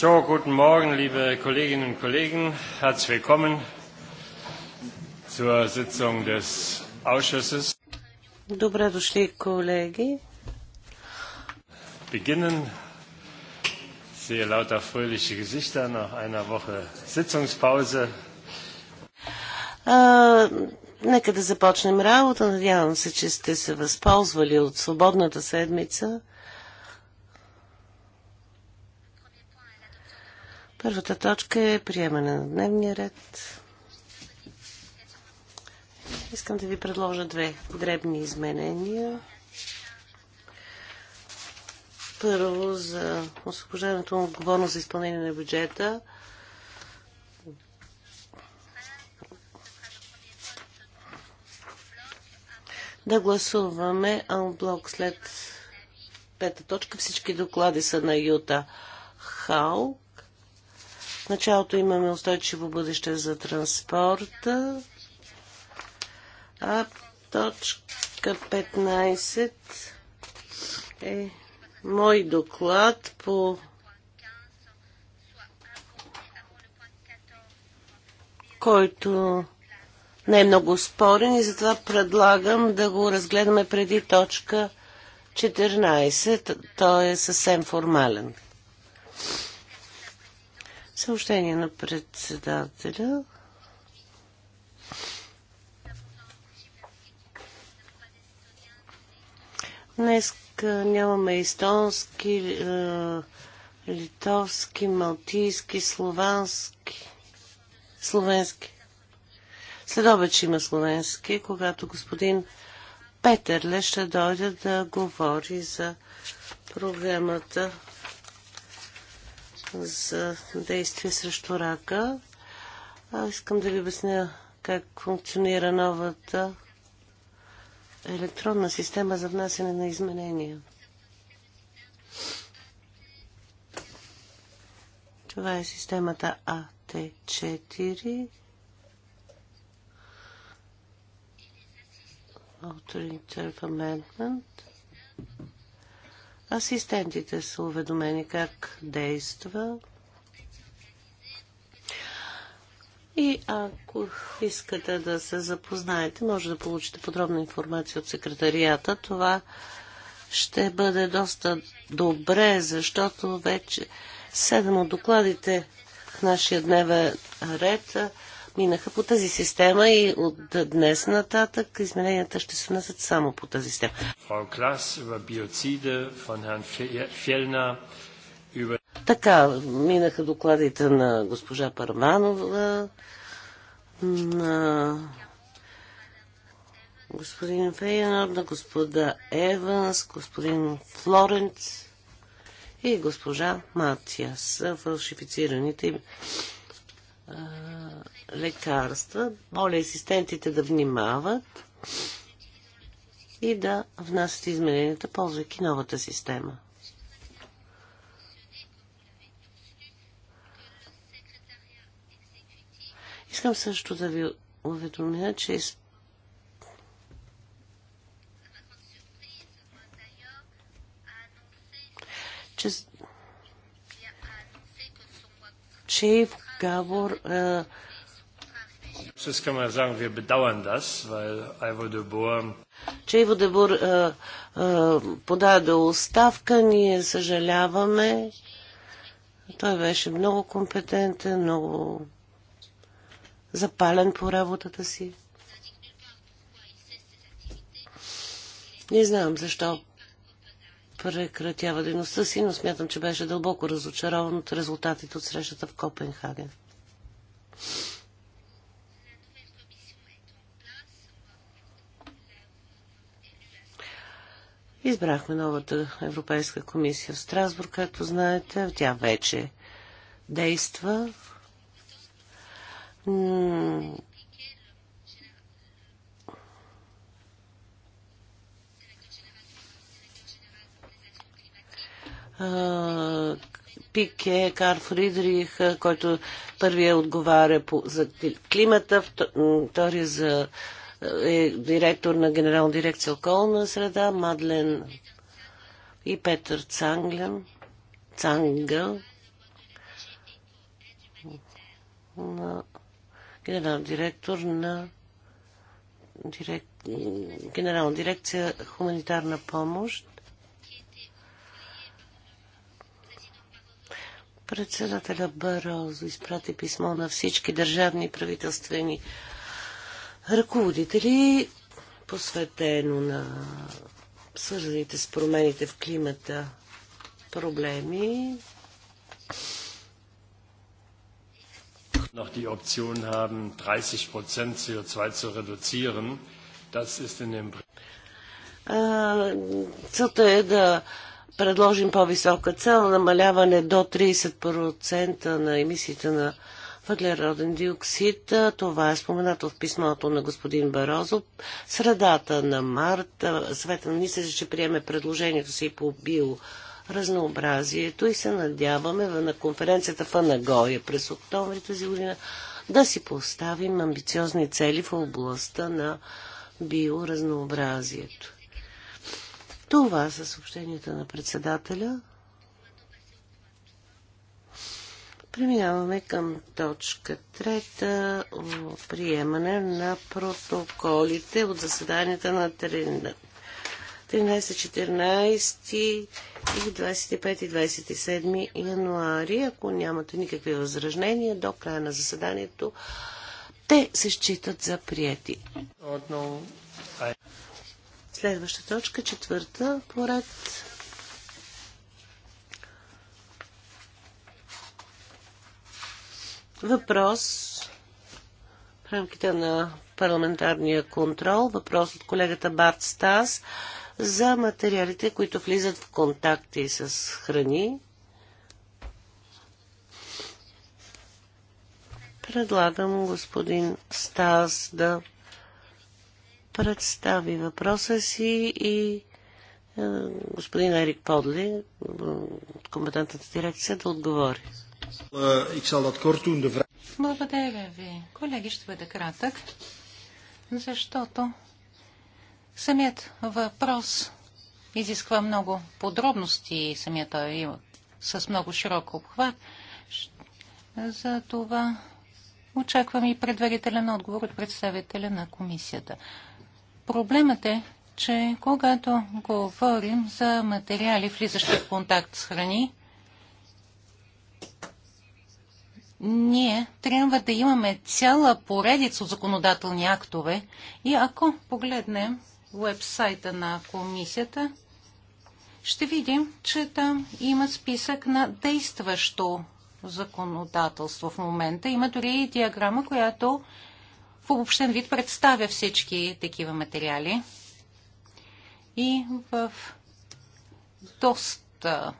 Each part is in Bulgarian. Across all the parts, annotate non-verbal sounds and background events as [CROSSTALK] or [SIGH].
So, guten Morgen, liebe Kolleginnen und Kollegen. Herzlich willkommen zur Sitzung des Ausschusses. Добре дошли, колеги. Beginnen. Ich sehe lauter fröhliche Gesichter nach einer Woche Sitzungspause. Нека да започнем работа. Надявам се, че сте се възползвали от свободната седмица. Първата точка е приемане на дневния ред. Искам да ви предложа две дребни изменения. Първо за освобождаването на отговорност за изпълнение на бюджета. Да гласуваме анблок след пета точка. Всички доклади са на Юта Хаук. В началото имаме устойчиво бъдеще за транспорта, а точка 15 е мой доклад по който не е много спорен и затова предлагам да го разгледаме преди точка 14. Той е съвсем формален. Съобщение на председателя. Днес нямаме естонски, е, литовски, малтийски, словански, словенски. След обед ще има словенски, когато господин Петерле ще дойде да говори за програмата за действие срещу рака. Аз искам да ви обясня как функционира новата електронна система за внасяне на изменения. Това е системата АТ4. Author Amendment. Асистентите са уведомени как действа. И ако искате да се запознаете, може да получите подробна информация от секретарията. Това ще бъде доста добре, защото вече седем от докладите в нашия дневен ред минаха по тази система и от днес нататък измененията ще се внесат само по тази система. Така, минаха докладите на госпожа Парманова, на господин Фейнор, на господа Еванс, господин Флоренц и госпожа Матиас фалшифицираните им а, лекарства. Моля асистентите да внимават и да внасят измененията, ползвайки новата система. Искам също да ви уведомя, че че че разговор. Е, че Иво де а, а, е, е, подаде оставка, ние съжаляваме. Той беше много компетентен, много запален по работата си. Не знам защо прекратява дейността си, но смятам, че беше дълбоко разочарован от резултатите от срещата в Копенхаген. Избрахме новата Европейска комисия в Страсбург, както знаете. Тя вече действа. Пике, Карл Фридрих, който първият отговаря по, за климата, втори за, е директор на Генерална дирекция околна среда, Мадлен и Петър Цанглен, Цангъл на генерал директор на директ, генерална дирекция хуманитарна помощ. Председателя Барозо изпрати писмо на всички държавни правителствени ръководители, посветено на свързаните с промените в климата проблеми. noch die Option haben, 30 CO2 zu reduzieren. Das ist in dem Целта е да предложим по-висока цел намаляване до 30% на емисиите на въглероден диоксид. Това е споменато в писмото на господин Барозо. Средата на март Света на министър ще приеме предложението си по биоразнообразието и се надяваме на конференцията в Анагоя през октомври тази година да си поставим амбициозни цели в областта на биоразнообразието. Това са съобщенията на председателя. Преминаваме към точка трета приемане на протоколите от заседанията на 13, 14 и 25 и 27 януари. Ако нямате никакви възражения до края на заседанието, те се считат за прияти. Следваща точка, четвърта поред. Въпрос в рамките на парламентарния контрол. Въпрос от колегата Барт Стас за материалите, които влизат в контакти с храни. Предлагам господин Стас да представи въпроса си и е, господин Ерик Подли, компетентната дирекция, да отговори. Е, Благодаря ви. Колеги, ще бъде кратък, защото самият въпрос изисква много подробности и самият той е има с много широк обхват. За това очаквам и предварителен отговор от представителя на комисията. Проблемът е, че когато говорим за материали, влизащи в контакт с храни, ние трябва да имаме цяла поредица от законодателни актове и ако погледнем вебсайта на комисията, ще видим, че там има списък на действащо законодателство в момента. Има дори и диаграма, която в обобщен вид представя всички такива материали. И в доста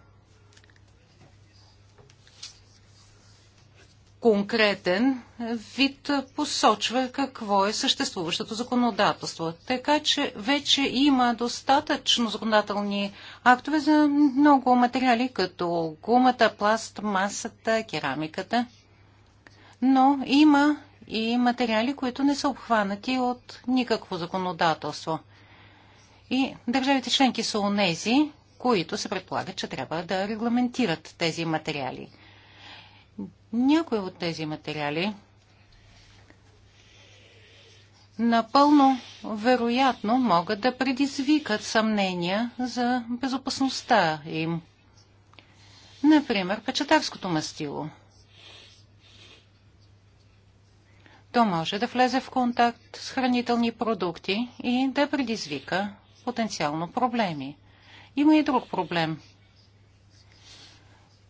конкретен вид посочва какво е съществуващото законодателство. Така че вече има достатъчно законодателни актове за много материали, като гумата, пласт, масата, керамиката. Но има и материали, които не са обхванати от никакво законодателство. И държавите членки са онези, които се предполагат, че трябва да регламентират тези материали. Някои от тези материали напълно вероятно могат да предизвикат съмнения за безопасността им. Например, печатарското мастило – то може да влезе в контакт с хранителни продукти и да предизвика потенциално проблеми. Има и друг проблем,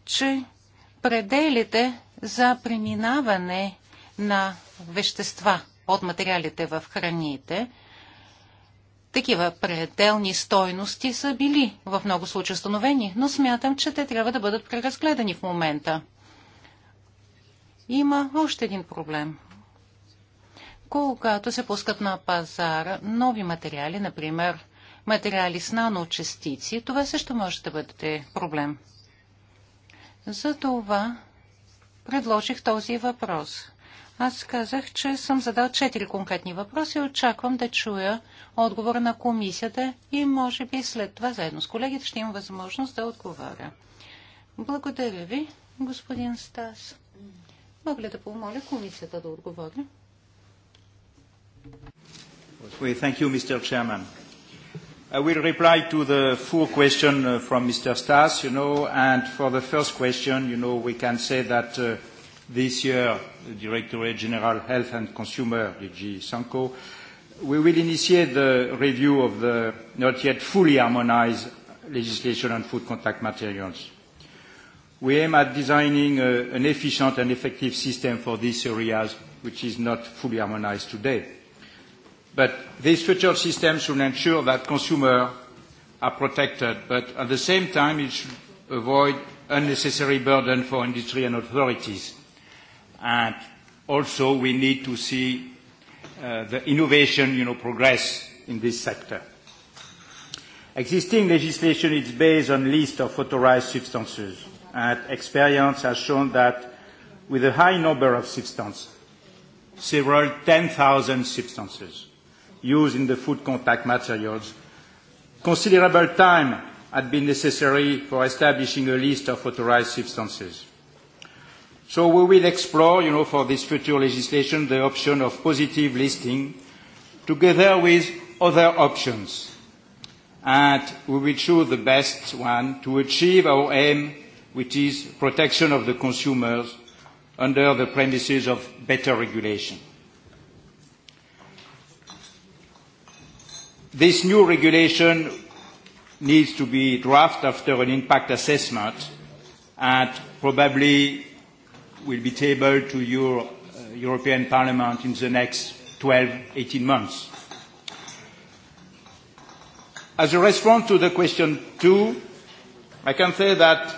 че пределите за преминаване на вещества от материалите в храните, такива пределни стойности са били в много случаи установени, но смятам, че те трябва да бъдат преразгледани в момента. Има още един проблем – когато се пускат на пазара нови материали, например материали с наночастици, това също може да бъде проблем. Затова предложих този въпрос. Аз казах, че съм задал четири конкретни въпроси и очаквам да чуя отговор на комисията и може би след това заедно с колегите ще имам възможност да отговаря. Благодаря ви, господин Стас. Мога ли да помоля комисията да отговори? Thank you, Mr. Chairman. I will reply to the full question from Mr. Stas, you know, and for the first question, you know, we can say that uh, this year, the Directorate General Health and Consumer, DG Sanko, we will initiate the review of the not yet fully harmonized legislation on food contact materials. We aim at designing a, an efficient and effective system for these areas which is not fully harmonized today But these future systems will ensure that consumers are protected, but at the same time, it should avoid unnecessary burden for industry and authorities. And also, we need to see uh, the innovation, you know, progress in this sector. Existing legislation is based on list of authorized substances, and experience has shown that with a high number of substances, several 10,000 substances, used in the food contact materials. Considerable time had been necessary for establishing a list of authorized substances. So we will explore, you know, for this future legislation, the option of positive listing together with other options. And we will choose the best one to achieve our aim, which is protection of the consumers under the premises of better regulation. This new regulation needs to be drafted after an impact assessment and probably will be tabled to your European Parliament in the next 12-18 months. As a response to the question two, I can say that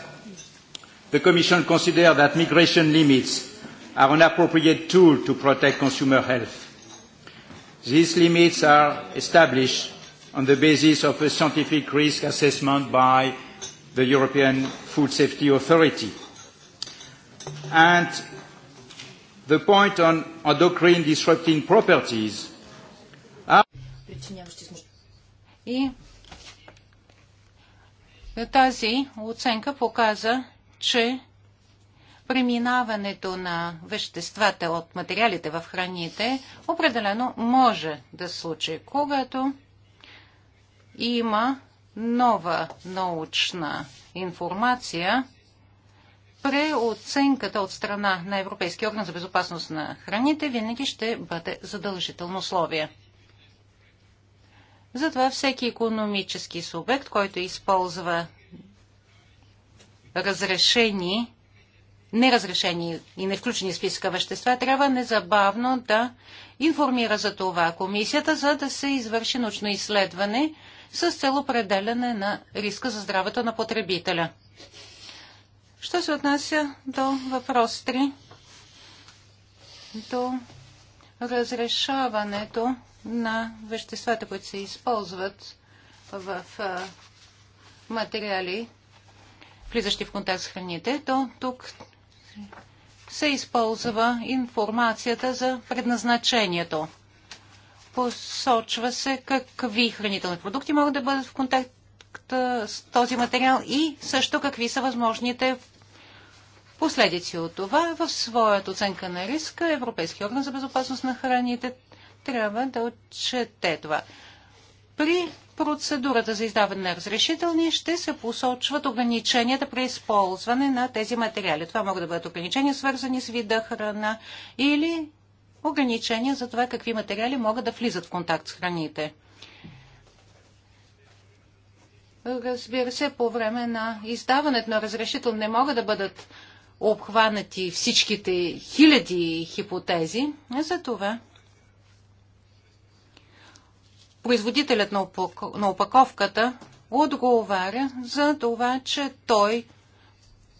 the Commission considers that migration limits are an appropriate tool to protect consumer health. These limits are established on the basis of a scientific risk assessment by the European Food Safety Authority. And the point on endocrine disrupting properties И тази оценка показа, че преминаването на веществата от материалите в храните определено може да случи, когато има нова научна информация, преоценката от страна на Европейския орган за безопасност на храните винаги ще бъде задължително условие. Затова всеки економически субект, който използва разрешени неразрешени и не включени в списка вещества, трябва незабавно да информира за това комисията, за да се извърши научно изследване с цел определяне на риска за здравето на потребителя. Що се отнася до въпрос 3, до разрешаването на веществата, които се използват в материали, влизащи в контакт с храните, то тук се използва информацията за предназначението. Посочва се какви хранителни продукти могат да бъдат в контакт с този материал и също какви са възможните последици от това. В своята оценка на риска Европейския орган за безопасност на храните трябва да отчете това. При процедурата за издаване на разрешителни ще се посочват ограниченията при използване на тези материали. Това могат да бъдат ограничения, свързани с вида храна или ограничения за това какви материали могат да влизат в контакт с храните. Разбира се, по време на издаването на разрешител не могат да бъдат обхванати всичките хиляди хипотези. Затова производителят на, опаковката отговаря за това, че той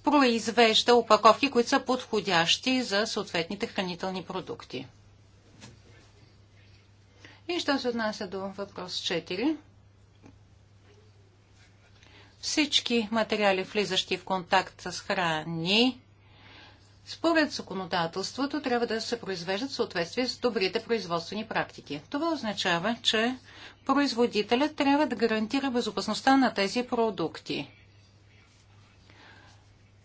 произвежда опаковки, които са подходящи за съответните хранителни продукти. И що се отнася до въпрос 4? Всички материали, влизащи в контакт с храни, според законодателството трябва да се произвеждат в съответствие с добрите производствени практики. Това означава, че производителят трябва да гарантира безопасността на тези продукти.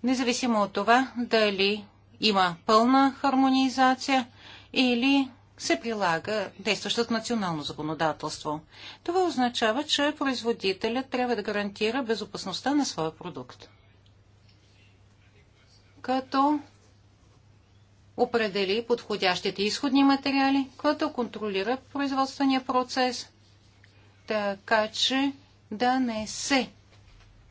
Независимо от това дали има пълна хармонизация или се прилага действащото национално законодателство. Това означава, че производителят трябва да гарантира безопасността на своя продукт. Като определи подходящите изходни материали, които контролира производствения процес, така че да не се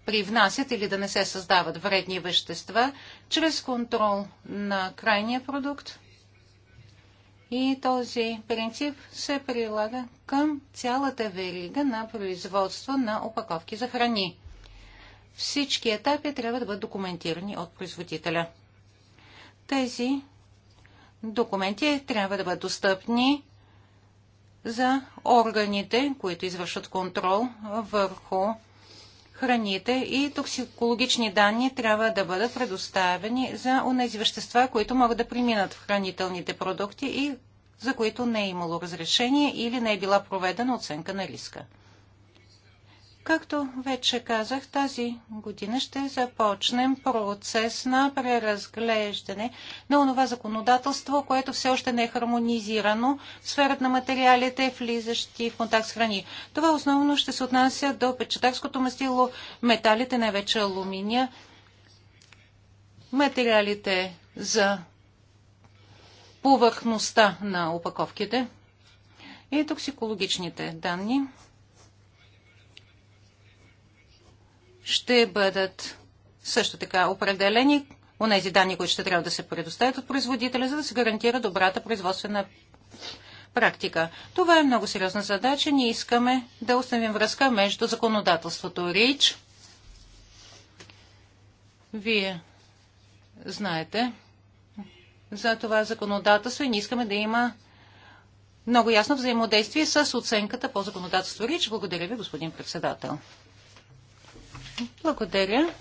привнасят или да не се създават вредни вещества чрез контрол на крайния продукт. И този принцип се прилага към цялата верига на производство на опаковки за храни. Всички етапи трябва да бъдат документирани от производителя. Тези документи трябва да бъдат достъпни за органите, които извършват контрол върху храните и токсикологични данни трябва да бъдат предоставени за унези вещества, които могат да преминат в хранителните продукти и за които не е имало разрешение или не е била проведена оценка на риска. Както вече казах, тази година ще започнем процес на преразглеждане на онова законодателство, което все още не е хармонизирано в сферата на материалите, влизащи в контакт с храни. Това основно ще се отнася до печатарското мастило, металите, най-вече алуминия, материалите за повърхността на опаковките и токсикологичните данни. ще бъдат също така определени онези данни, които ще трябва да се предоставят от производителя, за да се гарантира добрата производствена практика. Това е много сериозна задача. Ние искаме да установим връзка между законодателството РИЧ. Вие знаете за това законодателство и ние искаме да има много ясно взаимодействие с оценката по законодателство РИЧ. Благодаря ви, господин председател. Благодаря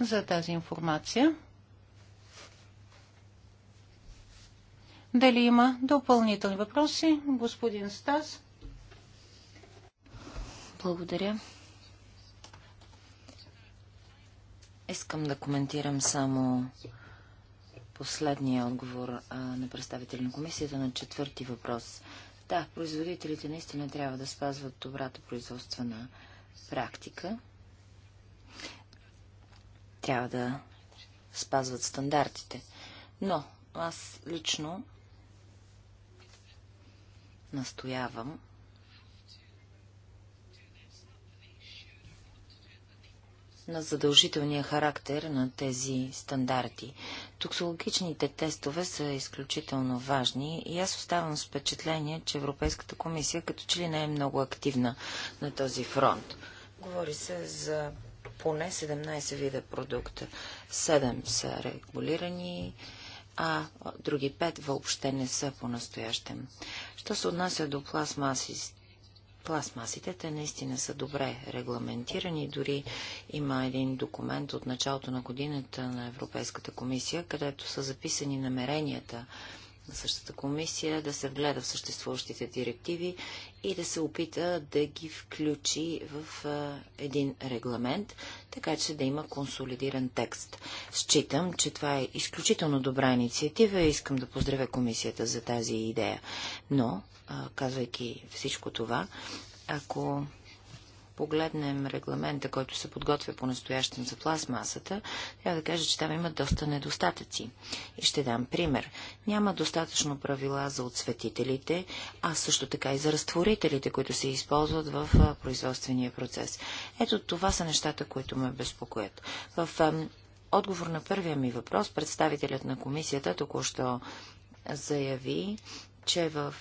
за тази информация. Дали има допълнителни въпроси? Господин Стас. Благодаря. Искам да коментирам само последния отговор а, на представителя на комисията на четвърти въпрос. Да, производителите наистина трябва да спазват добрата производствена на практика. Трябва да спазват стандартите. Но аз лично настоявам на задължителния характер на тези стандарти. Токсологичните тестове са изключително важни и аз оставам с впечатление, че Европейската комисия като че ли не е много активна на този фронт. Говори се за поне 17 вида продукта. 7 са регулирани, а други 5 въобще не са по-настоящем. Що се отнася до пластмаси, пластмасите. Те наистина са добре регламентирани. Дори има един документ от началото на годината на Европейската комисия, където са записани намеренията на същата комисия да се вгледа в съществуващите директиви и да се опита да ги включи в един регламент, така че да има консолидиран текст. Считам, че това е изключително добра инициатива и искам да поздравя комисията за тази идея. Но казвайки всичко това, ако погледнем регламента, който се подготвя по-настоящем за пластмасата, трябва да кажа, че там има доста недостатъци. И ще дам пример. Няма достатъчно правила за отсветителите, а също така и за разтворителите, които се използват в производствения процес. Ето това са нещата, които ме безпокоят. В отговор на първия ми въпрос, представителят на комисията току-що заяви, че в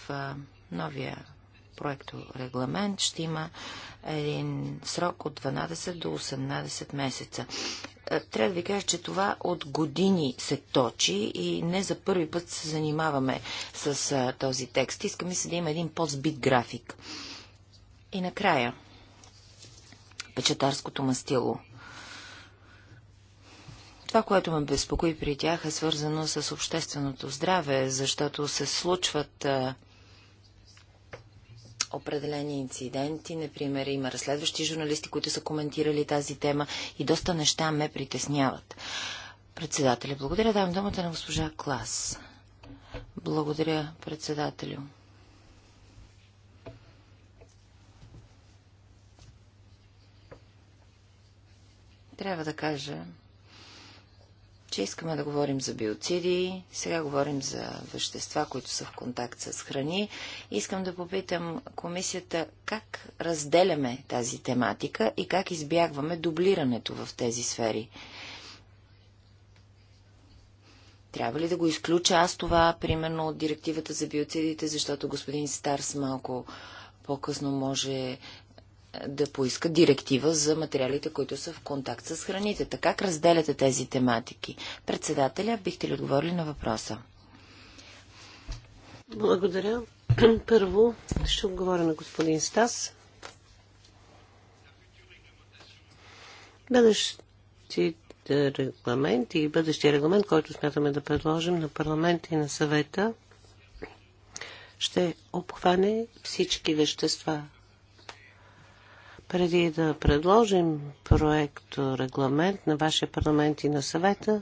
новия проекто регламент ще има един срок от 12 до 18 месеца. Е, трябва да ви кажа, че това от години се точи и не за първи път се занимаваме с а, е, този текст. Искаме се да има един по-збит график. И накрая, печатарското мастило. Това, което ме безпокои при тях е свързано с общественото здраве, защото се случват а, е, определени инциденти. Например, има разследващи журналисти, които са коментирали тази тема и доста неща ме притесняват. Председателя, благодаря. Давам думата на госпожа Клас. Благодаря, председателю. Трябва да кажа, че искаме да говорим за биоциди, сега говорим за вещества, които са в контакт с храни. Искам да попитам комисията как разделяме тази тематика и как избягваме дублирането в тези сфери. Трябва ли да го изключа аз това, примерно, от директивата за биоцидите, защото господин Старс малко по-късно може да поиска директива за материалите, които са в контакт с храните. Така как разделяте тези тематики? Председателя, бихте ли отговорили на въпроса? Благодаря. [CLEARS THROAT] Първо ще отговоря на господин Стас. Бъдещите регламенти и бъдещия регламент, който смятаме да предложим на парламента и на съвета, ще обхване всички вещества, преди да предложим проект регламент на вашия парламент и на съвета,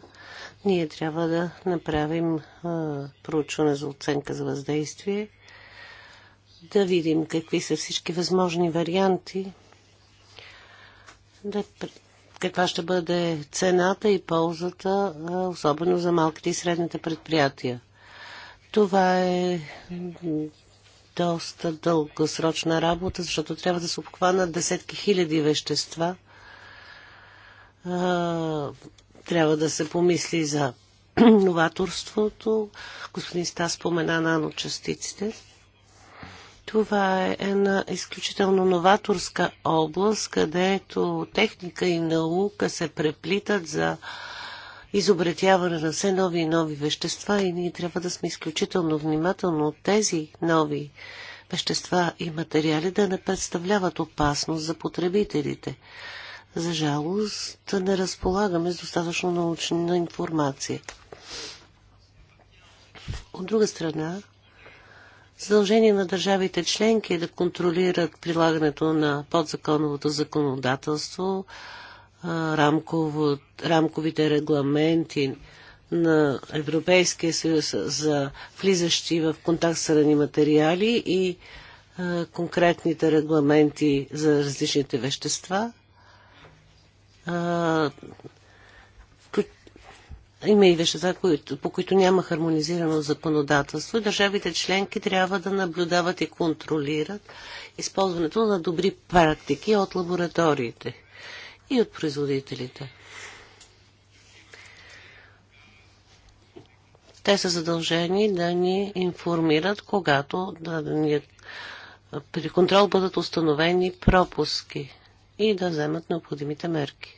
ние трябва да направим а, проучване за оценка за въздействие, да видим какви са всички възможни варианти, да, каква ще бъде цената и ползата, а, особено за малките и средните предприятия. Това е доста дългосрочна работа, защото трябва да се обхванат десетки хиляди вещества. Трябва да се помисли за [CLEARS THROAT] новаторството. Господин Стас спомена наночастиците. Това е една изключително новаторска област, където техника и наука се преплитат за изобретяване на все нови и нови вещества и ние трябва да сме изключително внимателно от тези нови вещества и материали да не представляват опасност за потребителите. За жалост не разполагаме с достатъчно научна информация. От друга страна, задължение на държавите членки е да контролират прилагането на подзаконовото законодателство, рамково, рамковите регламенти на Европейския съюз за влизащи в контакт с рани материали и а, конкретните регламенти за различните вещества. А, Има и вещества, по които няма хармонизирано законодателство. Държавите членки трябва да наблюдават и контролират използването на добри практики от лабораториите и от производителите. Те са задължени да ни информират, когато да, ни, при контрол бъдат установени пропуски и да вземат необходимите мерки.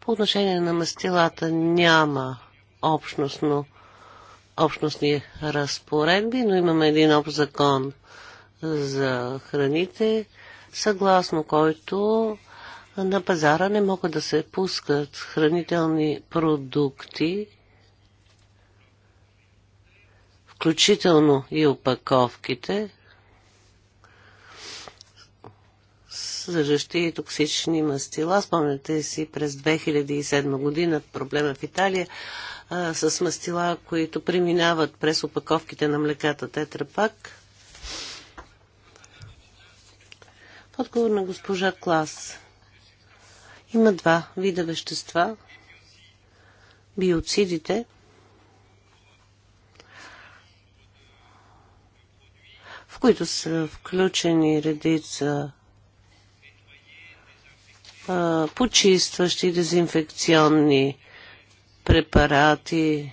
По отношение на мастилата няма общностно, общностни разпоредби, но имаме един общ закон за храните, съгласно който на пазара не могат да се пускат хранителни продукти, включително и опаковките, съдържащи токсични мастила. Спомняте си през 2007 година проблема в Италия а, с мастила, които преминават през опаковките на млеката Тетрапак. Отговор на госпожа Клас. Има два вида вещества. Биоцидите. В които са включени редица почистващи дезинфекционни препарати,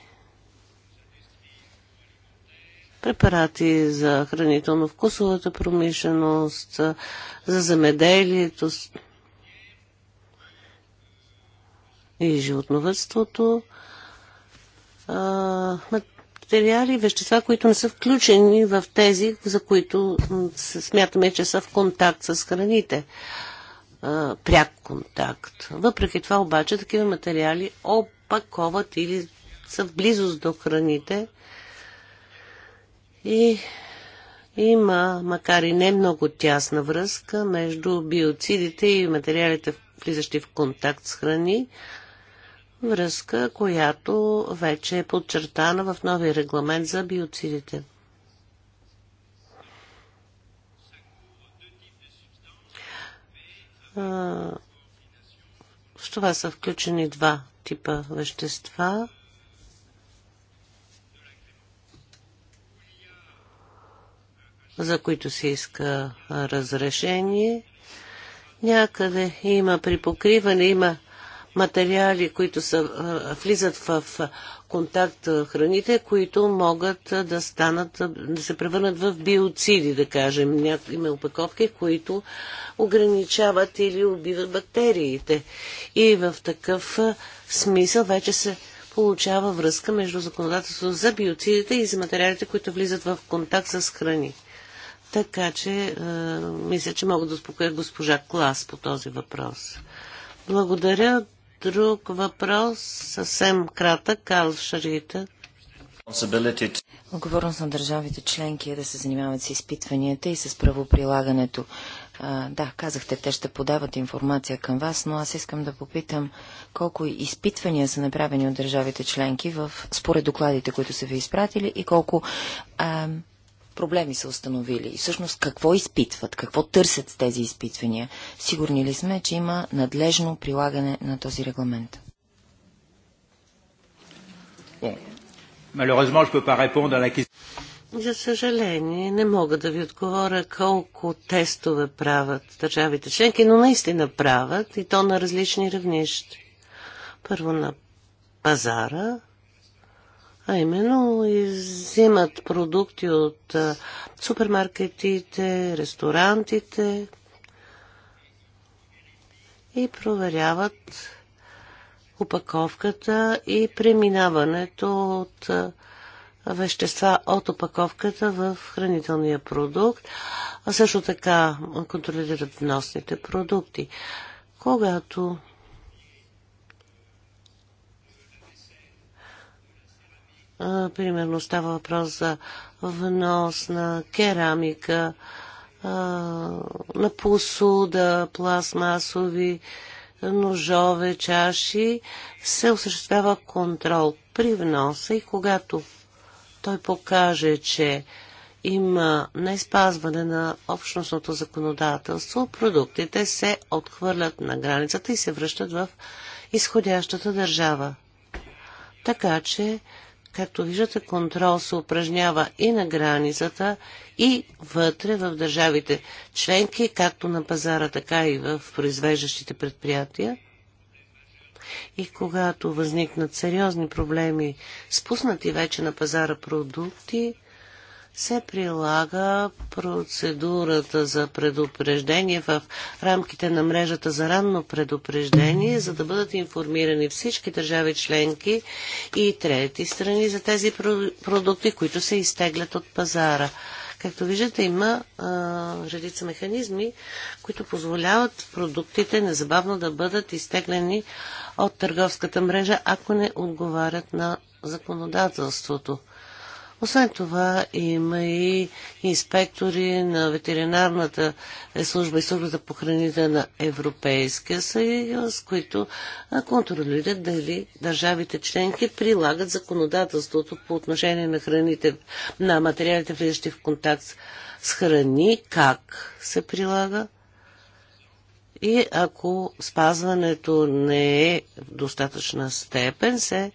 препарати за хранително-вкусовата промишленост, за земеделието и животновътството, материали, вещества, които не са включени в тези, за които смятаме, че са в контакт с храните. Пряк контакт. Въпреки това обаче такива материали опаковат или са в близост до храните, и има, макар и не много тясна връзка между биоцидите и материалите, влизащи в контакт с храни, връзка, която вече е подчертана в новия регламент за биоцидите. В това са включени два типа вещества – за които се иска разрешение. Някъде има припокриване, има материали, които са, влизат в контакт храните, които могат да станат, да се превърнат в биоциди, да кажем. Има опаковки, които ограничават или убиват бактериите. И в такъв смисъл вече се получава връзка между законодателството за биоцидите и за материалите, които влизат в контакт с храни. Така че а, е, мисля, че мога да успокоя госпожа Клас по този въпрос. Благодаря. Друг въпрос, съвсем кратък, Карл Шарита. Отговорност на държавите членки е да се занимават с изпитванията и с правоприлагането. А, да, казахте, те ще подават информация към вас, но аз искам да попитам колко изпитвания са направени от държавите членки в, според докладите, които са ви изпратили и колко а, проблеми са установили и всъщност какво изпитват, какво търсят с тези изпитвания. Сигурни ли сме, че има надлежно прилагане на този регламент? За съжаление, не мога да ви отговоря колко тестове правят държавите членки, но наистина правят и то на различни равнища. Първо на пазара, а именно взимат продукти от супермаркетите, ресторантите и проверяват опаковката и преминаването от вещества от опаковката в хранителния продукт, а също така контролират вносните продукти. Когато примерно става въпрос за внос на керамика, на посуда, пластмасови ножове, чаши, се осъществява контрол при вноса и когато той покаже, че има неспазване на общностното законодателство, продуктите се отхвърлят на границата и се връщат в изходящата държава. Така че Както виждате, контрол се упражнява и на границата, и вътре в държавите членки, както на пазара, така и в произвеждащите предприятия. И когато възникнат сериозни проблеми, спуснати вече на пазара продукти, се прилага процедурата за предупреждение в рамките на мрежата за ранно предупреждение, за да бъдат информирани всички държави членки и трети страни за тези продукти, които се изтеглят от пазара. Както виждате, има а, редица механизми, които позволяват продуктите незабавно да бъдат изтеглени от търговската мрежа, ако не отговарят на законодателството. Освен това има и инспектори на ветеринарната служба и службата по храните на Европейския съюз, които контролират дали държавите членки прилагат законодателството по отношение на храните, на материалите, влизащи в контакт с храни, как се прилага. И ако спазването не е в достатъчна степен, се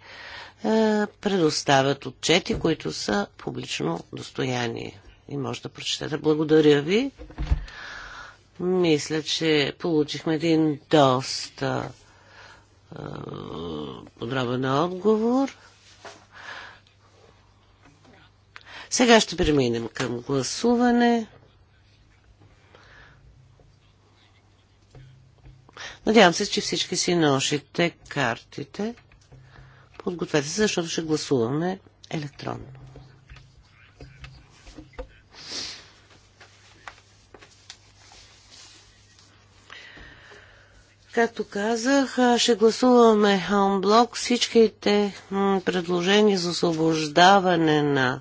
е, предоставят отчети, които са публично достояние. И може да прочетете. Благодаря ви. Мисля, че получихме един доста е, подробен отговор. Сега ще преминем към гласуване. Надявам се, че всички си носите картите. Подгответе се, защото ще гласуваме електронно. Както казах, ще гласуваме анблок всичките предложения за освобождаване на,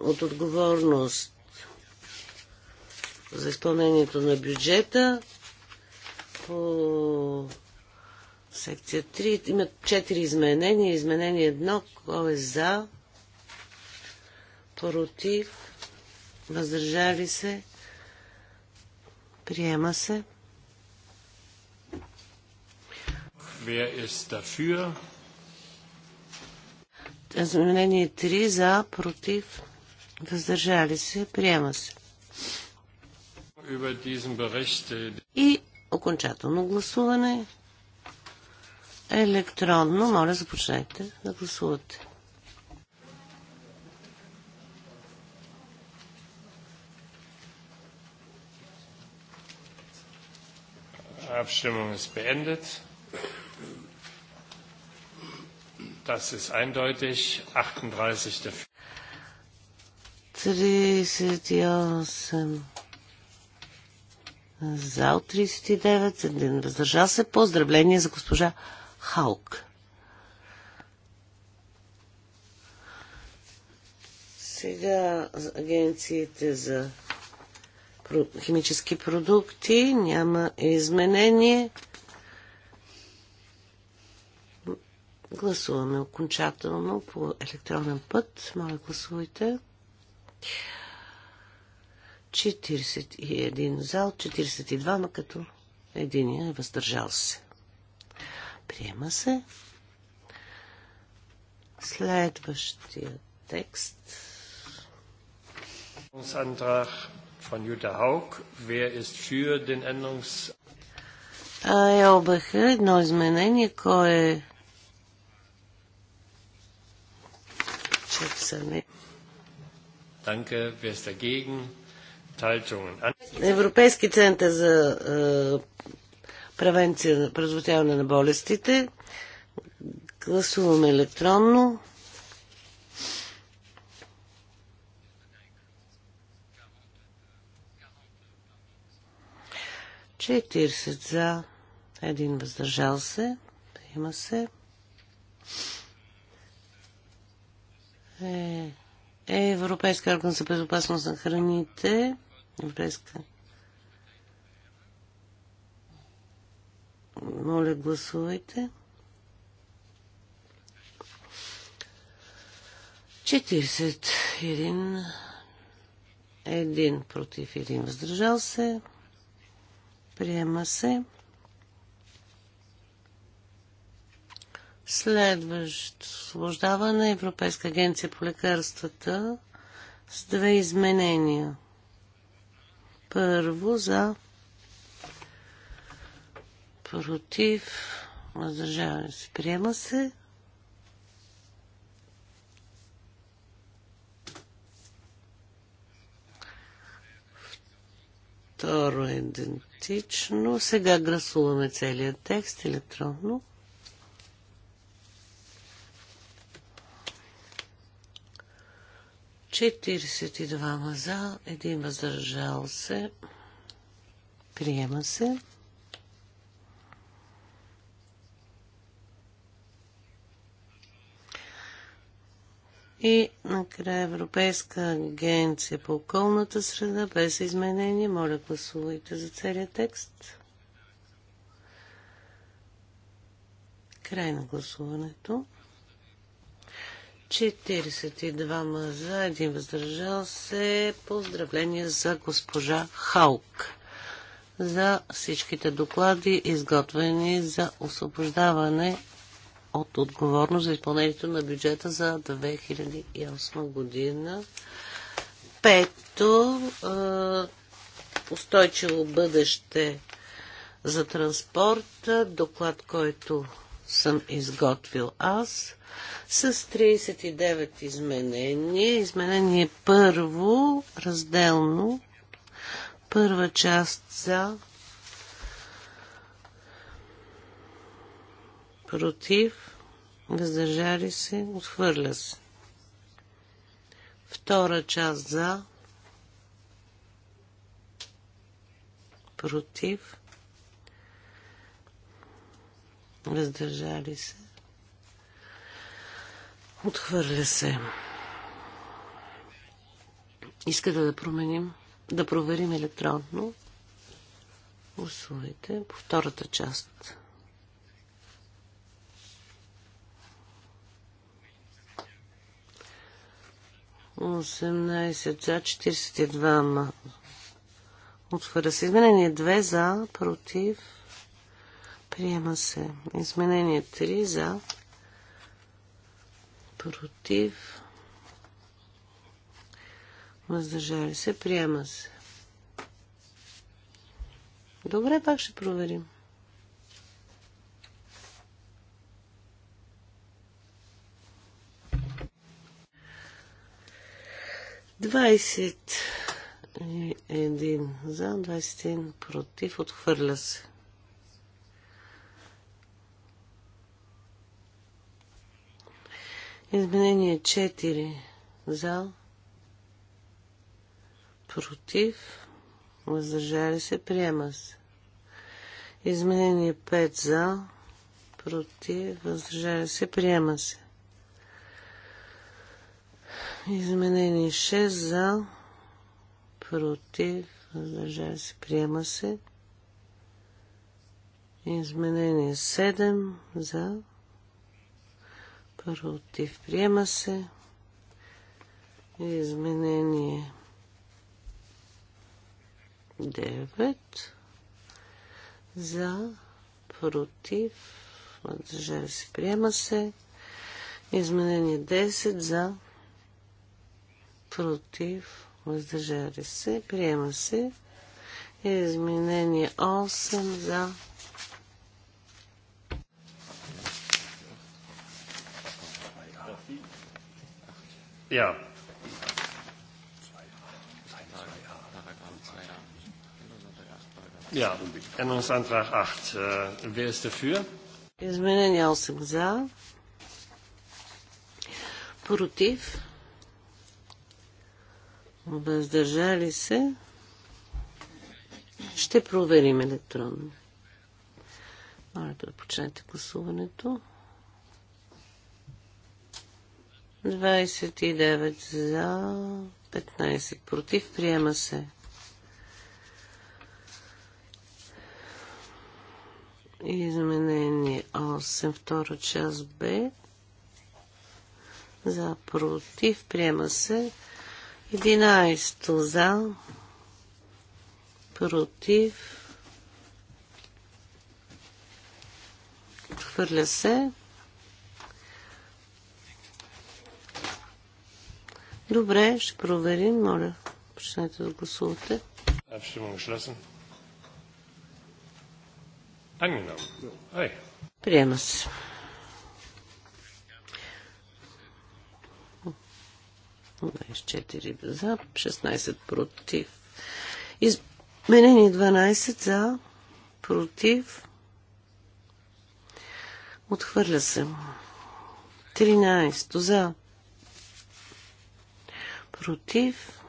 от отговорност за изпълнението на бюджета по Секция 3. Има 4 изменения. Изменение 1. Кой е за? Против? Въздържали се? Приема се. Wer ist dafür? Изменение 3 за, против, въздържали се, приема се. Äh, И окончателно гласуване електронно. Моля, започнете да гласувате. Abstimmung ist beendet. Das ist eindeutig 38 dafür. 38 за 39, един въздържал се. Поздравление за госпожа Халк. Сега агенциите за химически продукти няма изменение. Гласуваме окончателно по електронен път. Моля, гласувайте. 41 зал, 42, ма като единия е въздържал се. Приема се. Следващия текст. Änderungsantrag von Jutta Haug. Wer ist für den Änderungs... едно изменение, кое е Danke, wer ist dagegen? Европейски център за е, превенция на предотвратяване на болестите. Гласуваме електронно. Четирсет за, един въздържал се, има се. Е, Европейска орган за безопасност на храните, Европейска Моля, гласувайте. 41 Един против един. въздържал се. Приема се. Следващо освобождаване Европейска агенция по лекарствата с две изменения. Първо за против, Въздържаване се, приема се. Второ е идентично. Сега гласуваме целият текст електронно. Четиридесет и двама за, един въздържал се. Приема се. И накрая Европейска агенция по околната среда без изменение. Моля, гласувайте за целия текст. Край на гласуването. 42 за, един въздържал се. Поздравления за госпожа Халк за всичките доклади, изготвени за освобождаване от отговорност за изпълнението на бюджета за 2008 година. Пето, устойчиво бъдеще за транспорт, доклад, който съм изготвил аз, с 39 изменения. Изменение първо, разделно, първа част за против, въздържали се, отхвърля се. Втора част за, против, въздържали се, отхвърля се. Искате да променим, да проверим електронно. Гласувайте по втората част. 18 за, 42 ма. Отхвърля се. Изменение 2 за, против. Приема се. Изменение 3 за, против. Въздържали се. Приема се. Добре, пак ще проверим. 21 за, 21 против, отхвърля се. Изменение 4 за, против, въздържали се, приема се. Изменение 5 за, против, въздържали се, приема се. Изменение 6 за, против, въздържава се, приема се. Изменение 7 за, против, приема се. Изменение 9 за, против, въздържава се, приема се. Изменение 10 за, против, въздържали се, приема се. Изменение 8 за Ja. Ja, Änderungsantrag 8. Äh, wer ist dafür? Изменение 8 за. Против въздържали се, ще проверим електронно. Моля, почнете гласуването. 29 за, 15 против. Приема се. Изменение 8, втора част Б. За, против. Приема се. 11 за, против, Отхвърля се. Добре, ще проверим, моля. Почнете да гласувате. Abstimmung geschlossen. Angenommen. Приема се. 24 за, 16 против. Изменени 12 за, против. Отхвърля се. 13 за, против.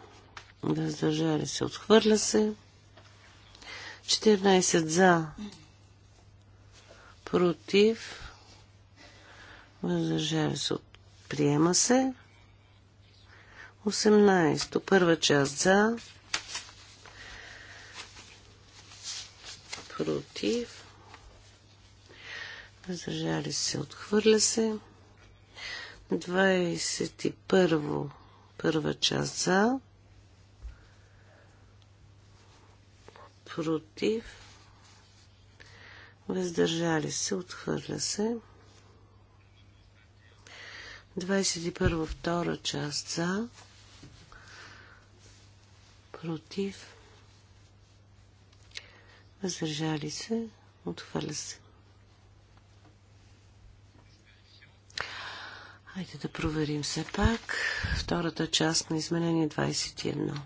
Въздържали се. Отхвърля се. 14 за, против. Въздържава се. Приема се. 18. Първа част за. Против. Въздържали се. Отхвърля се. 21. Първа част за. Против. Въздържали се. Отхвърля се. 21. Втора част за против, въздържали се, отхвърля се. Хайде да проверим все пак втората част на изменение 21.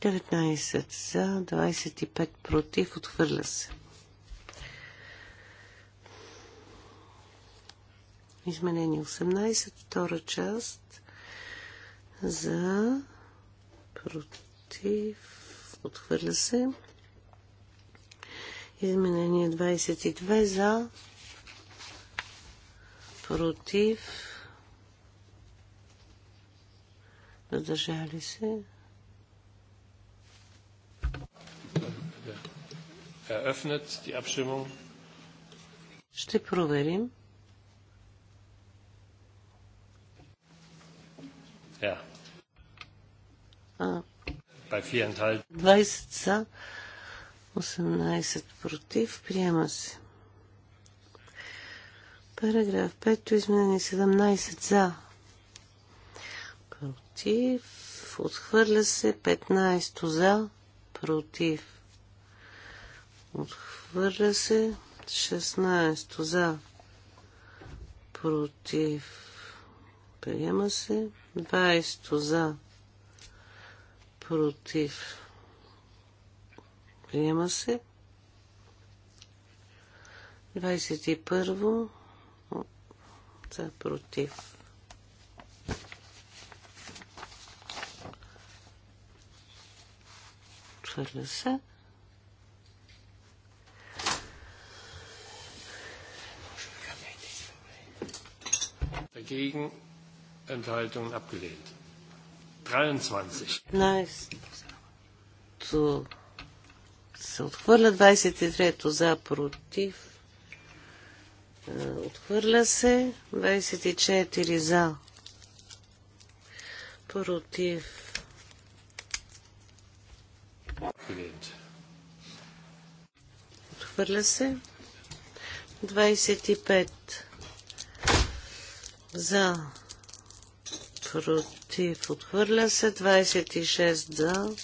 Деветнайсет за, 25 против, отхвърля се. Изменение 18, втора част за против. Отхвърля се. Изменение 22 за против. Задържали се. Ще проверим. Ja. А, 20 са, 18 против. Приема се. Параграф 5. Изменени 17 за. Против. Отхвърля се. 15 за. Против. Отхвърля се. 16 за. Против. Приема се. 20 за. Против. Приема се. 21 за. Против. Отвърля се. Dagegen Enthaltungen abgelehnt. 23. се отхвърля 23-то за против. Е, отхвърля се 24 за против. Отхвърля се 25 за против, отхвърля се. 26 за,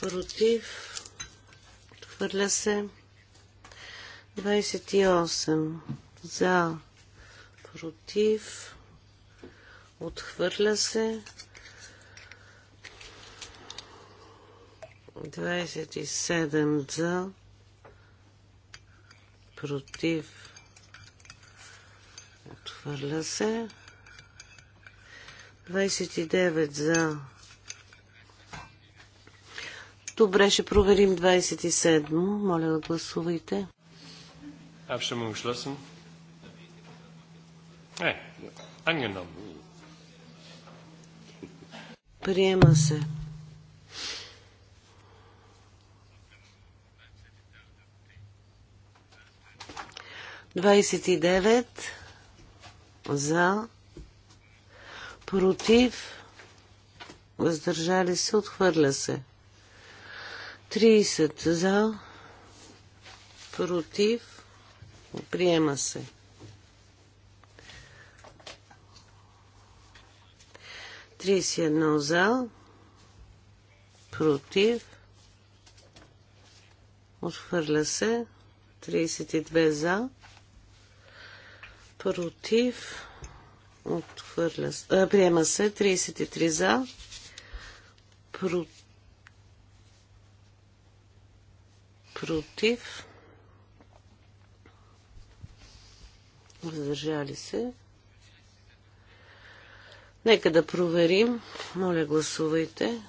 против, отхвърля се. 28 за, против, отхвърля се. 27 за, против, отхвърля се. 29 за. Добре, ще проверим 27. Моля да гласувайте. Abstimmung ушлосен. Е, angenommen. Приема се. Двадесет и девет за против, въздържали се, отхвърля се. 30 за, против, приема се. 31 за, против, отхвърля се. 32 за, против, Отхвърля. се. приема се 33 за. Про... Против. Въздържали се. Нека да проверим. Моля, гласувайте.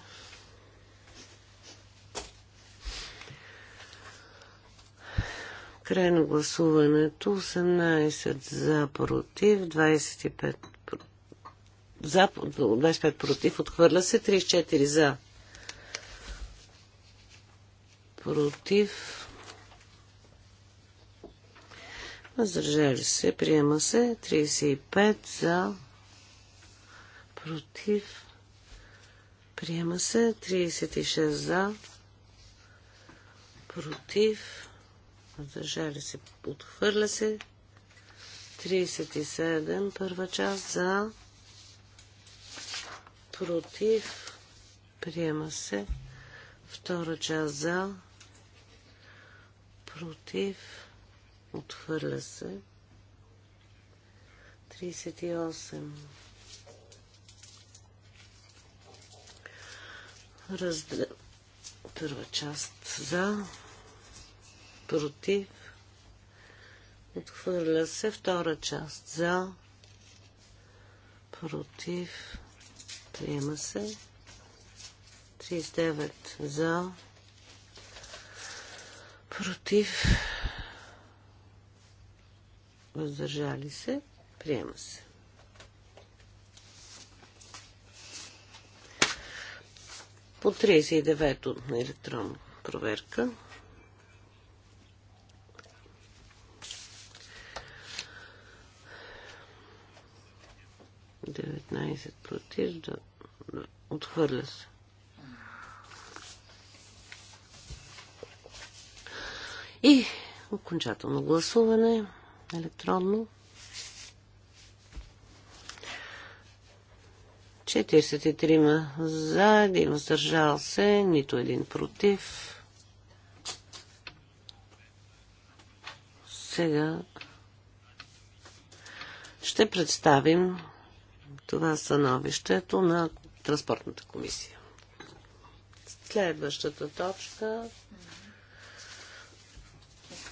Край на гласуването 18 за против, 25 за, 25 против, отхвърля се 34 за. Против. Въздържали се, приема се 35 за. Против. Приема се 36 за. Против въздържали се, отхвърля се. 37, първа част за, против, приема се. Втора част за, против, отхвърля се. 38. Раздел... Първа част за против, отхвърля се втора част за, против, приема се 39 за, против, въздържали се, приема се. По 39 на електронна проверка. Отхвърля се. И окончателно гласуване електронно. 43 за, един въздържал се, нито един против. Сега ще представим това становището на транспортната комисия. Следващата точка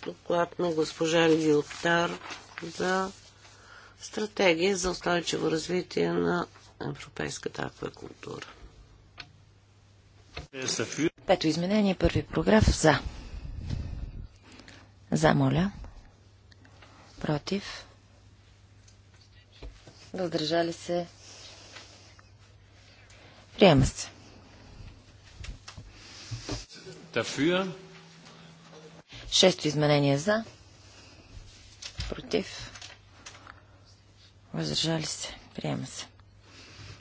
доклад на госпожа Лилтар за стратегия за устойчиво развитие на европейската аквакултура. Пето изменение, първи програф за. За, моля. Против. Въздържали се Приема се. Дафюр. Шесто изменение за. Против. Въздържали се. Приема се.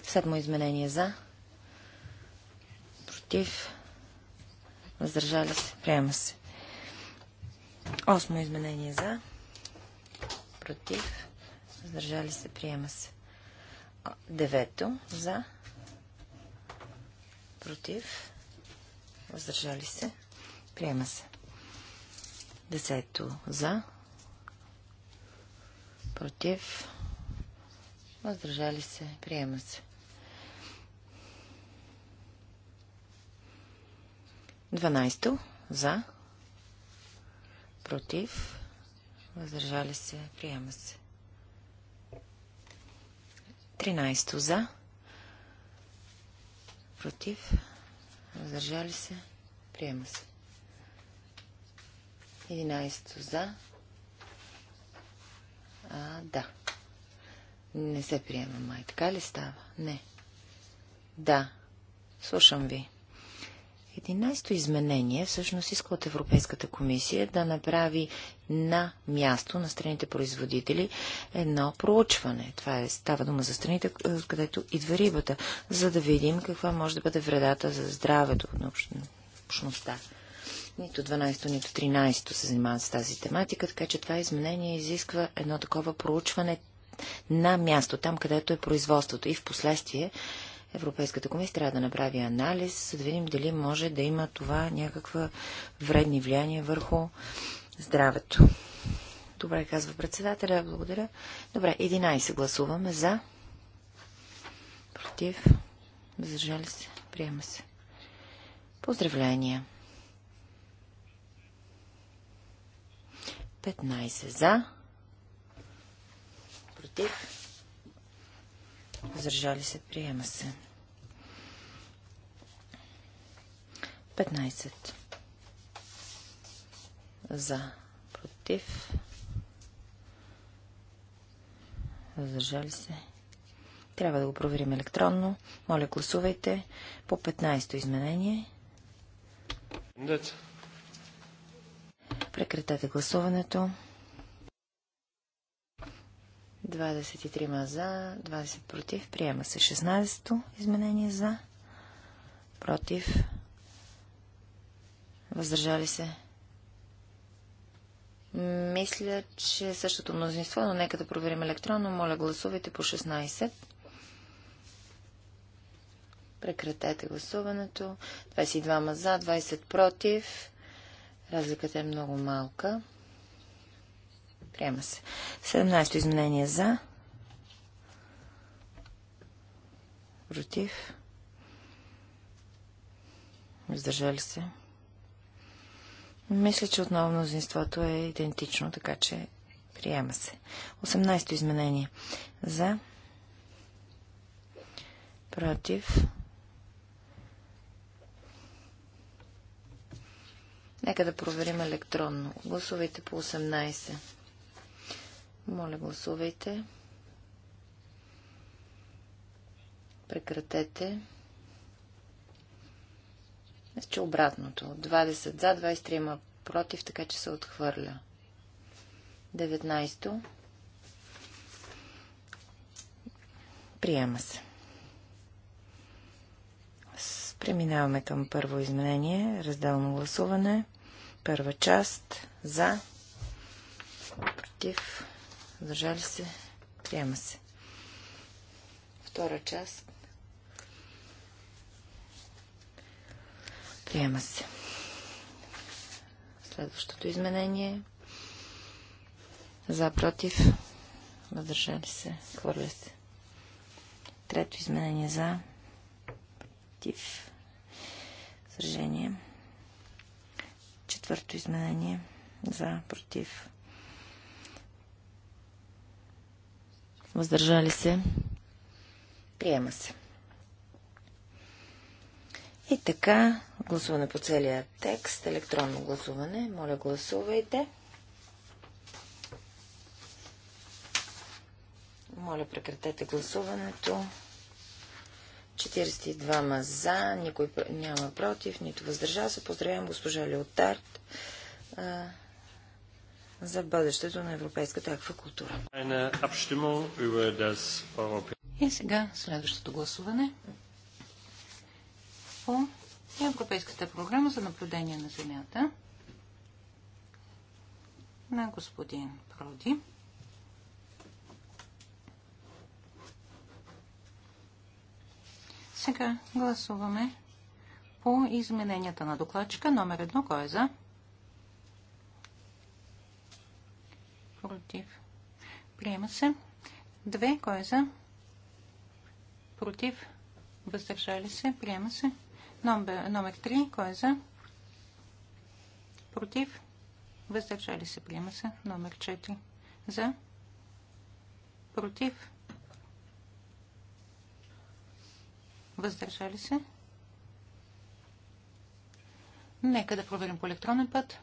Седмо изменение за. Против. Въздържали се. Приема се. Осмо изменение за. Против. Въздържали се. Приема се. Девето за. Против. Въздържали се. Приема се. Десето за. Против. Въздържали се. Приема се. 12. За. Против. Въздържали се. Приема се. 13. За против, въздържали се, приема се. 11 за. А, да. Не се приема май. Така ли става? Не. Да. Слушам ви. Единайсто изменение всъщност иска от Европейската комисия да направи на място на страните производители едно проучване. Това е, става дума за страните, където идва рибата, за да видим каква може да бъде вредата за здравето на общността. Нито 12-то, нито 13-то се занимават с тази тематика, така че това изменение изисква едно такова проучване на място, там където е производството и в последствие Европейската комисия трябва да направи анализ, за да видим дали може да има това някаква вредни влияния върху здравето. Добре, казва председателя. Благодаря. Добре, 11 гласуваме за. Против. задържали се. Приема се. Поздравления. 15 за. Против. Въздържали се. Приема се. 15. За. Против. Въздържали се. Трябва да го проверим електронно. Моля, гласувайте по 15-то изменение. Прекратете гласуването. 23 за, 20 против. Приема се 16-то изменение за, против. Въздържали се. Мисля, че е същото мнозинство, но нека да проверим електронно. Моля, гласувайте по 16. Прекратете гласуването. 22 за, 20 против. Разликата е много малка. Приема се. 17-то изменение за. Против. Издържали се. Мисля, че отново мнозинството е идентично, така че приема се. 18-то изменение. За. Против. Нека да проверим електронно. Гласувайте по 18. Моля, гласувайте. Прекратете. Значи обратното. 20 за, 23 има против, така че се отхвърля. 19. то Приема се. Преминаваме към първо изменение, разделно гласуване. Първа част за, против, въздържали се, приема се. Втора част. Приема се. Следващото изменение. За, против, въздържали се, хвърля се. Трето изменение за, против, съжение. Четвърто изменение за, против, въздържали се, приема се. И така, гласуване по целия текст, електронно гласуване. Моля, гласувайте. Моля, прекратете гласуването. 42 за, никой няма против, нито въздържа се. Поздравявам госпожа Леотард за бъдещето на европейската аквакултура. И сега следващото гласуване по Европейската програма за наблюдение на Земята на господин Проди. Сега гласуваме по измененията на докладчика номер едно. Кой е за? против, приема се. 2, кой е за, против, въздържали се, приема се. Номер, номер 3, кой е за, против, въздържали се, приема се. Номер 4, за, против, въздържали се. Нека да проверим по електронен път.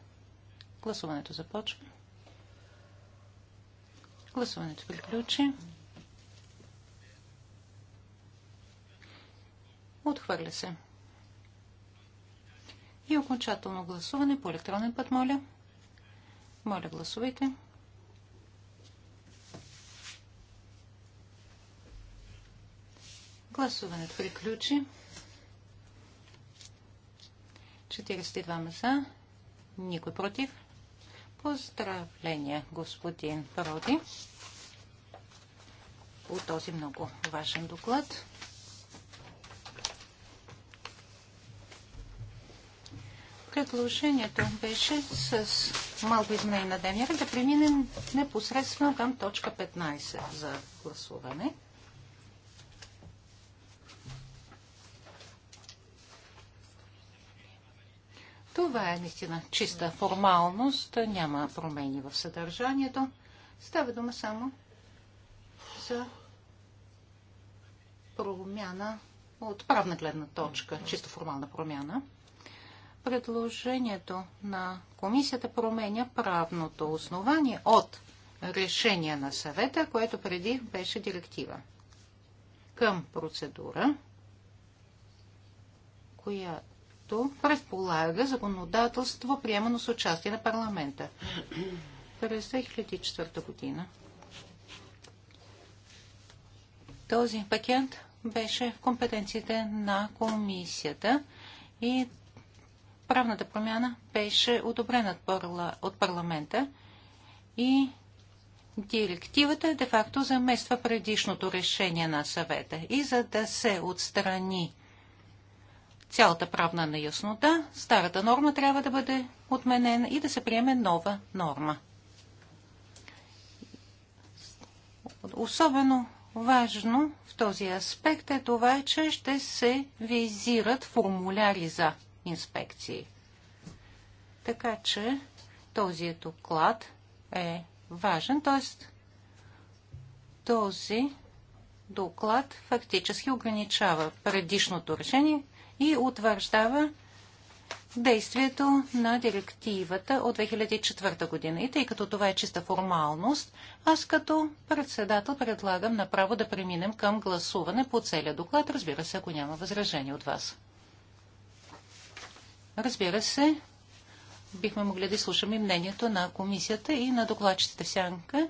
Гласуването започва. Гласуването приключи. Отхвърля се. И окончателно гласуване по електронен път, моля. Моля, гласувайте. Гласуването приключи. 42 за, никой против. Поздравления, господин Роди по този много важен доклад. Предложението беше с малко изменение на дневния да преминем непосредствено към точка 15 за гласуване. Това е наистина чиста формалност, няма промени в съдържанието. Става дума само за промяна от правна гледна точка, чисто формална промяна. Предложението на комисията променя правното основание от решение на съвета, което преди беше директива, към процедура, която което предполага законодателство, приемано с участие на парламента. През 2004 година този пакет беше в компетенциите на комисията и правната промяна беше одобрена от парламента и директивата де-факто замества предишното решение на съвета. И за да се отстрани цялата правна неяснота, старата норма трябва да бъде отменена и да се приеме нова норма. Особено важно в този аспект е това, че ще се визират формуляри за инспекции. Така че този доклад е важен, т.е. този доклад фактически ограничава предишното решение и утвърждава действието на директивата от 2004 година. И тъй като това е чиста формалност, аз като председател предлагам направо да преминем към гласуване по целия доклад, разбира се, ако няма възражение от вас. Разбира се, бихме могли да изслушаме мнението на комисията и на докладчите в сянка.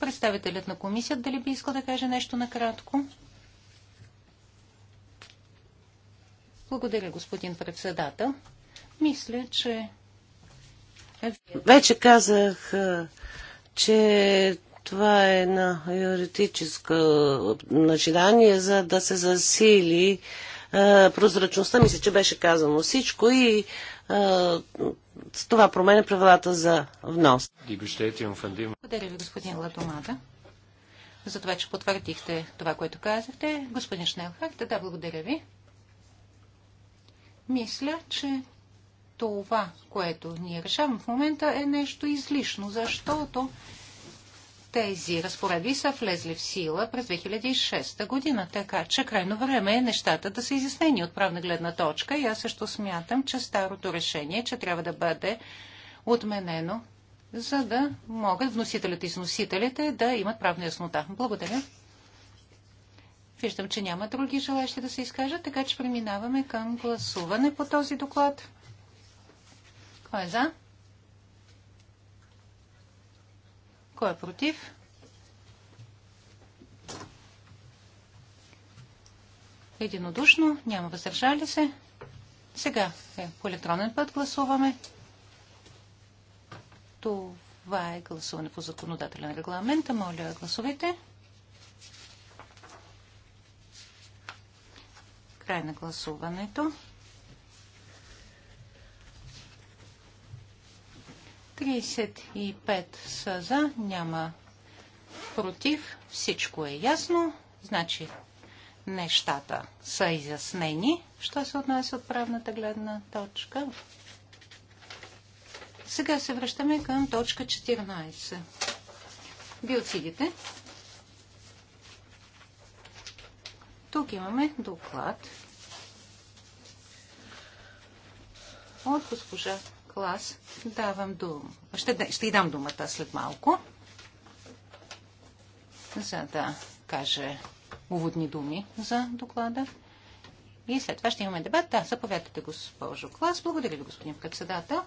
Представителят на комисията дали би искал да каже нещо накратко? Благодаря, господин председател. Мисля, че. Вече казах, че това е на юридическо начинание, за да се засили прозрачността. Мисля, че беше казано всичко и с това променя правилата за внос. Благодаря ви, господин Латомада. за това, че потвърдихте това, което казахте. Господин Шнелхарт, да, благодаря ви. Мисля, че това, което ние решаваме в момента е нещо излишно, защото тези разпоредби са влезли в сила през 2006 година, така че крайно време е нещата да са изяснени от правна гледна точка и аз също смятам, че старото решение, че трябва да бъде отменено, за да могат вносителите и износителите да имат правна яснота. Благодаря. Виждам, че няма други желащи да се изкажат, така че преминаваме към гласуване по този доклад. Кой е за? Кой е против? Единодушно, няма въздържали се. Сега е, по електронен път гласуваме. Това е гласуване по законодателен регламент. Моля, гласувайте. Край на гласуването. 35 са за, няма против. Всичко е ясно. Значи нещата са изяснени, що се отнася от правната гледна точка. Сега се връщаме към точка 14. Биоцидите. Тук имаме доклад от госпожа Клас. Давам дум. Ще, ще й дам думата след малко, за да каже уводни думи за доклада. И след това ще имаме дебат. Да, заповядайте, госпожо Клас. Благодаря ви, господин председател.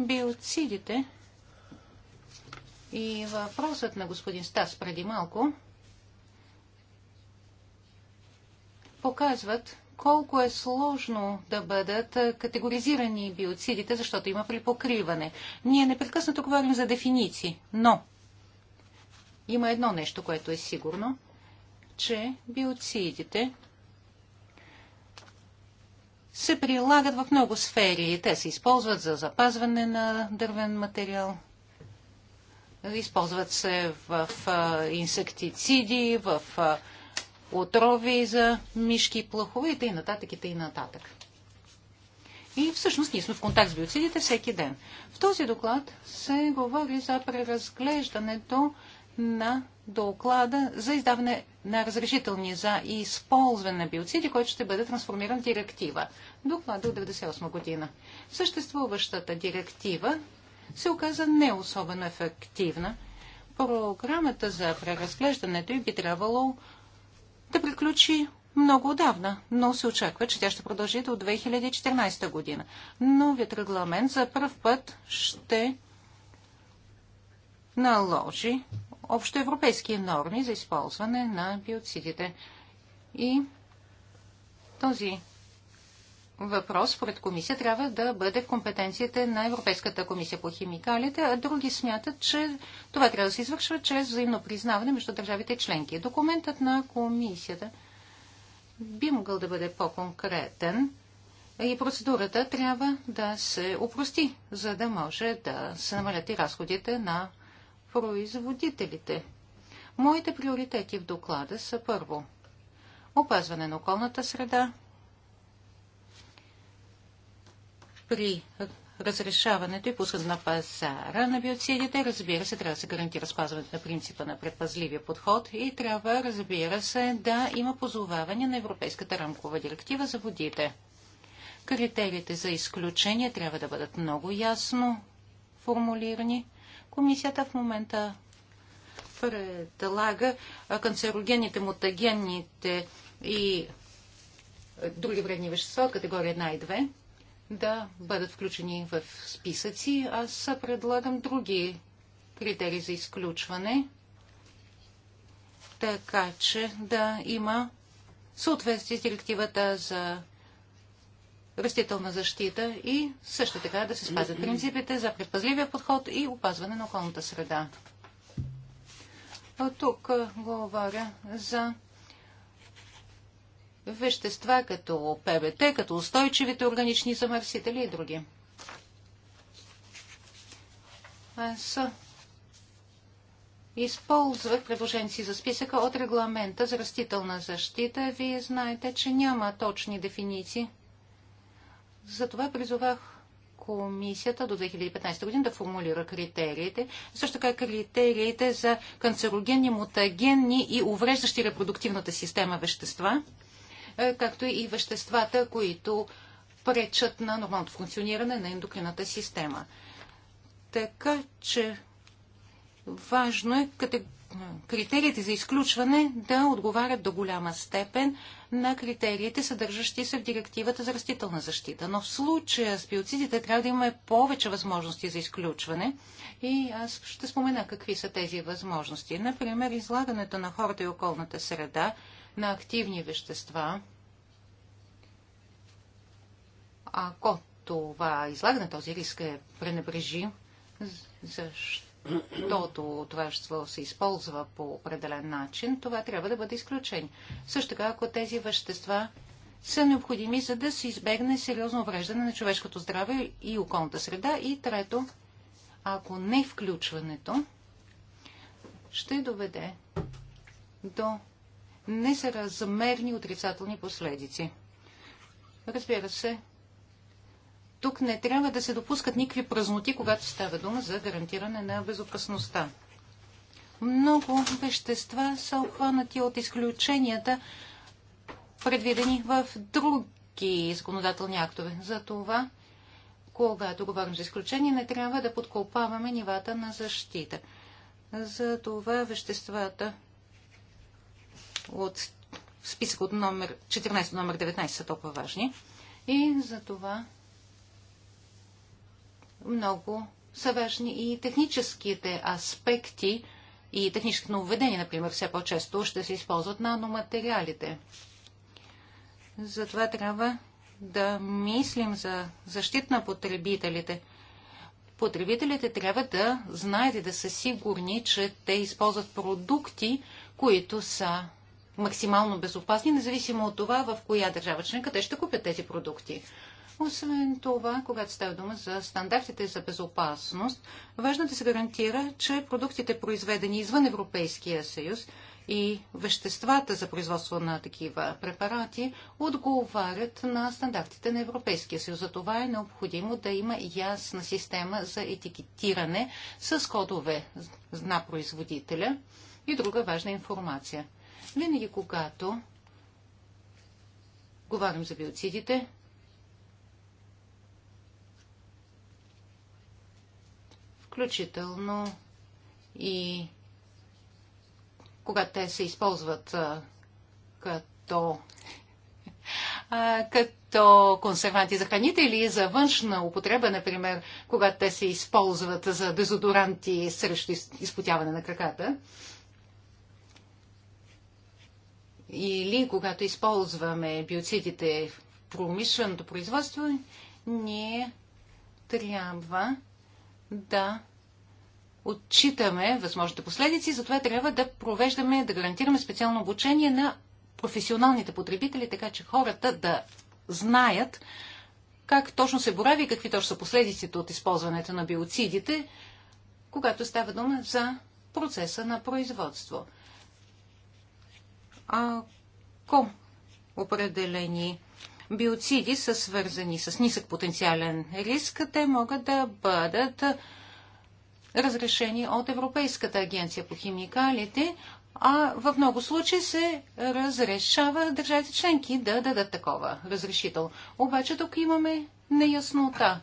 Биоцидите и въпросът на господин Стас преди малко показват колко е сложно да бъдат категоризирани биоцидите, защото има припокриване. Ние непрекъснато говорим за дефиниции, но има едно нещо, което е сигурно, че биоцидите се прилагат в много сфери. Те се използват за запазване на дървен материал, използват се в инсектициди, в отрови за мишки, плахове и т.н. и нататък. И всъщност ние сме в контакт с биоцидите всеки ден. В този доклад се говори за преразглеждането на доклада за издаване на разрешителни за използване на биоциди, който ще бъде трансформиран в директива. Доклада от 1998 година. Съществуващата директива се оказа не особено ефективна. Програмата за преразглеждането и би трябвало да приключи много отдавна, но се очаква, че тя ще продължи до 2014 година. Новият регламент за първ път ще наложи общоевропейски норми за използване на биоцидите. И този въпрос, според комисия, трябва да бъде в компетенциите на Европейската комисия по химикалите, а други смятат, че това трябва да се извършва чрез взаимно признаване между държавите и членки. Документът на комисията би могъл да бъде по-конкретен и процедурата трябва да се упрости, за да може да се намалят и разходите на производителите. Моите приоритети в доклада са първо опазване на околната среда, при разрешаването и пускането на пазара на биоцидите, разбира се, трябва да се гарантира спазването на принципа на предпазливия подход и трябва, разбира се, да има позоваване на Европейската рамкова директива за водите. Критериите за изключение трябва да бъдат много ясно формулирани. Комисията в момента предлага канцерогените, мутагенните и други вредни вещества от категория 1 и 2 да бъдат включени в списъци. Аз предлагам други критерии за изключване, така че да има съответствие с директивата за растителна защита и също така да се спазят принципите за предпазливия подход и опазване на околната среда. тук говоря за вещества като ПВТ, като устойчивите органични замърсители и други. Аз използвах предложенци за списъка от регламента за растителна защита. Вие знаете, че няма точни дефиниции. Затова призовах комисията до 2015 година да формулира критериите, също така критериите за канцерогенни, мутагенни и увреждащи репродуктивната система вещества – е, както и веществата, които пречат на нормалното функциониране на ендокринната система. Така че важно е критериите за изключване да отговарят до голяма степен на критериите, съдържащи се в директивата за растителна защита. Но в случая с биоцидите трябва да имаме повече възможности за изключване и аз ще спомена какви са тези възможности. Например, излагането на хората и околната среда на активни вещества, ако това излага на този риск е пренебрежи, защото това вещество се използва по определен начин, това трябва да бъде изключение. Също така, ако тези вещества са необходими, за да се избегне сериозно увреждане на човешкото здраве и околната среда. И трето, ако не включването ще доведе до несъразмерни отрицателни последици. Разбира се, тук не трябва да се допускат никакви празноти, когато става дума за гарантиране на безопасността. Много вещества са обхванати от изключенията, предвидени в други законодателни актове. За това, когато говорим за изключение, не трябва да подкопаваме нивата на защита. За това веществата, от списък от номер 14 номер 19 са толкова важни. И за това много са важни и техническите аспекти и техническите нововведения, например, все по-често ще се използват наноматериалите. Затова трябва да мислим за защита на потребителите. Потребителите трябва да знаят и да са сигурни, че те използват продукти, които са максимално безопасни, независимо от това в коя държава членка те ще купят тези продукти. Освен това, когато става дума за стандартите за безопасност, важно е да се гарантира, че продуктите, произведени извън Европейския съюз и веществата за производство на такива препарати, отговарят на стандартите на Европейския съюз. За това е необходимо да има ясна система за етикетиране с кодове на производителя и друга важна информация. Винаги, когато говорим за биоцидите, включително и когато те се използват а, като, а, като консерванти за храните или за външна употреба, например, когато те се използват за дезодоранти срещу изпотяване на краката или когато използваме биоцидите в промишленото производство, ние трябва да отчитаме възможните последици, затова трябва да провеждаме, да гарантираме специално обучение на професионалните потребители, така че хората да знаят как точно се борави и какви точно са последиците от използването на биоцидите, когато става дума за процеса на производство ако определени биоциди са свързани с нисък потенциален риск, те могат да бъдат разрешени от Европейската агенция по химикалите, а в много случаи се разрешава държавите членки да дадат такова разрешител. Обаче тук имаме неяснота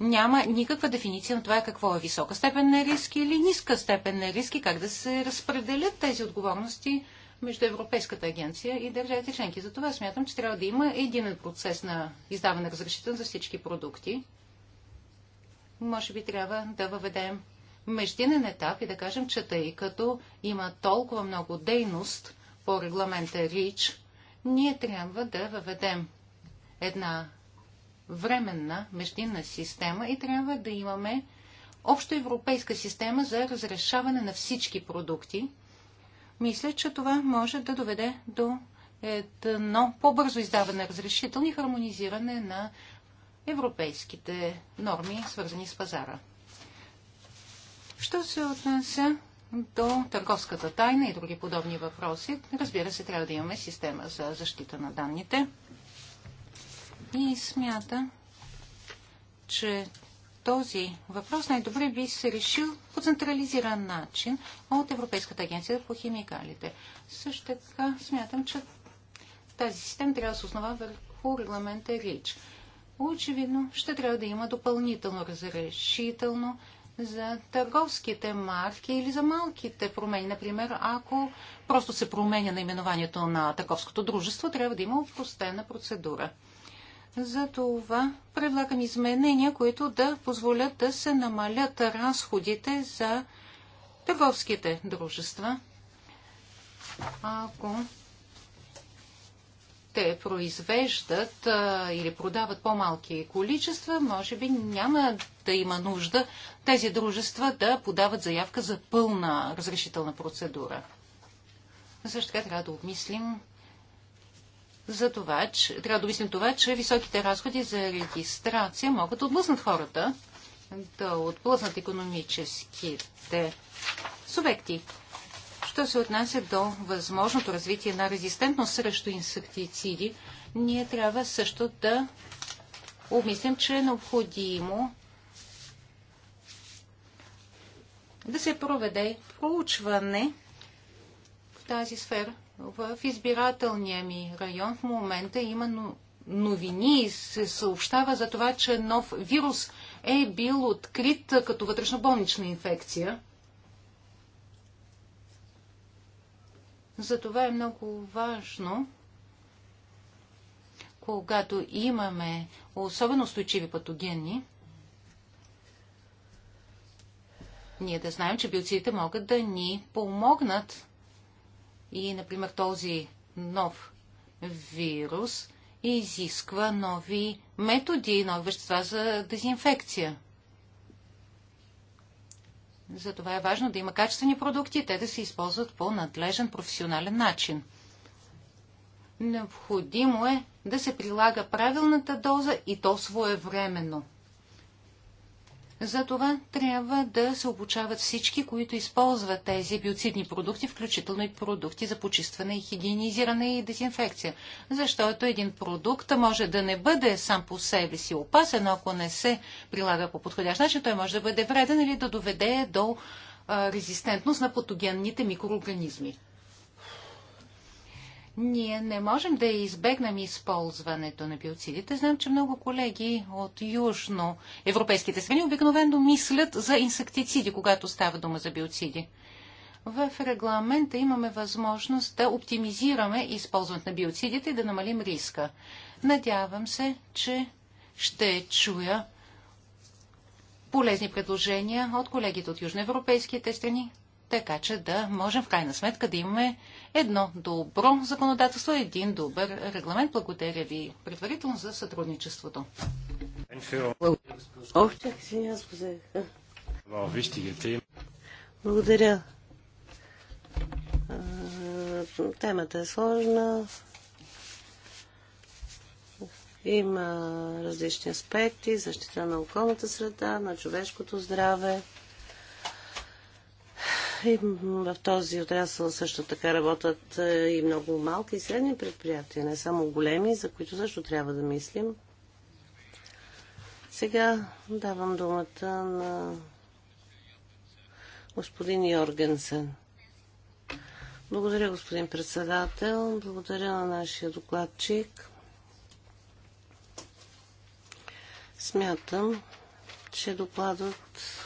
няма никаква дефиниция на това е какво е висока степен на риск или ниска степен на риск и как да се разпределят тези отговорности между Европейската агенция и държавите членки. Затова смятам, че трябва да има един процес на издаване разрешител за всички продукти. Може би трябва да въведем междинен етап и да кажем, че тъй като има толкова много дейност по регламента РИЧ, ние трябва да въведем една временна междинна система и трябва да имаме общо европейска система за разрешаване на всички продукти. Мисля, че това може да доведе до едно по-бързо издаване разрешително разрешителни и хармонизиране на европейските норми, свързани с пазара. Що се отнася до търговската тайна и други подобни въпроси, разбира се, трябва да имаме система за защита на данните и смята, че този въпрос най-добре би се решил по централизиран начин от Европейската агенция по химикалите. Също така смятам, че тази система трябва да се основа върху регламента РИЧ. Очевидно ще трябва да има допълнително разрешително за търговските марки или за малките промени. Например, ако просто се променя наименованието на търговското дружество, трябва да има упростена процедура. За това предлагам изменения, които да позволят да се намалят разходите за търговските дружества, ако те произвеждат а, или продават по-малки количества, може би няма да има нужда тези дружества да подават заявка за пълна разрешителна процедура. Също така трябва да обмислим за това, че трябва да обясним това, че високите разходи за регистрация могат да отблъснат хората, да отблъснат економическите субекти. Що се отнася до възможното развитие на резистентност срещу инсектициди, ние трябва също да обмислим, че е необходимо да се проведе проучване в тази сфера. В избирателния ми район в момента има новини и се съобщава за това, че нов вирус е бил открит като вътрешноболнична инфекция. Затова е много важно, когато имаме особено устойчиви патогени, ние да знаем, че биоцидите могат да ни помогнат и, например, този нов вирус изисква нови методи, нови вещества за дезинфекция. Затова е важно да има качествени продукти и те да се използват по надлежен професионален начин. Необходимо е да се прилага правилната доза и то своевременно. Затова трябва да се обучават всички, които използват тези биоцидни продукти, включително и продукти за почистване и хигиенизиране и дезинфекция. Защото един продукт може да не бъде сам по себе си опасен, ако не се прилага по подходящ начин, той може да бъде вреден или да доведе до резистентност на патогенните микроорганизми. Ние не можем да избегнем използването на биоцидите. Знам, че много колеги от южно европейските страни обикновено мислят за инсектициди, когато става дума за биоциди. В регламента имаме възможност да оптимизираме използването на биоцидите и да намалим риска. Надявам се, че ще чуя полезни предложения от колегите от южноевропейските страни, така че да можем в крайна сметка да имаме едно добро законодателство и един добър регламент. Благодаря ви предварително за сътрудничеството. Благодаря. Темата е сложна. Има различни аспекти, защита на околната среда, на човешкото здраве. И в този отрасъл също така работят е, и много малки и средни предприятия, не само големи, за които също трябва да мислим. Сега давам думата на господин Йоргенсен. Благодаря, господин председател. Благодаря на нашия докладчик. Смятам, че докладът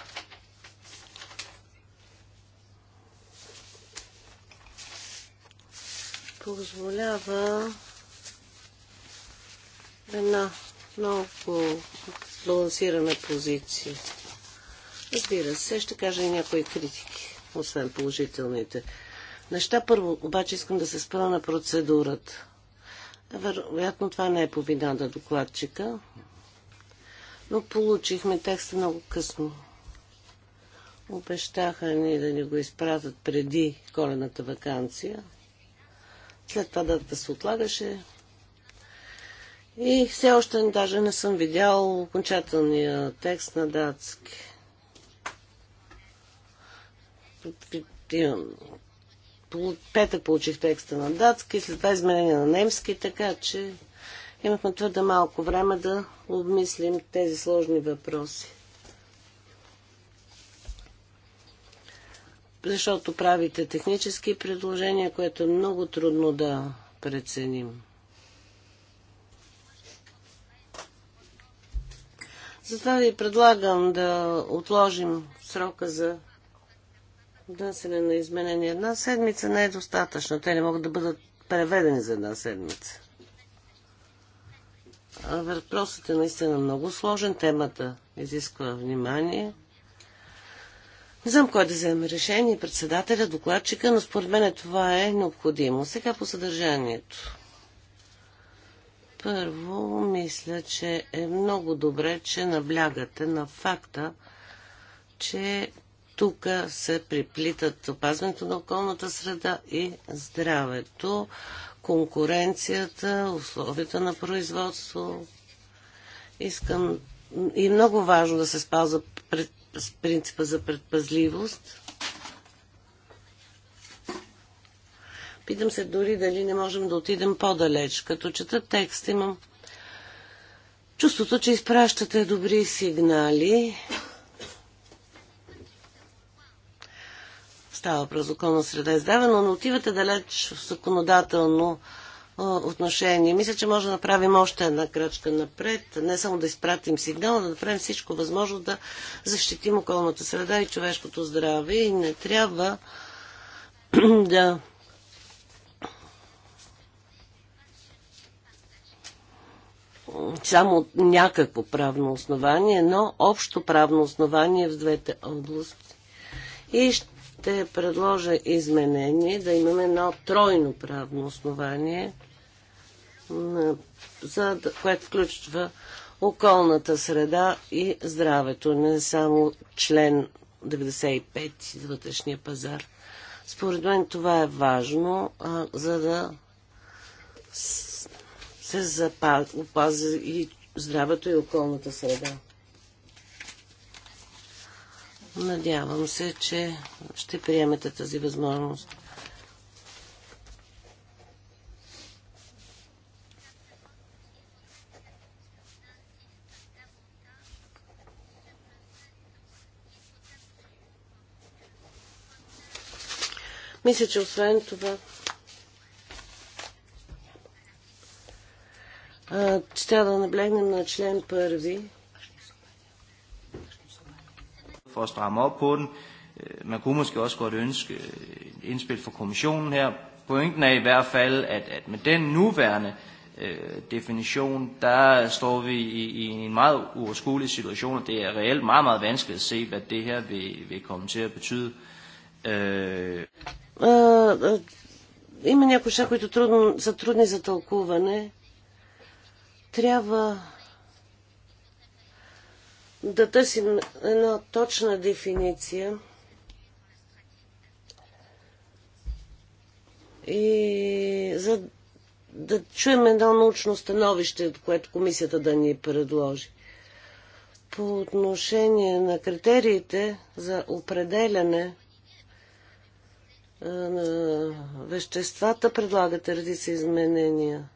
позволява една много балансирана позиция. Разбира се, ще кажа и някои критики, освен положителните. Неща първо, обаче искам да се спра на процедурата. Вероятно това не е по вина на докладчика, но получихме текста много късно. Обещаха ни да ни го изпратят преди колената вакансия. След това датата се отлагаше. И все още даже не съм видял окончателния текст на датски. Петък получих текста на датски, след това изменение на немски, така че имахме твърде малко време да обмислим тези сложни въпроси. защото правите технически предложения, което е много трудно да преценим. Затова ви предлагам да отложим срока за внасяне на изменения. Една седмица не е достатъчно. Те не могат да бъдат преведени за една седмица. Въпросът е наистина много сложен. Темата изисква внимание. Не знам кой да вземе решение, председателя, докладчика, но според мен това е необходимо. Сега по съдържанието. Първо, мисля, че е много добре, че наблягате на факта, че тук се приплитат опазването на околната среда и здравето, конкуренцията, условията на производство. Искам и много важно да се спазва пред с принципа за предпазливост. Питам се дори дали не можем да отидем по-далеч. Като чета текст имам чувството, че изпращате добри сигнали. Става през околна среда издаване, но отивате далеч в законодателно отношение. Мисля, че може да направим още една крачка напред, не само да изпратим сигнал, да направим всичко възможно да защитим околната среда и човешкото здраве и не трябва [CLEARS THROAT] да само някакво правно основание, но общо правно основание в двете области. И ще ще предложа изменение да имаме едно тройно правно основание, за, което включва околната среда и здравето, не само член 95 вътрешния пазар. Според мен това е важно, а, за да се запази и здравето и околната среда. Надявам се, че ще приемете тази възможност. Мисля, че освен това ще трябва да наблегнем на член първи for at stramme op på den. Man kunne måske også godt ønske et indspil fra kommissionen her. Pointen er i hvert fald, at, at med den nuværende øh, definition, der står vi i, i en meget uoverskuelig situation, og det er reelt meget, meget vanskeligt at se, hvad det her vil, vil komme til at betyde. Øh... Øh, øh, има някои които трудно, са трудни за тълкуване. Трябва да търсим една точна дефиниция и за да чуем едно научно становище, което комисията да ни предложи. По отношение на критериите за определяне на веществата предлагате редица изменения,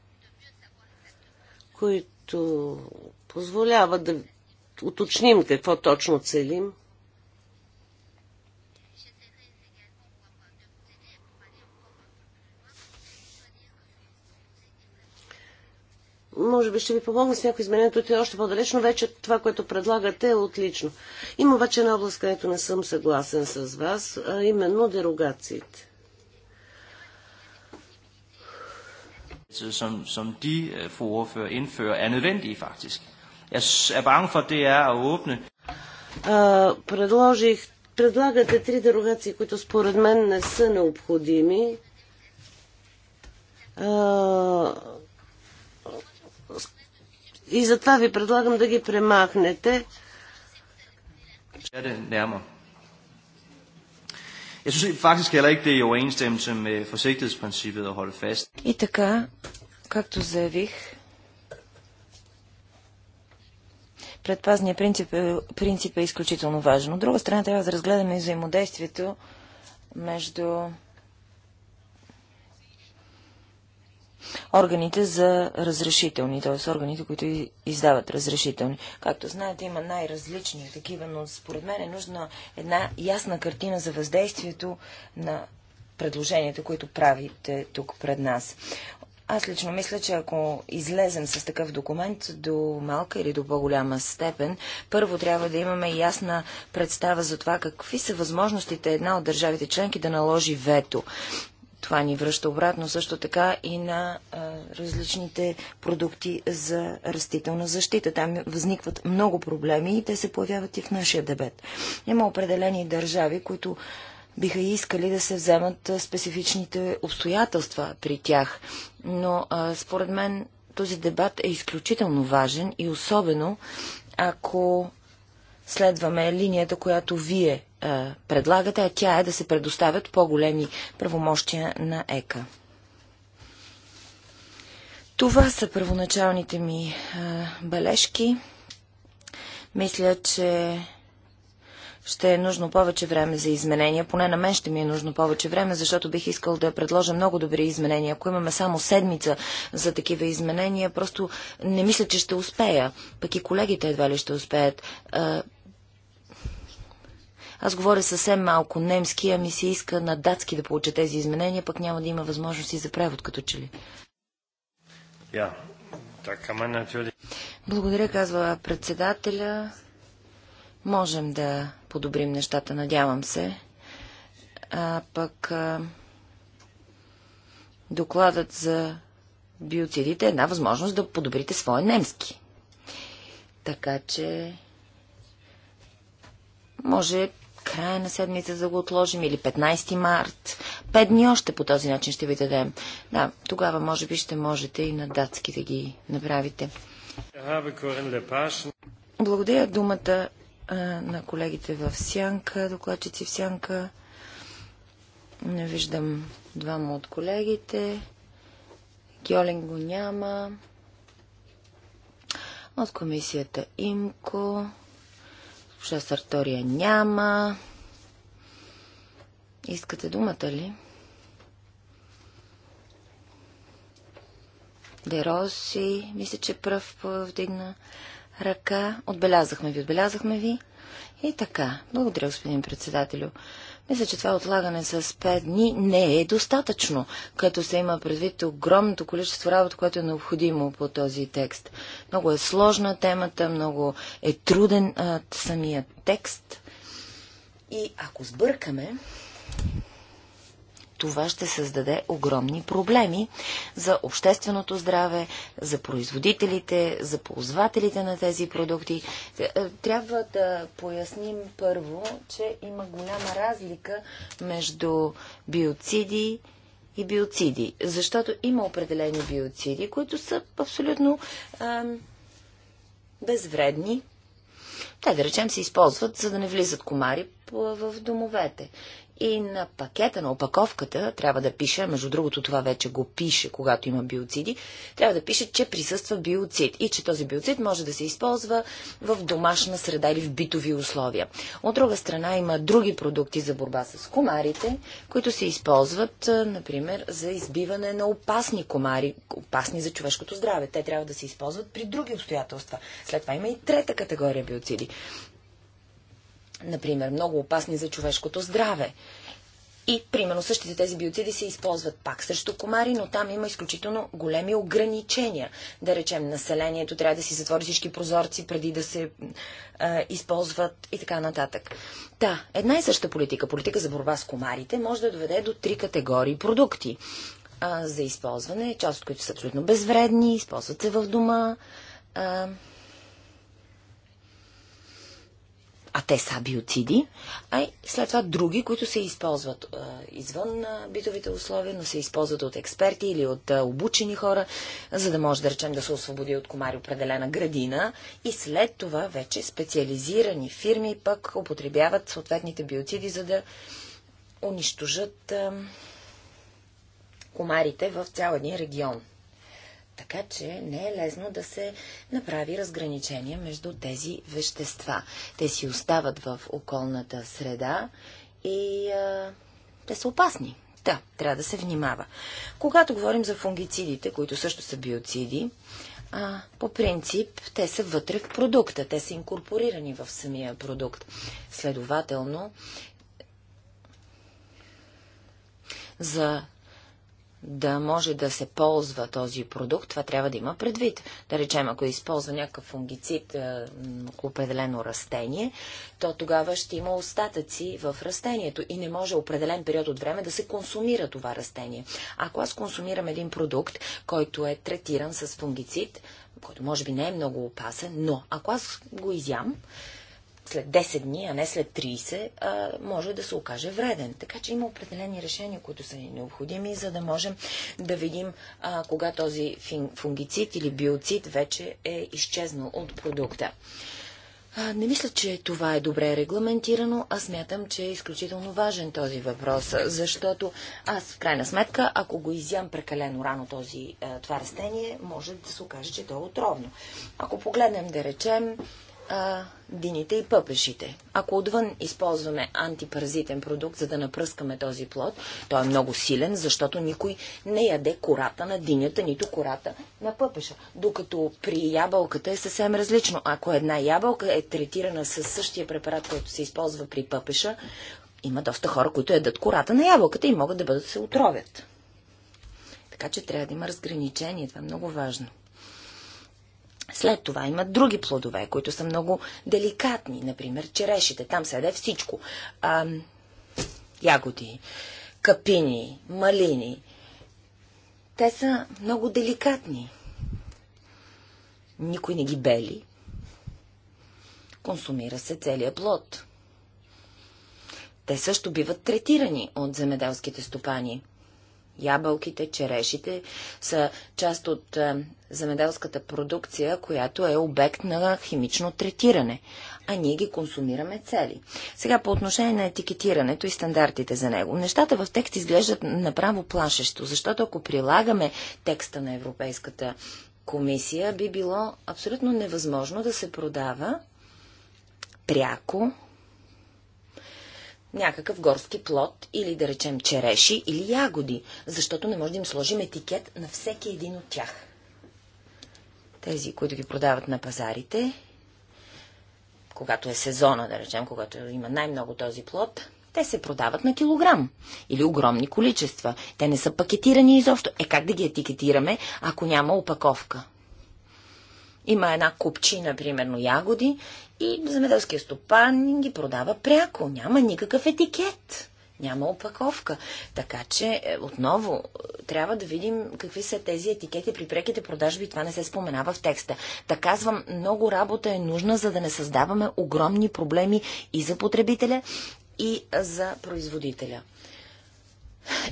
които позволяват да уточним какво точно целим. може би ще ви помогна с някои изменения, тъй е още по далечно вече това, което предлагате е отлично. Има обаче една област, където не съм съгласен с вас, а именно дерогациите. som, som de eh, forordfører indfører, er nødvendige Jeg er bange for, at det er at åbne. А, предложих, предлагате три дерогации, които според мен не са необходими. А, и затова ви предлагам да ги премахнете. Jeg synes faktisk heller ikke, det er i overensstemmelse med forsigtighedsprincippet at holde fast. И така, както заявих, предпазният принцип е, принцип е изключително важен. От друга страна трябва да разгледаме и взаимодействието между органите за разрешителни, т.е. органите, които издават разрешителни. Както знаете, има най-различни такива, но според мен е нужна една ясна картина за въздействието на предложенията, които правите тук пред нас. Аз лично мисля, че ако излезем с такъв документ до малка или до по-голяма степен, първо трябва да имаме ясна представа за това какви са възможностите една от държавите членки да наложи вето. Това ни връща обратно също така и на а, различните продукти за растителна защита. Там възникват много проблеми и те се появяват и в нашия дебет. Има определени държави, които биха искали да се вземат специфичните обстоятелства при тях. Но според мен този дебат е изключително важен и особено ако следваме линията, която вие предлагате, а тя е да се предоставят по-големи правомощия на ЕКА. Това са първоначалните ми е, бележки. Мисля, че ще е нужно повече време за изменения. Поне на мен ще ми е нужно повече време, защото бих искал да предложа много добри изменения. Ако имаме само седмица за такива изменения, просто не мисля, че ще успея. Пък и колегите едва ли ще успеят. Аз говоря съвсем малко немски, а ми се иска на датски да получа тези изменения, пък няма да има възможности за превод, като че ли. Благодаря, казва председателя. Можем да подобрим нещата, надявам се. А пък а, докладът за биоцидите е една възможност да подобрите своя немски. Така че може края на седмица да го отложим или 15 март. Пет дни още по този начин ще ви дадем. Да, тогава може би ще можете и на датски да ги направите. Благодаря думата на колегите в Сянка, докладчици в Сянка. Не виждам двама от колегите. Геолен го няма. От комисията Имко. Госпожа Сартория няма. Искате думата ли? Дероси, мисля, че пръв повдигна ръка. Отбелязахме ви, отбелязахме ви. И така. Благодаря, господин председателю. Мисля, че това отлагане с 5 дни не е достатъчно, като се има предвид огромното количество работа, което е необходимо по този текст. Много е сложна темата, много е труден а, самият текст. И ако сбъркаме, това ще създаде огромни проблеми за общественото здраве, за производителите, за ползвателите на тези продукти. Е, е, трябва да поясним първо, че има голяма разлика между биоциди и биоциди, защото има определени биоциди, които са абсолютно ам, безвредни. Те, да речем, се използват, за да не влизат комари в домовете. И на пакета, на опаковката трябва да пише, между другото това вече го пише, когато има биоциди, трябва да пише, че присъства биоцид и че този биоцид може да се използва в домашна среда или в битови условия. От друга страна има други продукти за борба с комарите, които се използват, например, за избиване на опасни комари, опасни за човешкото здраве. Те трябва да се използват при други обстоятелства. След това има и трета категория биоциди например, много опасни за човешкото здраве. И, примерно, същите тези биоциди се използват пак срещу комари, но там има изключително големи ограничения. Да речем, населението трябва да си затвори всички прозорци преди да се е, използват и така нататък. Та, една и съща политика, политика за борба с комарите, може да доведе до три категории продукти за използване, част от които са абсолютно безвредни, използват се в дома. а те са биоциди, а и след това други, които се използват а, извън а, битовите условия, но се използват от експерти или от а, обучени хора, за да може да речем да се освободи от комари определена градина и след това вече специализирани фирми пък употребяват съответните биоциди, за да унищожат а, комарите в цял един регион. Така че не е лесно да се направи разграничение между тези вещества. Те си остават в околната среда и а, те са опасни. Да, трябва да се внимава. Когато говорим за фунгицидите, които също са биоциди, а, по принцип те са вътре в продукта, те са инкорпорирани в самия продукт. Следователно, за да може да се ползва този продукт, това трябва да има предвид. Да речем, ако използва някакъв фунгицид е, определено растение, то тогава ще има остатъци в растението и не може определен период от време да се консумира това растение. Ако аз консумирам един продукт, който е третиран с фунгицид, който може би не е много опасен, но ако аз го изям, след 10 дни, а не след 30, а, може да се окаже вреден. Така че има определени решения, които са ни необходими, за да можем да видим а, кога този фунгицид или биоцид вече е изчезнал от продукта. Не мисля, че това е добре регламентирано, а смятам, че е изключително важен този въпрос, защото аз в крайна сметка, ако го изям прекалено рано този, това растение, може да се окаже, че то е отровно. Ако погледнем, да речем, а, дините и пъпешите. Ако отвън използваме антипаразитен продукт, за да напръскаме този плод, той е много силен, защото никой не яде кората на динята, нито кората на пъпеша. Докато при ябълката е съвсем различно. Ако една ябълка е третирана с същия препарат, който се използва при пъпеша, има доста хора, които ядат кората на ябълката и могат да бъдат се отровят. Така че трябва да има разграничение. Това е много важно. След това има други плодове, които са много деликатни, например черешите. Там се всичко. А, ягоди, капини, малини. Те са много деликатни. Никой не ги бели. Консумира се целият плод. Те също биват третирани от земеделските стопани – Ябълките, черешите са част от е, замеделската продукция, която е обект на химично третиране, а ние ги консумираме цели. Сега по отношение на етикетирането и стандартите за него. Нещата в текст изглеждат направо плашещо, защото ако прилагаме текста на Европейската комисия, би било абсолютно невъзможно да се продава пряко някакъв горски плод или да речем череши или ягоди, защото не може да им сложим етикет на всеки един от тях. Тези, които ги продават на пазарите, когато е сезона, да речем, когато има най-много този плод, те се продават на килограм или огромни количества. Те не са пакетирани изобщо. Е как да ги етикетираме, ако няма опаковка? Има една купчина, примерно, ягоди и земеделския стопан ги продава пряко. Няма никакъв етикет. Няма опаковка. Така че, е, отново, е, трябва да видим какви са тези етикети при преките продажби. Това не се споменава в текста. Да казвам, много работа е нужна, за да не създаваме огромни проблеми и за потребителя, и за производителя.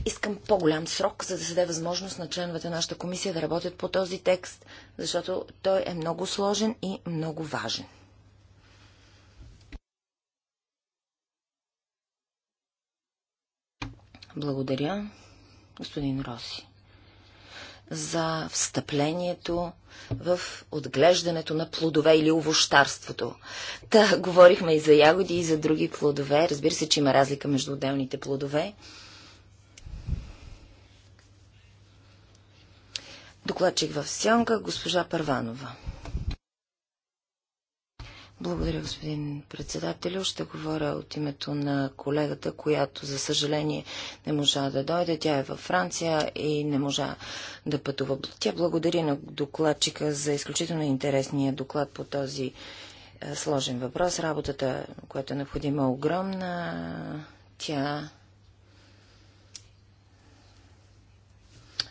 Искам по-голям срок, за да се даде възможност на членовете на нашата комисия да работят по този текст, защото той е много сложен и много важен. Благодаря, господин Роси, за встъплението в отглеждането на плодове или овощарството. Та, говорихме и за ягоди, и за други плодове. Разбира се, че има разлика между отделните плодове. Докладчик в Сянка, госпожа Първанова. Благодаря, господин председател. Ще говоря от името на колегата, която, за съжаление, не можа да дойде. Тя е във Франция и не можа да пътува. Тя благодари на докладчика за изключително интересния доклад по този е, сложен въпрос. Работата, която е необходима, е огромна. Тя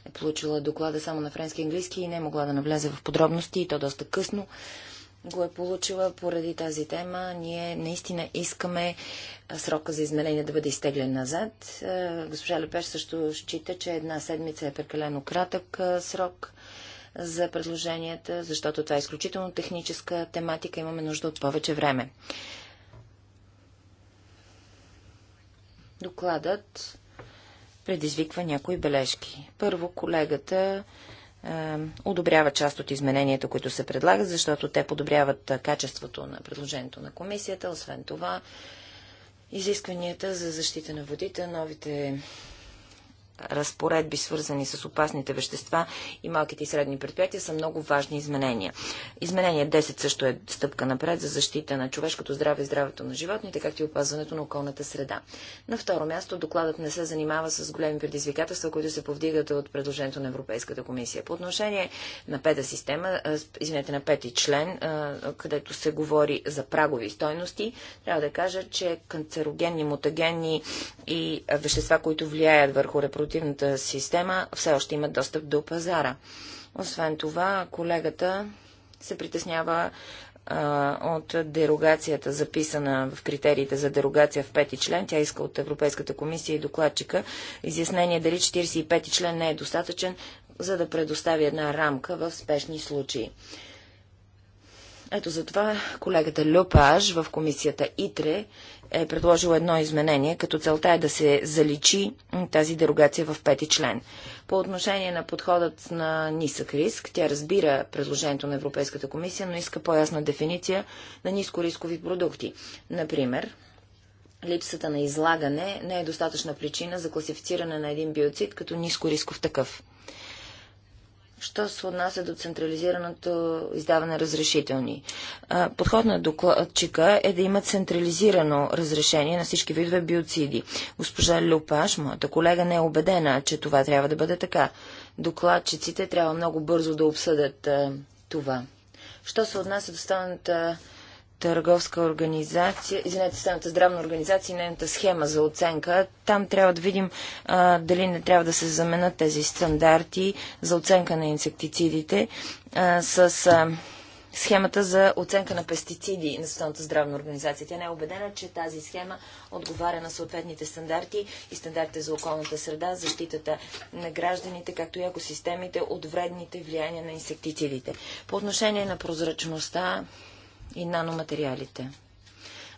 е получила доклада само на френски и английски и не е могла да навлезе в подробности и то доста късно го е получила поради тази тема. Ние наистина искаме срока за изменение да бъде изтеглен назад. Госпожа Лепеш също счита, че една седмица е прекалено кратък срок за предложенията, защото това е изключително техническа тематика. Имаме нужда от повече време. Докладът предизвиква някои бележки. Първо, колегата е, одобрява част от измененията, които се предлагат, защото те подобряват е, качеството на предложението на комисията. Освен това, изискванията за защита на водите, новите разпоредби, свързани с опасните вещества и малките и средни предприятия, са много важни изменения. Изменение 10 също е стъпка напред за защита на човешкото здраве и здравето на животните, както и опазването на околната среда. На второ място, докладът не се занимава с големи предизвикателства, които се повдигат от предложението на Европейската комисия. По отношение на пета система, извинете, на пети член, където се говори за прагови стойности, трябва да кажа, че канцерогенни, мутагенни и вещества, които влияят върху репродукцията, корпоративната система все още имат достъп до пазара. Освен това, колегата се притеснява а, от дерогацията, записана в критериите за дерогация в пети член. Тя иска от Европейската комисия и докладчика изяснение дали 45-ти член не е достатъчен, за да предостави една рамка в спешни случаи. Ето затова колегата Люпаж в комисията ИТРЕ е предложил едно изменение, като целта е да се заличи тази дерогация в пети член. По отношение на подходът на нисък риск, тя разбира предложението на Европейската комисия, но иска по-ясна дефиниция на нискорискови продукти. Например, липсата на излагане не е достатъчна причина за класифициране на един биоцид като нискорисков такъв що се отнася до централизираното издаване разрешителни. Подход на докладчика е да има централизирано разрешение на всички видове биоциди. Госпожа Люпаш, моята колега, не е убедена, че това трябва да бъде така. Докладчиците трябва много бързо да обсъдят това. Що се отнася до станата търговска организация, извинете, Съвната здравна организация и нейната схема за оценка. Там трябва да видим а, дали не трябва да се заменят тези стандарти за оценка на инсектицидите а, с а, схемата за оценка на пестициди на Световната здравна организация. Тя не е убедена, че тази схема отговаря на съответните стандарти и стандартите за околната среда, защитата на гражданите, както и екосистемите от вредните влияния на инсектицидите. По отношение на прозрачността, и наноматериалите.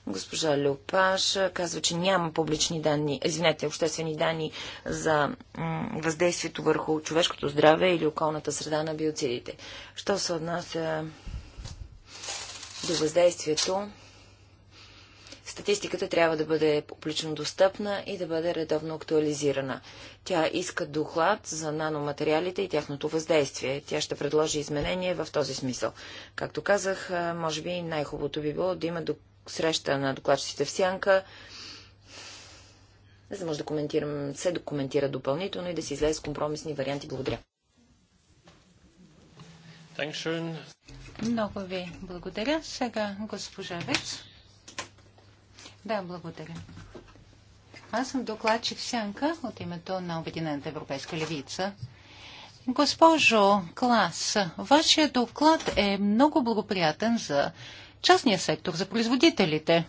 Госпожа Леопаш казва, че няма публични данни, извинете, обществени данни за въздействието върху човешкото здраве или околната среда на биоцидите. Що се отнася до въздействието Статистиката трябва да бъде публично достъпна и да бъде редовно актуализирана. Тя иска доклад за наноматериалите и тяхното въздействие. Тя ще предложи изменения в този смисъл. Както казах, може би най-хубавото би било да има среща на докладчиците в Сянка, за да може да коментирам, се документира допълнително и да се излезе с компромисни варианти. Благодаря. Много ви благодаря. Сега госпожа Вец. Да, благодаря. Аз съм докладчик Сянка от името на Обединената европейска левица. Госпожо Клас, вашия доклад е много благоприятен за частния сектор, за производителите.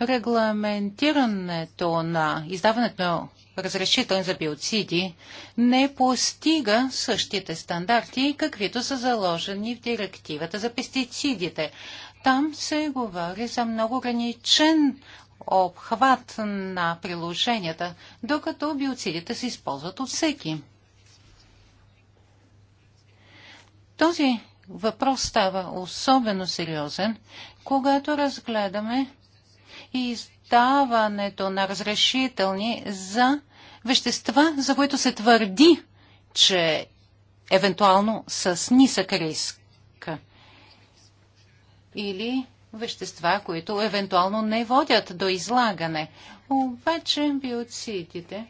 Регламентирането на издаването на разрешителни за биоциди не постига същите стандарти, каквито са заложени в директивата за пестицидите. Там се говори за много ограничен обхват на приложенията, докато биоцидите се използват от всеки. Този въпрос става особено сериозен, когато разгледаме и издаването на разрешителни за вещества, за които се твърди, че евентуално с нисък риск или вещества, които евентуално не водят до излагане. Обаче биоцидите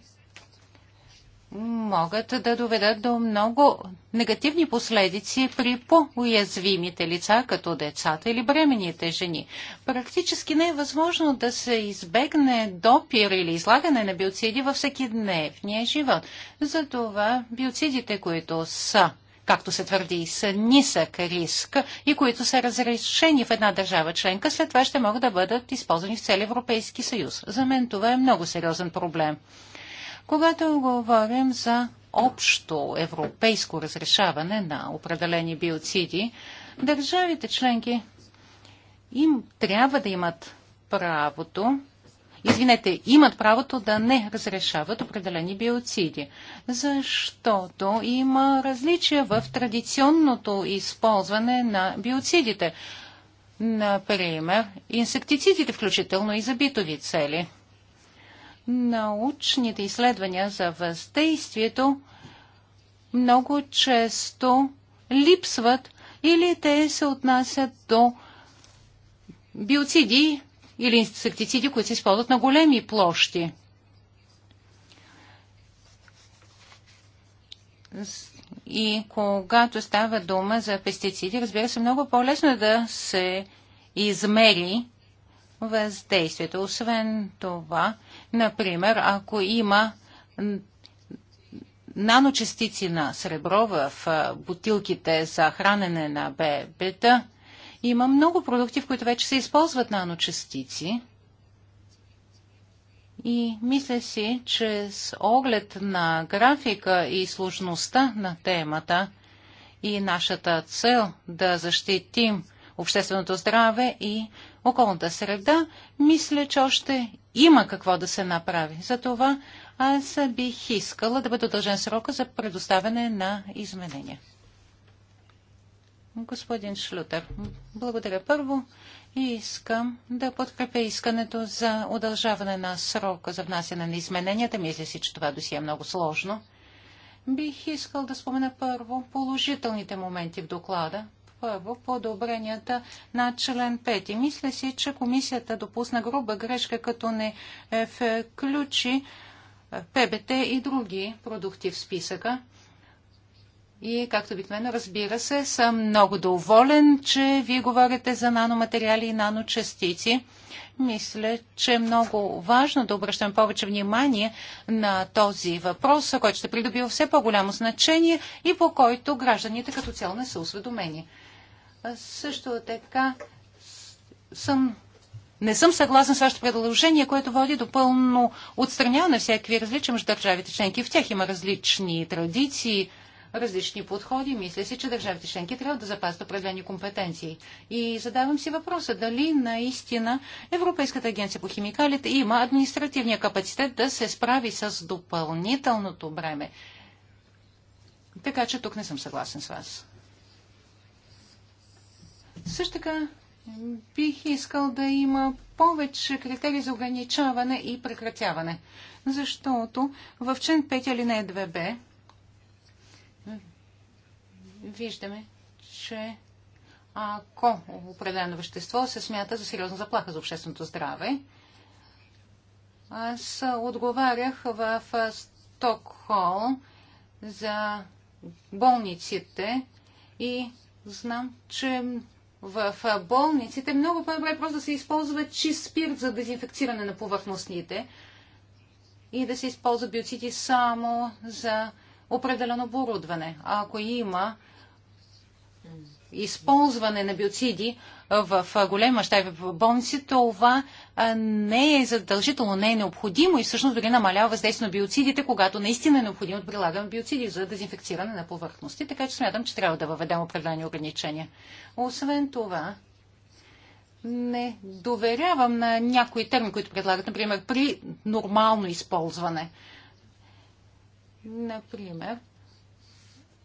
могат да доведат до много негативни последици при по-уязвимите лица, като децата или бременните жени. Практически не е възможно да се избегне допир или излагане на биоциди във всеки дневния живот. Затова биоцидите, които са както се твърди, с нисък риск и които са разрешени в една държава членка, след това ще могат да бъдат използвани в цели Европейски съюз. За мен това е много сериозен проблем. Когато говорим за общо европейско разрешаване на определени биоциди, държавите членки им трябва да имат правото извинете, имат правото да не разрешават определени биоциди, защото има различия в традиционното използване на биоцидите. Например, инсектицидите, включително и за битови цели. Научните изследвания за въздействието много често липсват или те се отнасят до биоциди, или инсектициди, които се използват на големи площи. И когато става дума за пестициди, разбира се, много по-лесно е да се измери въздействието. Освен това, например, ако има наночастици на сребро в бутилките за хранене на бебета, има много продукти, в които вече се използват наночастици. И мисля си, че с оглед на графика и сложността на темата и нашата цел да защитим общественото здраве и околната среда, мисля, че още има какво да се направи. Затова аз бих искала да бъде удължен срока за предоставяне на изменения. Господин Шлютер, благодаря първо и искам да подкрепя искането за удължаване на срока за внасяне на измененията. Мисля си, че това досия е много сложно. Бих искал да спомена първо положителните моменти в доклада. Първо, подобренията на член 5. Мисля си, че комисията допусна груба грешка, като не е, включи е, ПБТ и други продукти в списъка. И, както обикновено, разбира се, съм много доволен, че вие говорите за наноматериали и наночастици. Мисля, че е много важно да обръщам повече внимание на този въпрос, който ще придобива все по-голямо значение и по който гражданите като цяло не са осведомени. Също така съм не съм съгласна с вашето предложение, което води до пълно отстраняване на всякакви различия между държавите членки. В тях има различни традиции, различни подходи. Мисля си, че държавите членки трябва да запазят определени компетенции. И задавам си въпроса дали наистина Европейската агенция по химикалите има административния капацитет да се справи с допълнителното бреме. Така че тук не съм съгласен с вас. Също така бих искал да има повече критерии за ограничаване и прекратяване. Защото в член 5 не 2б виждаме, че ако определено вещество се смята за сериозна заплаха за общественото здраве, аз отговарях в Стокхол за болниците и знам, че в болниците много по-добре е просто да се използва чист спирт за дезинфекциране на повърхностните и да се използва биоциди само за определено оборудване. ако има използване на биоциди в големи мащаби в болници, това не е задължително, не е необходимо и всъщност дори намалява въздействие на биоцидите, когато наистина е необходимо да прилагаме биоциди за дезинфекциране на повърхности. Така че смятам, че трябва да въведем определени ограничения. Освен това, не доверявам на някои термини, които предлагат, например, при нормално използване. Например,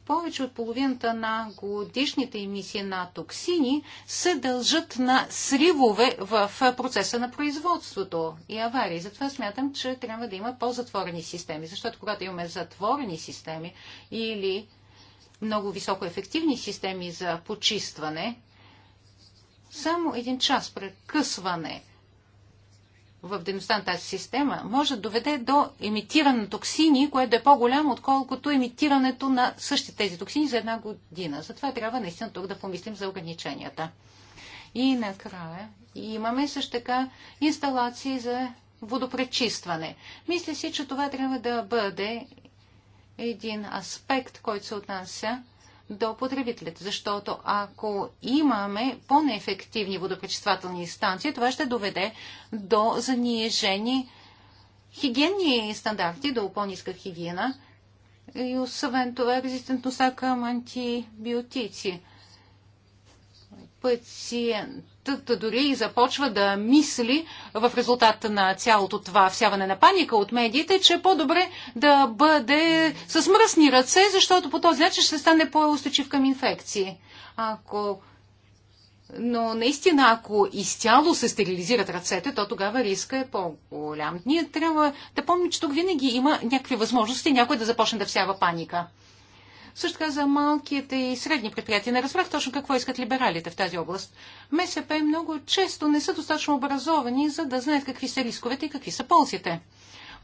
повече от половината на годишните емисии на токсини се дължат на сривове в процеса на производството и аварии. Затова смятам, че трябва да има по-затворени системи, защото когато имаме затворени системи или много високоефективни системи за почистване, само един час прекъсване – в дейността на тази система, може да доведе до емитиране на токсини, което е по-голямо, отколкото емитирането на същите тези токсини за една година. Затова трябва наистина тук да помислим за ограниченията. И накрая имаме също така инсталации за водопречистване. Мисля си, че това трябва да бъде един аспект, който се отнася до потребителите. Защото ако имаме по-неефективни водопречиствателни станции, това ще доведе до занижени хигиенни стандарти, до по-ниска хигиена и освен това резистентността към антибиотици. Пациент Та дори и започва да мисли в резултат на цялото това всяване на паника от медиите, че е по-добре да бъде с мръсни ръце, защото по този начин ще стане по-устойчив към инфекции. Ако... Но наистина, ако изцяло се стерилизират ръцете, то тогава риска е по-голям. Ние трябва да помним, че тук винаги има някакви възможности някой да започне да всява паника. Също така за малките и средни предприятия. Не разбрах точно какво искат либералите в тази област. МСП много често не са достатъчно образовани, за да знаят какви са рисковете и какви са ползите.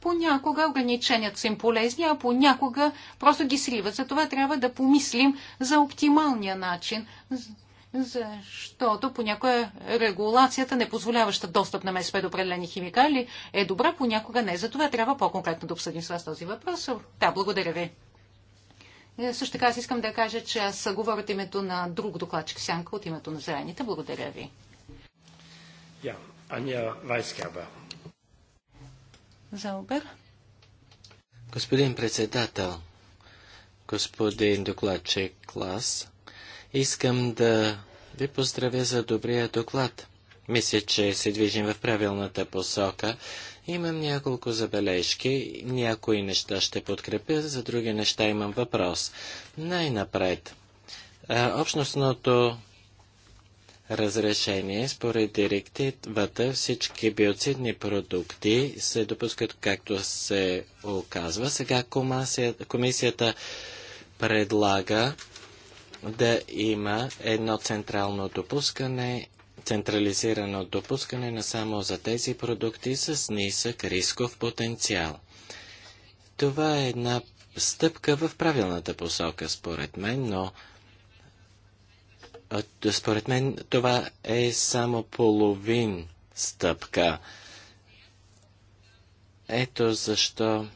Понякога ограниченията са им полезни, а понякога просто ги сриват. Затова трябва да помислим за оптималния начин, защото понякога регулацията, не позволяваща достъп на МСП до определени химикали, е добра, понякога не. Затова трябва по-конкретно да обсъдим с вас този въпрос. Да, благодаря ви. Е, също така аз искам да кажа, че аз говоря от името на друг докладчик Сянка, от името на Зелените. Благодаря ви. Я, Аня Weisgerber. Заубер. Господин председател, господин докладчик клас, искам да ви поздравя за добрия доклад. Мисля, че се движим в правилната посока. Имам няколко забележки, някои неща ще подкрепя, за други неща имам въпрос. Най-напред. Общностното разрешение според директивата всички биоцидни продукти се допускат както се оказва. Сега комисията, комисията предлага да има едно централно допускане централизирано допускане на само за тези продукти с нисък рисков потенциал. Това е една стъпка в правилната посока, според мен, но според мен това е само половин стъпка. Ето защо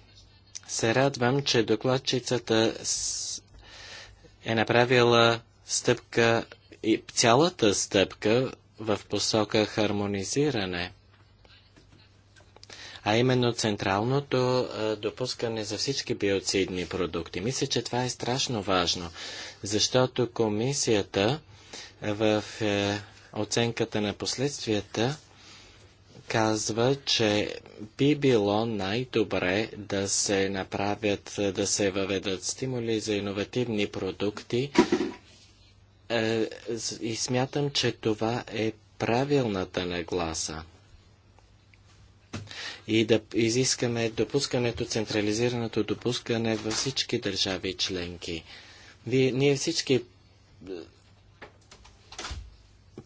се радвам, че докладчицата е направила стъпка и цялата стъпка в посока хармонизиране, а именно централното допускане за всички биоцидни продукти. Мисля, че това е страшно важно, защото комисията в е, оценката на последствията казва, че би било най-добре да се направят, да се въведат стимули за иновативни продукти е, и смятам, че това е правилната нагласа. И да изискаме допускането, централизираното допускане във всички държави членки. Вие, ние всички е,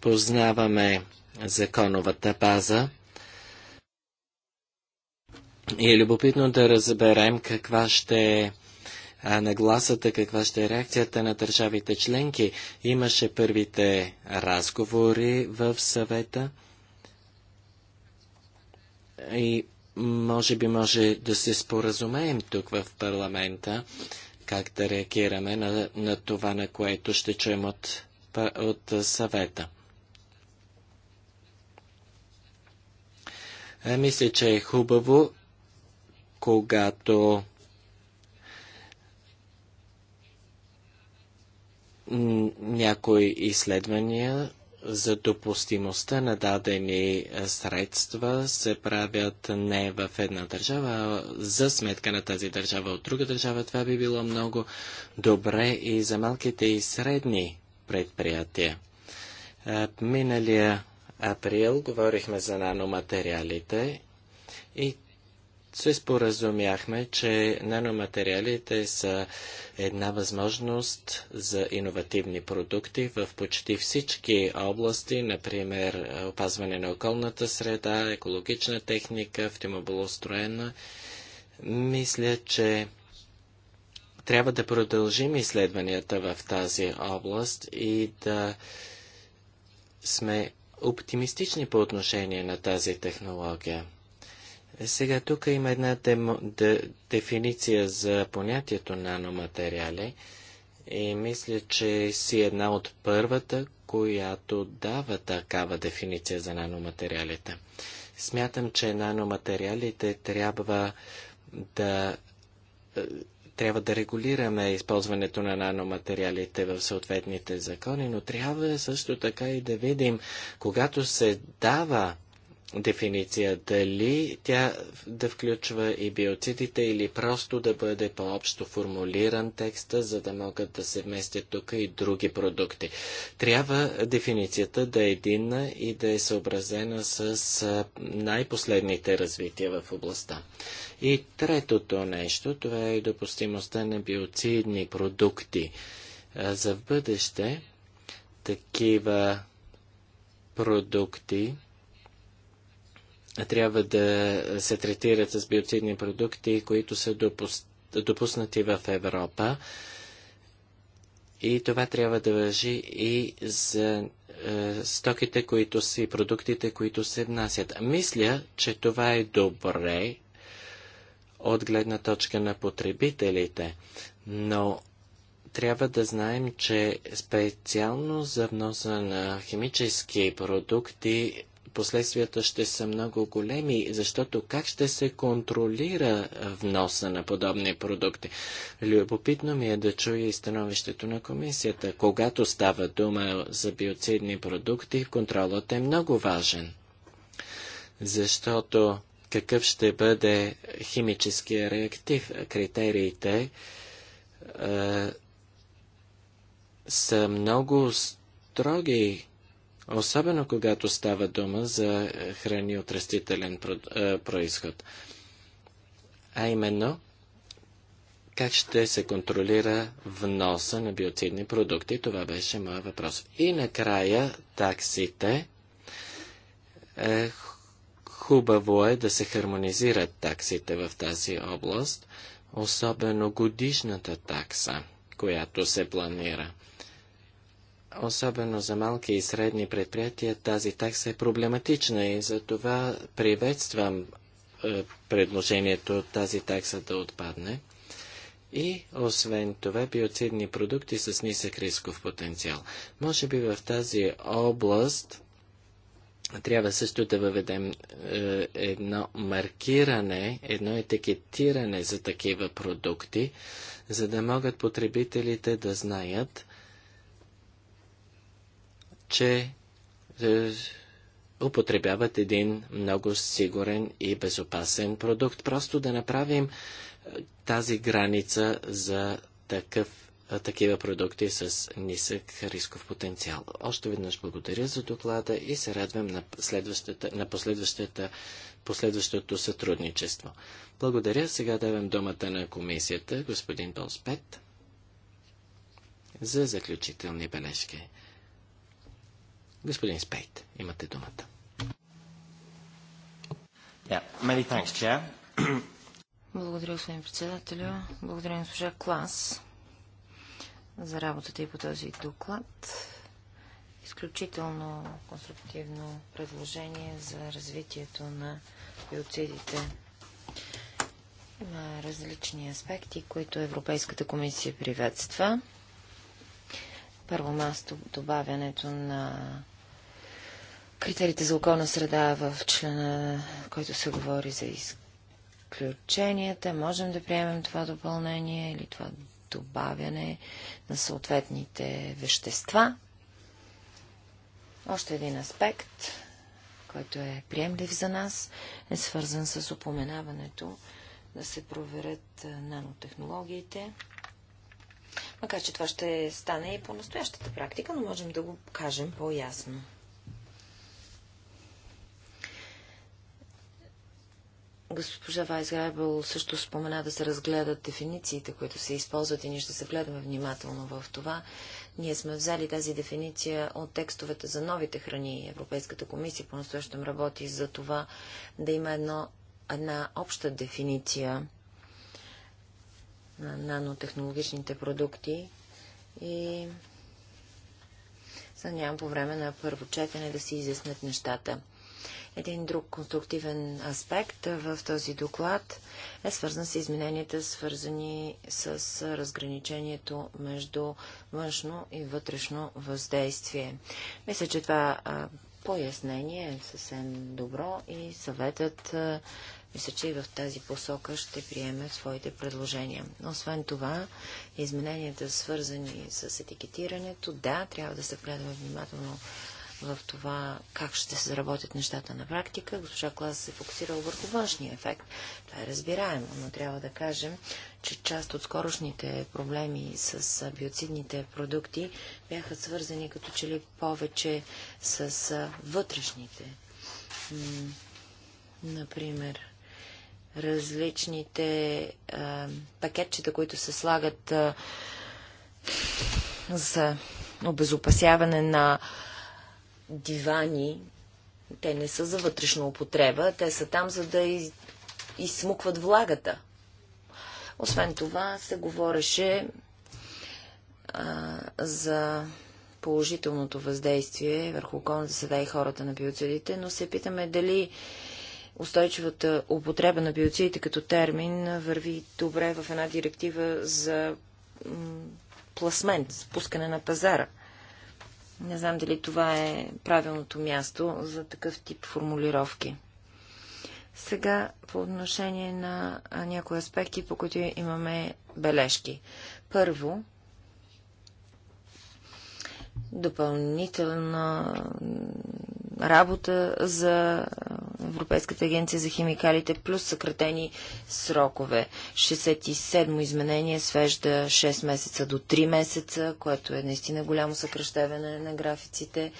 познаваме законовата база. И е любопитно да разберем каква ще е а, нагласата, каква ще е реакцията на държавите членки. Имаше първите разговори в съвета и може би може да се споразумеем тук в парламента как да реагираме на, на това, на което ще чуем от, от съвета. Мисля, че е хубаво, когато някои изследвания за допустимостта на дадени е, средства се правят не в една държава, а за сметка на тази държава от друга държава. Това би било много добре и за малките и средни предприятия. Е, миналия април говорихме за наноматериалите и се споразумяхме, че наноматериалите са една възможност за иновативни продукти в почти всички области, например е, опазване на околната среда, екологична техника, автомобилостроена. Мисля, че трябва да продължим изследванията в тази област и да сме оптимистични по отношение на тази технология. Сега тук има една демо, де, дефиниция за понятието наноматериали и мисля, че си една от първата, която дава такава дефиниция за наноматериалите. Смятам, че наноматериалите трябва да е, трябва да регулираме използването на наноматериалите в съответните закони, но трябва също така и да видим, когато се дава дефиниция, дали тя да включва и биоцидите или просто да бъде по-общо формулиран текста, за да могат да се вместят тук и други продукти. Трябва дефиницията да е единна и да е съобразена с най-последните развития в областта. И третото нещо, това е допустимостта на биоцидни продукти. За в бъдеще такива продукти, трябва да се третират с биоцидни продукти, които са допуснати в Европа. И това трябва да въжи и за е, стоките, които са и продуктите, които се внасят. Мисля, че това е добре от гледна точка на потребителите, но трябва да знаем, че специално за вноса на химически продукти последствията ще са много големи, защото как ще се контролира вноса на подобни продукти? Любопитно ми е да чуя и становището на комисията. Когато става дума за биоцидни продукти, контролът е много важен. Защото какъв ще бъде химическия реактив, критериите е, са много строги особено когато става дума за храни от растителен е, происход. А именно, как ще се контролира вноса на биоцидни продукти? Това беше моят въпрос. И накрая таксите. Е, хубаво е да се хармонизират таксите в тази област, особено годишната такса, която се планира особено за малки и средни предприятия, тази такса е проблематична и за това приветствам е, предложението тази такса да отпадне. И, освен това, биоцидни продукти с нисък рисков потенциал. Може би в тази област трябва също да въведем е, едно маркиране, едно етикетиране за такива продукти, за да могат потребителите да знаят, че е, употребяват един много сигурен и безопасен продукт. Просто да направим е, тази граница за такъв, е, такива продукти с нисък рисков потенциал. Още веднъж благодаря за доклада и се радвам на, следващата, на последващата, последващото сътрудничество. Благодаря. Сега давам думата на комисията, господин Долспет, за заключителни бележки. Господин Спейт, имате думата. Yeah. Many thanks, Chair. Благодаря, господин председателю. Благодаря на служа Клас за работата и по този доклад. Изключително конструктивно предложение за развитието на биоцидите. Има различни аспекти, които Европейската комисия приветства. Първо място добавянето на критериите за околна среда в члена, който се говори за изключенията. Можем да приемем това допълнение или това добавяне на съответните вещества. Още един аспект, който е приемлив за нас, е свързан с упоменаването да се проверят нанотехнологиите. Макар, че това ще стане и по настоящата практика, но можем да го кажем по-ясно. Госпожа Вайсграйбъл също спомена да се разгледат дефинициите, които се използват и ние ще се гледаме внимателно в това. Ние сме взели тази дефиниция от текстовете за новите храни. Европейската комисия по-настоящем работи за това да има едно, една обща дефиниция на нанотехнологичните продукти и се по време на първо четене да се изяснят нещата. Един друг конструктивен аспект в този доклад е свързан с измененията, свързани с разграничението между външно и вътрешно въздействие. Мисля, че това пояснение е съвсем добро и съветът мисля, че и в тази посока ще приеме своите предложения. Освен това, измененията свързани с етикетирането, да, трябва да се гледаме внимателно в това как ще се заработят нещата на практика. Госпожа Клас се фокусира върху външния ефект. Това е разбираемо, но трябва да кажем, че част от скорошните проблеми с биоцидните продукти бяха свързани като че ли повече с вътрешните. Например, различните а, пакетчета, които се слагат а, за обезопасяване на дивани, те не са за вътрешна употреба, те са там, за да из... изсмукват влагата. Освен това се говореше а, за положителното въздействие върху околната среда и хората на биоцидите, но се питаме дали устойчивата употреба на биоцидите като термин върви добре в една директива за пласмент, спускане на пазара – не знам дали това е правилното място за такъв тип формулировки. Сега по отношение на някои аспекти, по които имаме бележки. Първо, допълнителна работа за Европейската агенция за химикалите, плюс съкратени срокове. 67-мо изменение свежда 6 месеца до 3 месеца, което е наистина голямо съкръщаване на графиците.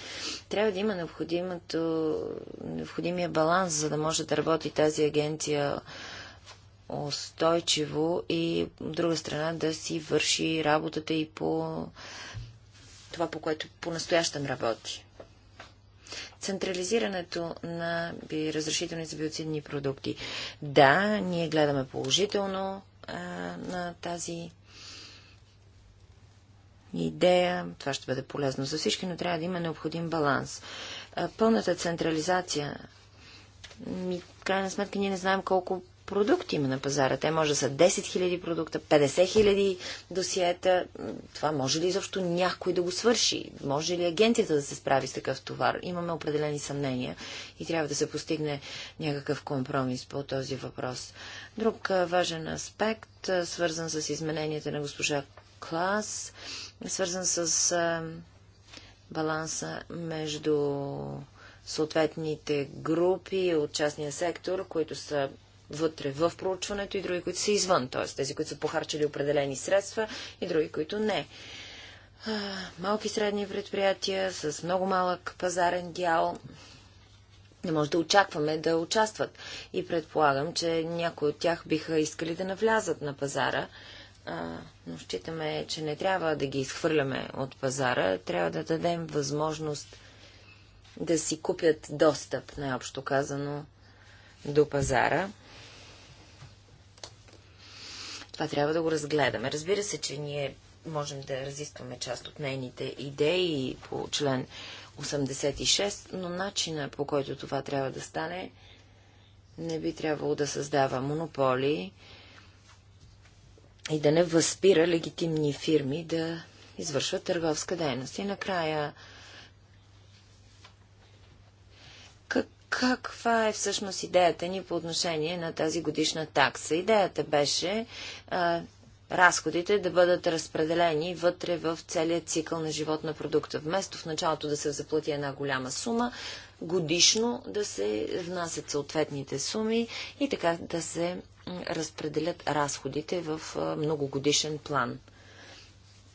Трябва да има необходимия баланс, за да може да работи тази агенция устойчиво и от друга страна да си върши работата и по това, по което по-настоящем работи. Централизирането на разрешителни за биоцидни продукти. Да, ние гледаме положително а, на тази идея. Това ще бъде полезно за всички, но трябва да има необходим баланс. А, пълната централизация. Ми, крайна сметка ние не знаем колко продукти има на пазара. Те може да са 10 000 продукта, 50 000 досиета. Това може ли изобщо някой да го свърши? Може ли агенцията да се справи с такъв товар? Имаме определени съмнения и трябва да се постигне някакъв компромис по този въпрос. Друг важен аспект, свързан с измененията на госпожа Клас, свързан с баланса между съответните групи от частния сектор, които са вътре в проучването и други, които са извън, т.е. тези, които са похарчили определени средства и други, които не. Малки и средни предприятия с много малък пазарен дял не може да очакваме да участват. И предполагам, че някои от тях биха искали да навлязат на пазара, но считаме, че не трябва да ги изхвърляме от пазара, трябва да дадем възможност да си купят достъп, най-общо казано, до пазара. Това трябва да го разгледаме. Разбира се, че ние можем да разискваме част от нейните идеи по член 86, но начина по който това трябва да стане не би трябвало да създава монополи и да не възпира легитимни фирми да извършват търговска дейност. И накрая каква е всъщност идеята ни по отношение на тази годишна такса. Идеята беше а, разходите да бъдат разпределени вътре в целия цикъл на живот на продукта. Вместо в началото да се заплати една голяма сума, годишно да се внасят съответните суми и така да се разпределят разходите в многогодишен план.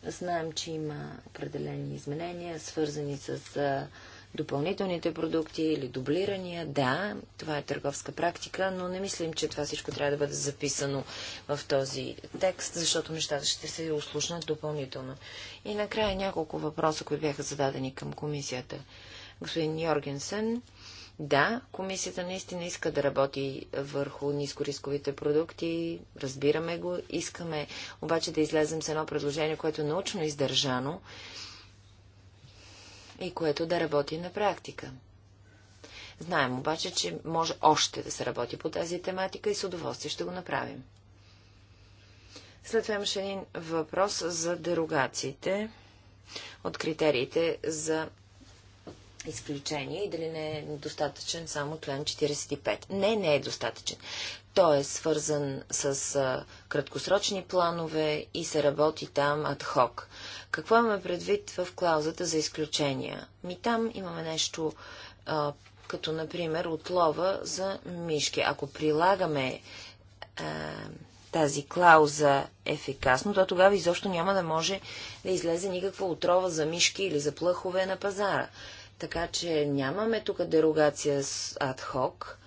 Знаем, че има определени изменения, свързани с допълнителните продукти или дублирания. Да, това е търговска практика, но не мислим, че това всичко трябва да бъде записано в този текст, защото нещата ще се услушнат допълнително. И накрая няколко въпроса, които бяха зададени към комисията. Господин Йоргенсен, да, комисията наистина иска да работи върху нискорисковите продукти, разбираме го, искаме обаче да излезем с едно предложение, което е научно издържано и което да работи на практика. Знаем обаче, че може още да се работи по тази тематика и с удоволствие ще го направим. След това имаше един въпрос за дерогациите от критериите за изключение и дали не е достатъчен само член 45. Не, не е достатъчен. Той е свързан с краткосрочни планове и се работи там адхок. Какво имаме предвид в клаузата за изключения? Ми там имаме нещо а, като, например, отлова за мишки. Ако прилагаме а, тази клауза ефикасно, то тогава изобщо няма да може да излезе никаква отрова за мишки или за плъхове на пазара. Така че нямаме тук дерогация с адхок,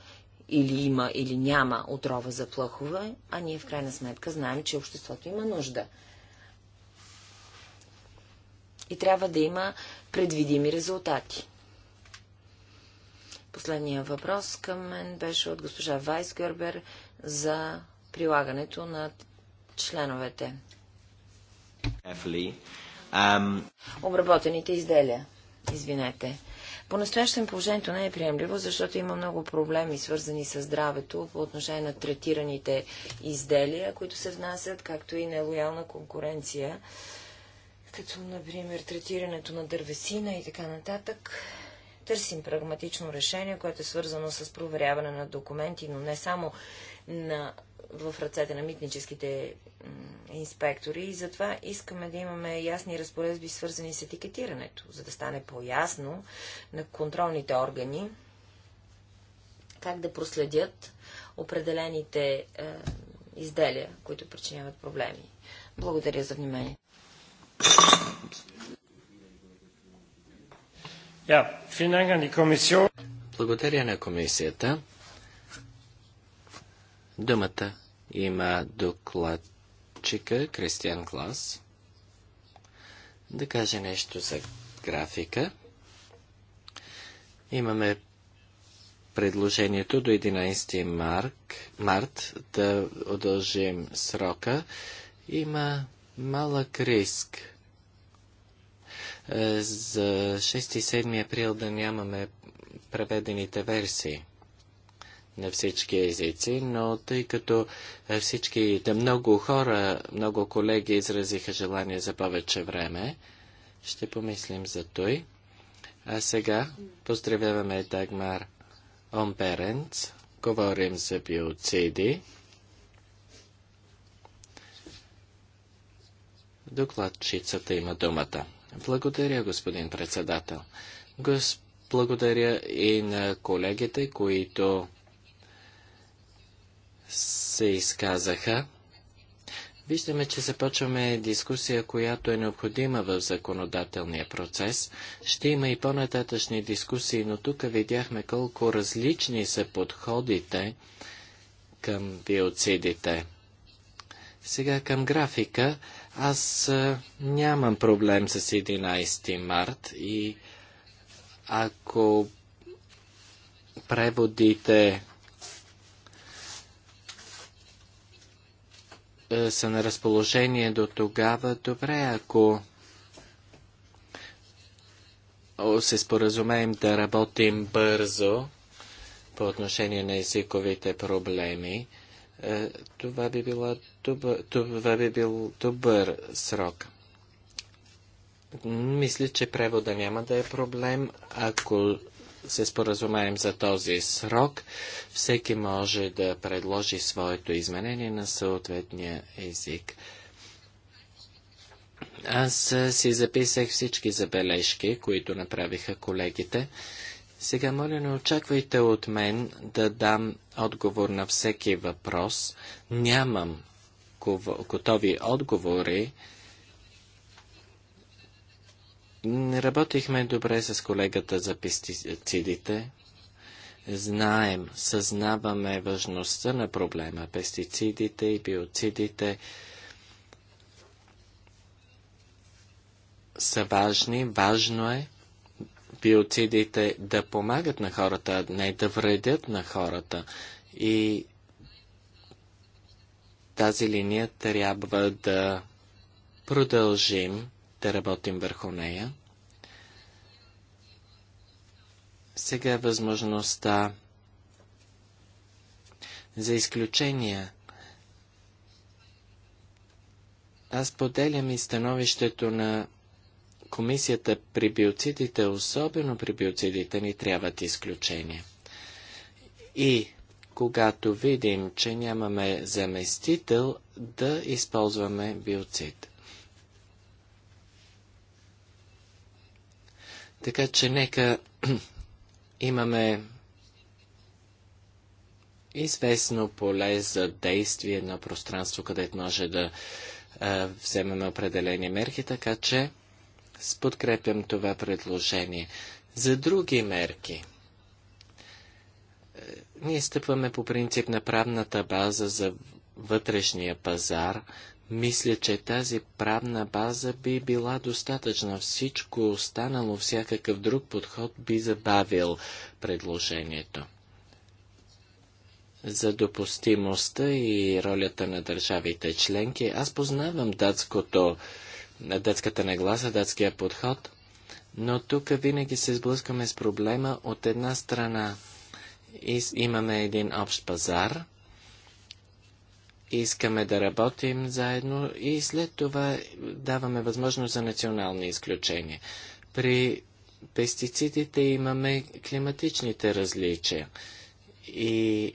или има, или няма отрова за плъхове, а ние в крайна сметка знаем, че обществото има нужда и трябва да има предвидими резултати. Последният въпрос към мен беше от госпожа Вайсгърбер за прилагането на членовете. Um... Обработените изделия. Извинете. По-настоящем положението не е приемливо, защото има много проблеми, свързани с здравето по отношение на третираните изделия, които се внасят, както и нелоялна конкуренция като, например, третирането на дървесина и така нататък. Търсим прагматично решение, което е свързано с проверяване на документи, но не само на, в ръцете на митническите инспектори. И затова искаме да имаме ясни разпоредби, свързани с етикетирането, за да стане по-ясно на контролните органи как да проследят определените е, изделия, които причиняват проблеми. Благодаря за внимание. Благодаря на комисията. Думата има докладчика Кристиан Клас да каже нещо за графика. Имаме предложението до 11 марк, март да удължим срока. Има малък риск е, за 6 и 7 април да нямаме преведените версии на всички езици, но тъй като всички, да много хора, много колеги изразиха желание за повече време, ще помислим за той. А сега поздравяваме Дагмар Омперенц, говорим за биоциди. Докладчицата има думата. Благодаря, господин председател. Гос... Благодаря и на колегите, които се изказаха. Виждаме, че започваме дискусия, която е необходима в законодателния процес. Ще има и по-нататъчни дискусии, но тук видяхме колко различни са подходите към биоцидите. Сега към графика. Аз нямам проблем с 11 март и ако преводите са на разположение до тогава, добре, ако се споразумеем да работим бързо по отношение на езиковите проблеми, е, това би, била добър, това би бил добър срок. Мисля, че превода няма да е проблем, ако се споразумеем за този срок. Всеки може да предложи своето изменение на съответния език. Аз си записах всички забележки, които направиха колегите. Сега, моля, не очаквайте от мен да дам отговор на всеки въпрос. Нямам готови отговори. Работихме добре с колегата за пестицидите. Знаем, съзнаваме важността на проблема пестицидите и биоцидите. са важни, важно е биоцидите да помагат на хората, а не да вредят на хората. И тази линия трябва да продължим да работим върху нея. Сега е възможността за изключения. Аз поделям и становището на комисията при биоцидите, особено при биоцидите, ни трябват изключения. И когато видим, че нямаме заместител, да използваме биоцид. Така че нека [CLEARS THROAT] имаме известно поле за действие на пространство, където може да а, вземем определени мерки, така че подкрепям това предложение. За други мерки. Е, ние стъпваме по принцип на правната база за вътрешния пазар. Мисля, че тази правна база би била достатъчна. Всичко останало, всякакъв друг подход би забавил предложението. За допустимостта и ролята на държавите членки, аз познавам датското детската нагласа, детския подход, но тук винаги се сблъскаме с проблема от една страна. И имаме един общ пазар, искаме да работим заедно и след това даваме възможност за национални изключения. При пестицидите имаме климатичните различия и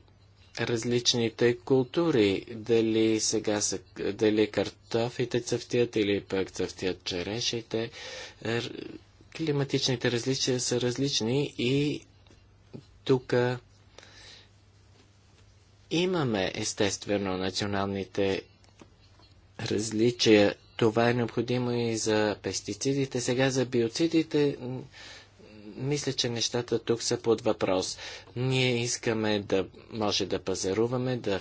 различните култури. Дали сега са, дали картофите цъфтят или пък цъфтят черешите. Климатичните различия са различни и тук имаме естествено националните различия. Това е необходимо и за пестицидите. Сега за биоцидите мисля, че нещата тук са под въпрос. Ние искаме да може да пазаруваме, да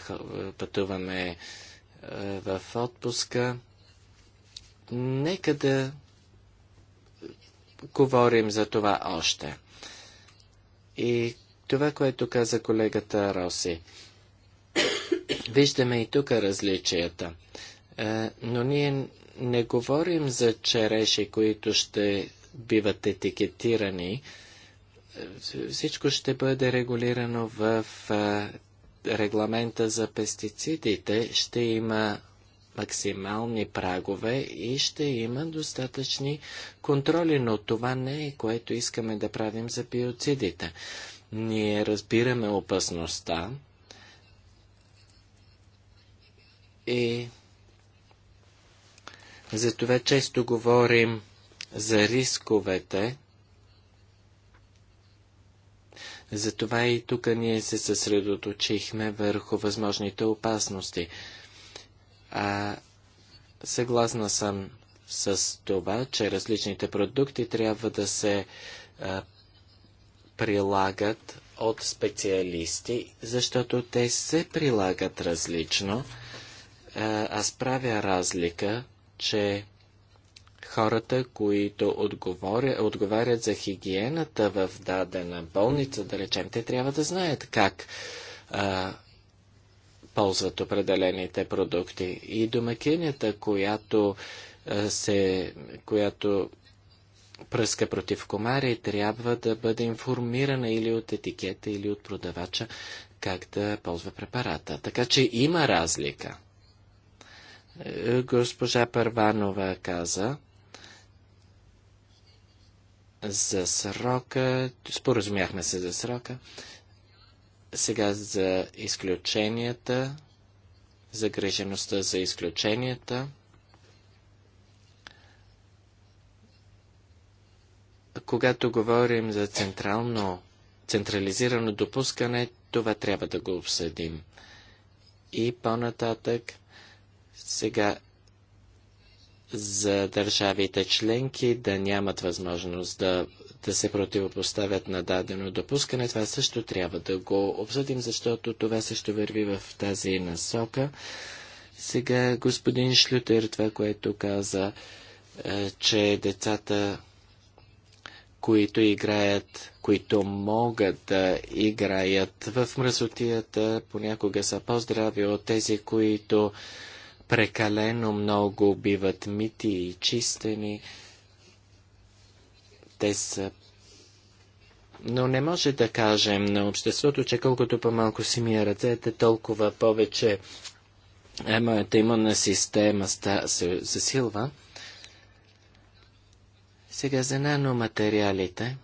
пътуваме е, в отпуска. Нека да говорим за това още. И това, което каза колегата Роси. Виждаме и тук различията. Е, но ние не говорим за череши, които ще биват етикетирани, всичко ще бъде регулирано в регламента за пестицидите. Ще има максимални прагове и ще има достатъчни контроли, но това не е което искаме да правим за биоцидите. Ние разбираме опасността и затова често говорим за рисковете. Затова и тук ние се съсредоточихме върху възможните опасности. А, съгласна съм с това, че различните продукти трябва да се а, прилагат от специалисти, защото те се прилагат различно. А, аз правя разлика, че хората, които отговоря, отговарят за хигиената в дадена болница, да речем, те трябва да знаят как а, ползват определените продукти. И домакинята, която, а, се, която пръска против комари, трябва да бъде информирана или от етикета, или от продавача как да ползва препарата. Така че има разлика. Е, госпожа Първанова каза, за срока, споразумяхме се за срока, сега за изключенията, загрежеността за изключенията. Когато говорим за централно, централизирано допускане, това трябва да го обсъдим. И по-нататък, сега за държавите членки да нямат възможност да, да се противопоставят на дадено допускане. Това също трябва да го обсъдим, защото това също върви в тази насока. Сега господин Шлютер, това, което каза, е, че децата, които играят, които могат да играят в мръсотията, понякога са по-здрави от тези, които Прекалено много биват мити и чистени. Те са но не може да кажем на обществото, че колкото по-малко си мия е ръцете, толкова повече е, моята имунна система ста, се засилва. Сега за наноматериалите.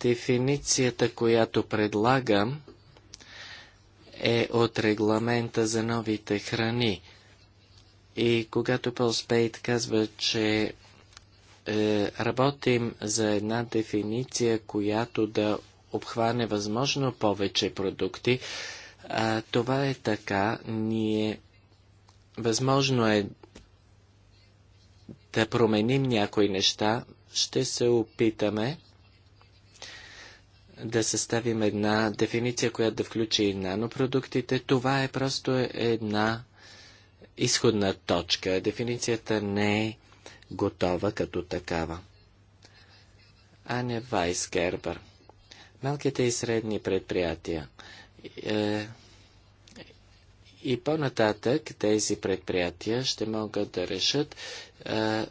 Дефиницията, която предлагам, е от регламента за новите храни. И когато Пол Спейт казва, че е, работим за една дефиниция, която да обхване възможно повече продукти, а, това е така. Ние възможно е да променим някои неща. Ще се опитаме да съставим една дефиниция, която да включи и нанопродуктите. Това е просто една изходна точка. Дефиницията не е готова като такава. Аня Вайскербър. Малките и средни предприятия. Е, и по-нататък тези предприятия ще могат да решат е,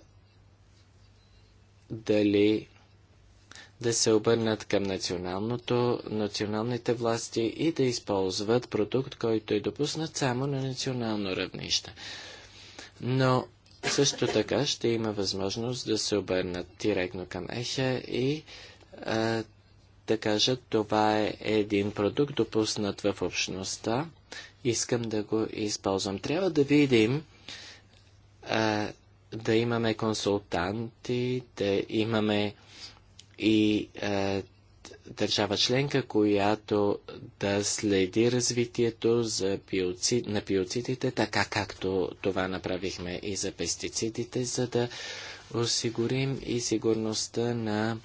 дали да се обърнат към националното, националните власти и да използват продукт, който е допуснат само на национално равнище. Но също така ще има възможност да се обърнат директно към ЕХА и а, да кажат, това е един продукт, допуснат в общността, искам да го използвам. Трябва да видим а, да имаме консултанти, да имаме и е, държава членка, която да следи развитието за биоци... на биоцидите, така както това направихме и за пестицидите, за да осигурим и сигурността на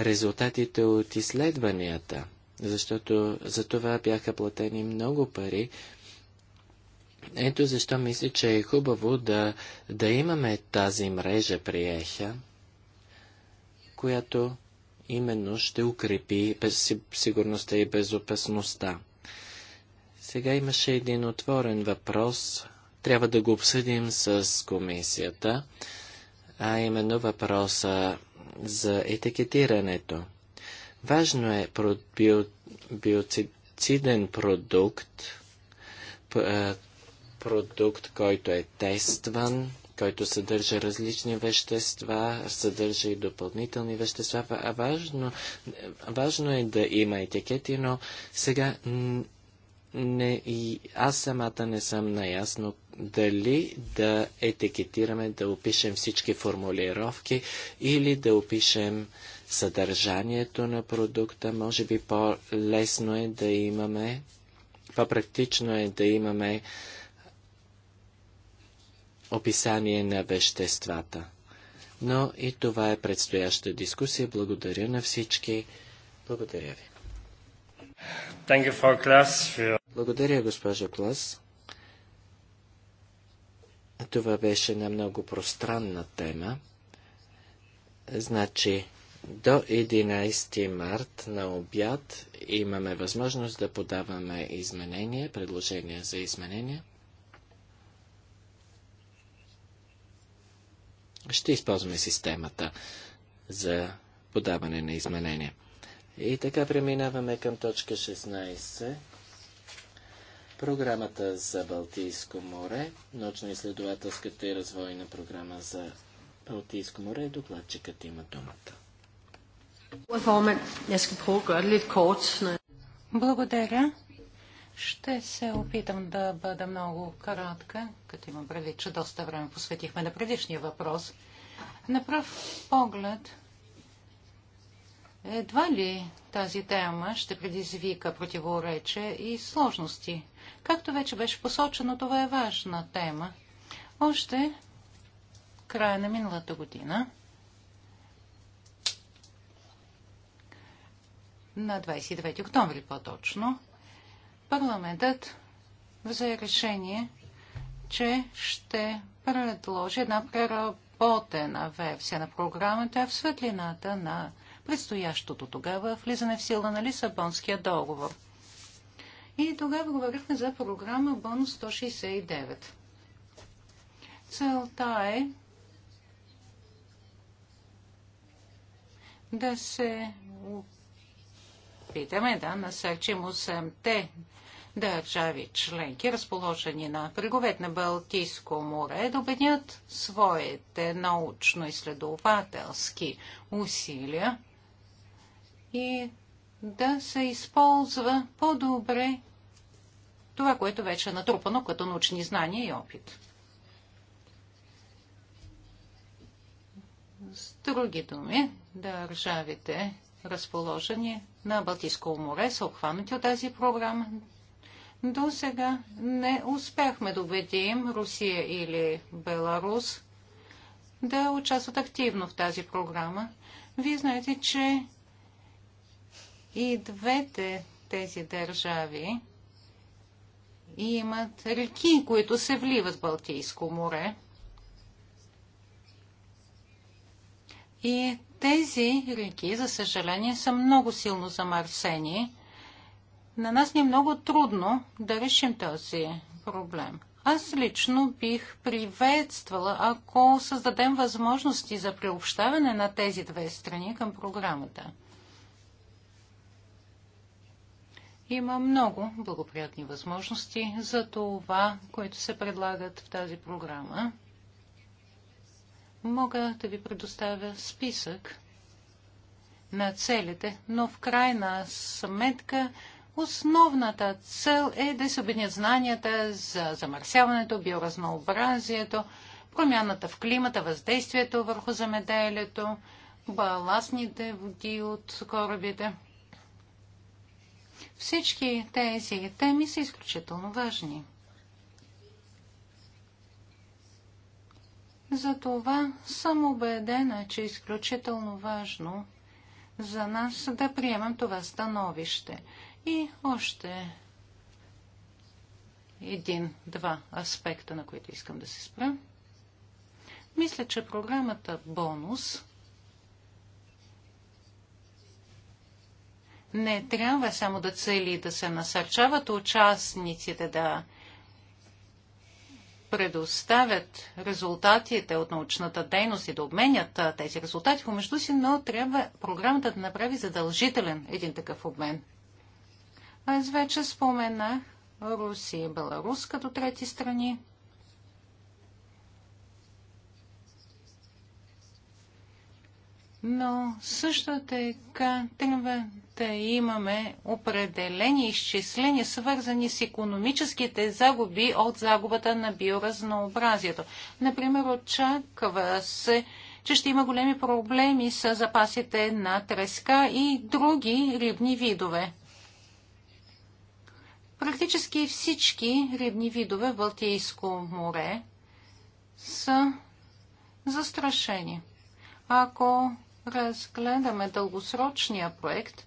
резултатите от изследванията, защото за това бяха платени много пари. Ето защо мисля, че е хубаво да, да имаме тази мрежа приеха, която именно ще укрепи без сигурността и безопасността. Сега имаше един отворен въпрос. Трябва да го обсъдим с комисията, а именно въпроса за етикетирането. Важно е био, биоциден продукт, продукт, който е тестван, който съдържа различни вещества, съдържа и допълнителни вещества. А важно, важно е да има етикети, но сега не, и аз самата не съм наясно дали да етикетираме, да опишем всички формулировки или да опишем съдържанието на продукта. Може би по-лесно е да имаме, по-практично е да имаме описание на веществата. Но и това е предстояща дискусия. Благодаря на всички. Благодаря ви. Благодаря, госпожа Клас. Това беше на много пространна тема. Значи, до 11 март на обяд имаме възможност да подаваме изменения, предложения за изменения. ще използваме системата за подаване на изменения. И така преминаваме към точка 16. Програмата за Балтийско море, научно-изследователската и развойна програма за Балтийско море, докладчикът има думата. Благодаря. Ще се опитам да бъда много кратка, като имам предвид, че доста време посветихме на предишния въпрос. На пръв поглед, едва ли тази тема ще предизвика противоречия и сложности. Както вече беше посочено, това е важна тема. Още края на миналата година, на 29 октомври по-точно, парламентът взе решение, че ще предложи една преработена версия на програмата в светлината на предстоящото тогава влизане в сила на Лисабонския договор. И тогава говорихме за програма Бонус 169. Целта е да се опитаме да насърчим 8-те държави членки, разположени на бреговете на Балтийско море, да обединят своите научно-изследователски усилия и да се използва по-добре това, което вече е натрупано като научни знания и опит. С други думи, държавите, разположени на Балтийско море, са обхванати от тази програма. До сега не успяхме да убедим Русия или Беларус да участват активно в тази програма. Вие знаете, че и двете тези държави имат реки, които се вливат в Балтийско море. И тези реки, за съжаление, са много силно замърсени на нас ни е много трудно да решим този проблем. Аз лично бих приветствала, ако създадем възможности за приобщаване на тези две страни към програмата. Има много благоприятни възможности за това, което се предлагат в тази програма. Мога да ви предоставя списък на целите, но в крайна сметка Основната цел е да се обединят знанията за замърсяването, биоразнообразието, промяната в климата, въздействието върху земеделието, баластните води от корабите. Всички тези теми са изключително важни. Затова съм убедена, че е изключително важно за нас да приемем това становище. И още един-два аспекта, на които искам да се спра. Мисля, че програмата бонус не трябва само да цели да се насърчават участниците да предоставят резултатите от научната дейност и да обменят тези резултати помежду си, но трябва програмата да направи задължителен един такъв обмен. Аз вече споменах Русия и Беларус като трети страни. Но също така трябва да имаме определени изчисления, свързани с економическите загуби от загубата на биоразнообразието. Например, очаква се, че ще има големи проблеми с запасите на треска и други рибни видове. Практически всички рибни видове в Балтийско море са застрашени. Ако разгледаме дългосрочния проект,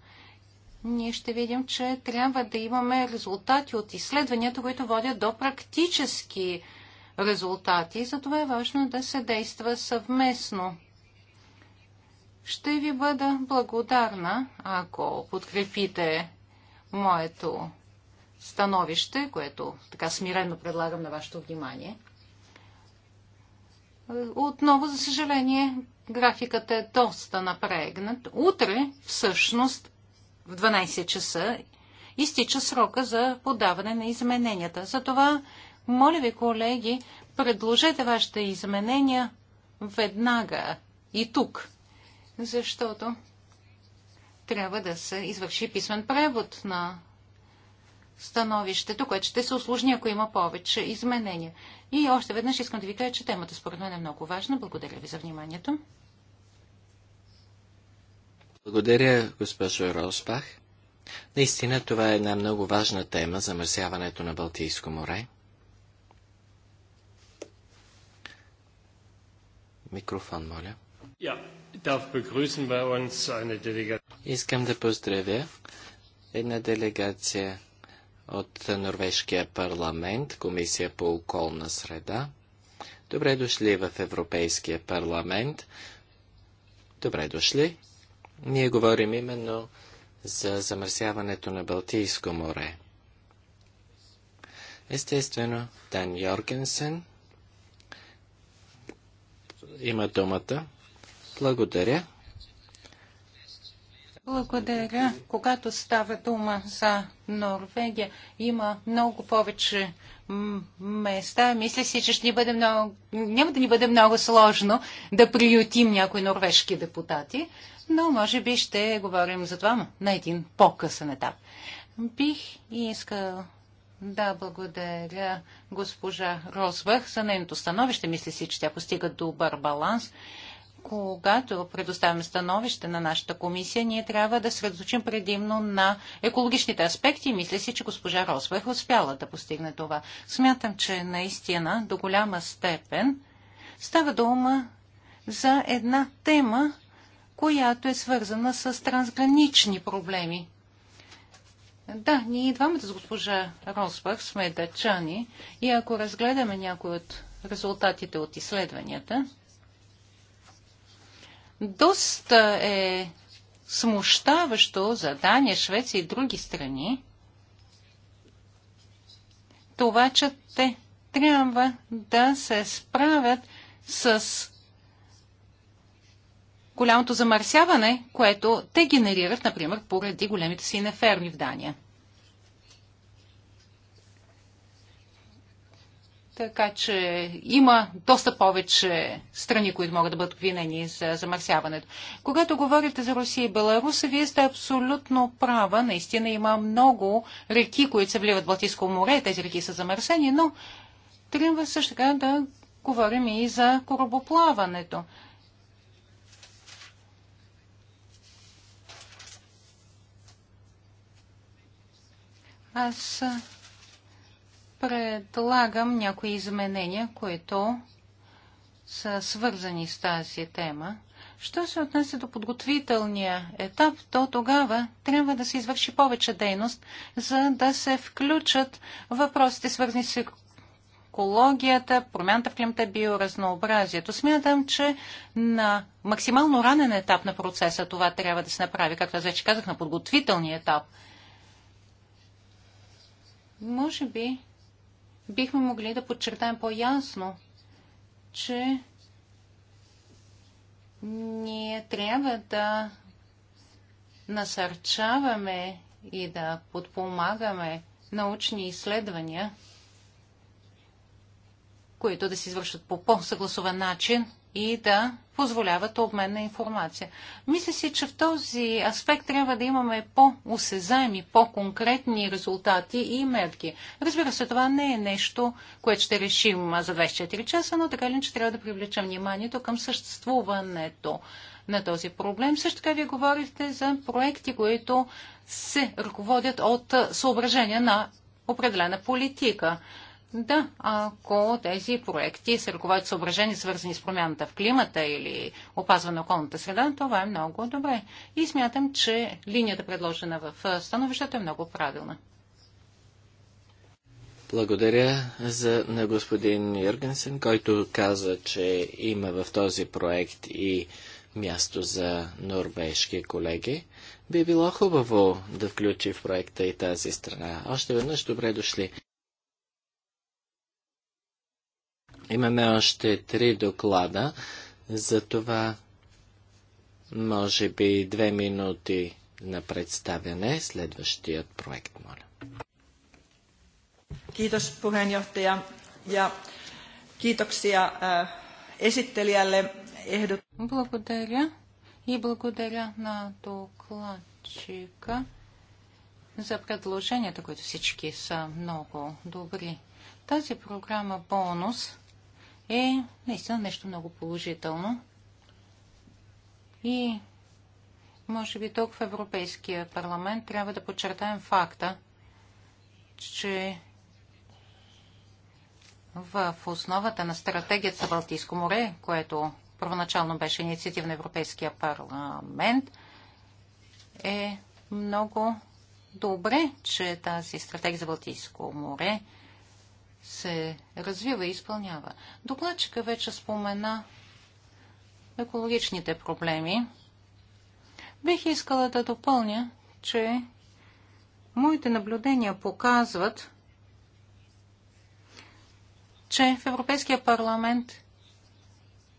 ние ще видим, че трябва да имаме резултати от изследванията, които водят до практически резултати. Затова е важно да се действа съвместно. Ще ви бъда благодарна, ако подкрепите моето становище, което така смирено предлагам на вашето внимание. Отново, за съжаление, графикът е доста напрегнат. Утре, всъщност, в 12 часа, изтича срока за подаване на измененията. Затова, моля ви, колеги, предложете вашите изменения веднага и тук, защото трябва да се извърши писмен превод на становището, което ще се осложни, ако има повече изменения. И още веднъж искам да ви кажа, че темата според мен е много важна. Благодаря ви за вниманието. Благодаря, госпожо Роспах. Наистина това е една много важна тема за мърсяването на Балтийско море. Микрофон, моля. Искам да поздравя една делегация от Норвежкия парламент, Комисия по околна среда. Добре дошли в Европейския парламент. Добре дошли. Ние говорим именно за замърсяването на Балтийско море. Естествено, Дан Йоргенсен има думата. Благодаря. Благодаря. Когато става дума за Норвегия, има много повече места. Мисля си, че ще ни бъде много... няма да ни бъде много сложно да приютим някои норвежки депутати, но може би ще говорим за това на един по-късен етап. Бих искал да, благодаря госпожа Розбах за нейното становище. Мисля си, че тя постига добър баланс когато предоставим становище на нашата комисия, ние трябва да се разучим предимно на екологичните аспекти. Мисля си, че госпожа Росбех успяла да постигне това. Смятам, че наистина до голяма степен става дума за една тема, която е свързана с трансгранични проблеми. Да, ние двамата с госпожа Росбах сме дъчани и ако разгледаме някои от резултатите от изследванията, доста е смущаващо за Дания, Швеция и други страни това, че те трябва да се справят с голямото замърсяване, което те генерират, например, поради големите си неферми в Дания. Така че има доста повече страни, които могат да бъдат обвинени за замърсяването. Когато говорите за Русия и Беларус, вие сте абсолютно права. Наистина има много реки, които се вливат в Балтийско море. Тези реки са замърсени, но трябва също така да говорим и за корабоплаването. Аз предлагам някои изменения, които са свързани с тази тема. Що се отнася до подготвителния етап, то тогава трябва да се извърши повече дейност, за да се включат въпросите, свързани с екологията, промяната в климата, биоразнообразието. Смятам, че на максимално ранен етап на процеса това трябва да се направи, както аз вече казах, на подготвителния етап. Може би бихме могли да подчертаем по-ясно, че ние трябва да насърчаваме и да подпомагаме научни изследвания, които да се извършат по по-съгласован начин и да позволяват обмен на информация. Мисля си, че в този аспект трябва да имаме по-осезаеми, по-конкретни резултати и мерки. Разбира се, това не е нещо, което ще решим за 24 часа, но така ли, че трябва да привлечем вниманието към съществуването на този проблем. Също така вие говорихте за проекти, които се ръководят от съображения на определена политика. Да, ако тези проекти се ръководят съображения, свързани с промяната в климата или опазване на околната среда, това е много добре. И смятам, че линията, предложена в становището, е много правилна. Благодаря за, на господин Юргенсен, който каза, че има в този проект и място за норвежки колеги. Би било хубаво да включи в проекта и тази страна. Още веднъж добре дошли. Имаме още три доклада, за това може би две минути на представяне. Следващият проект, моля. Kiitos puheenjohtaja ja kiitoksia äh, esittelijälle ehdot. Благодаря и благодаря на докладчика за предложенията, които всички са много добри. Тази програма бонус е наистина нещо много положително. И може би тук в Европейския парламент трябва да подчертаем факта, че в основата на стратегията за Балтийско море, което първоначално беше инициатив на Европейския парламент, е много добре, че тази стратегия за Балтийско море се развива и изпълнява. Докладчика вече спомена екологичните проблеми. Бих искала да допълня, че моите наблюдения показват, че в Европейския парламент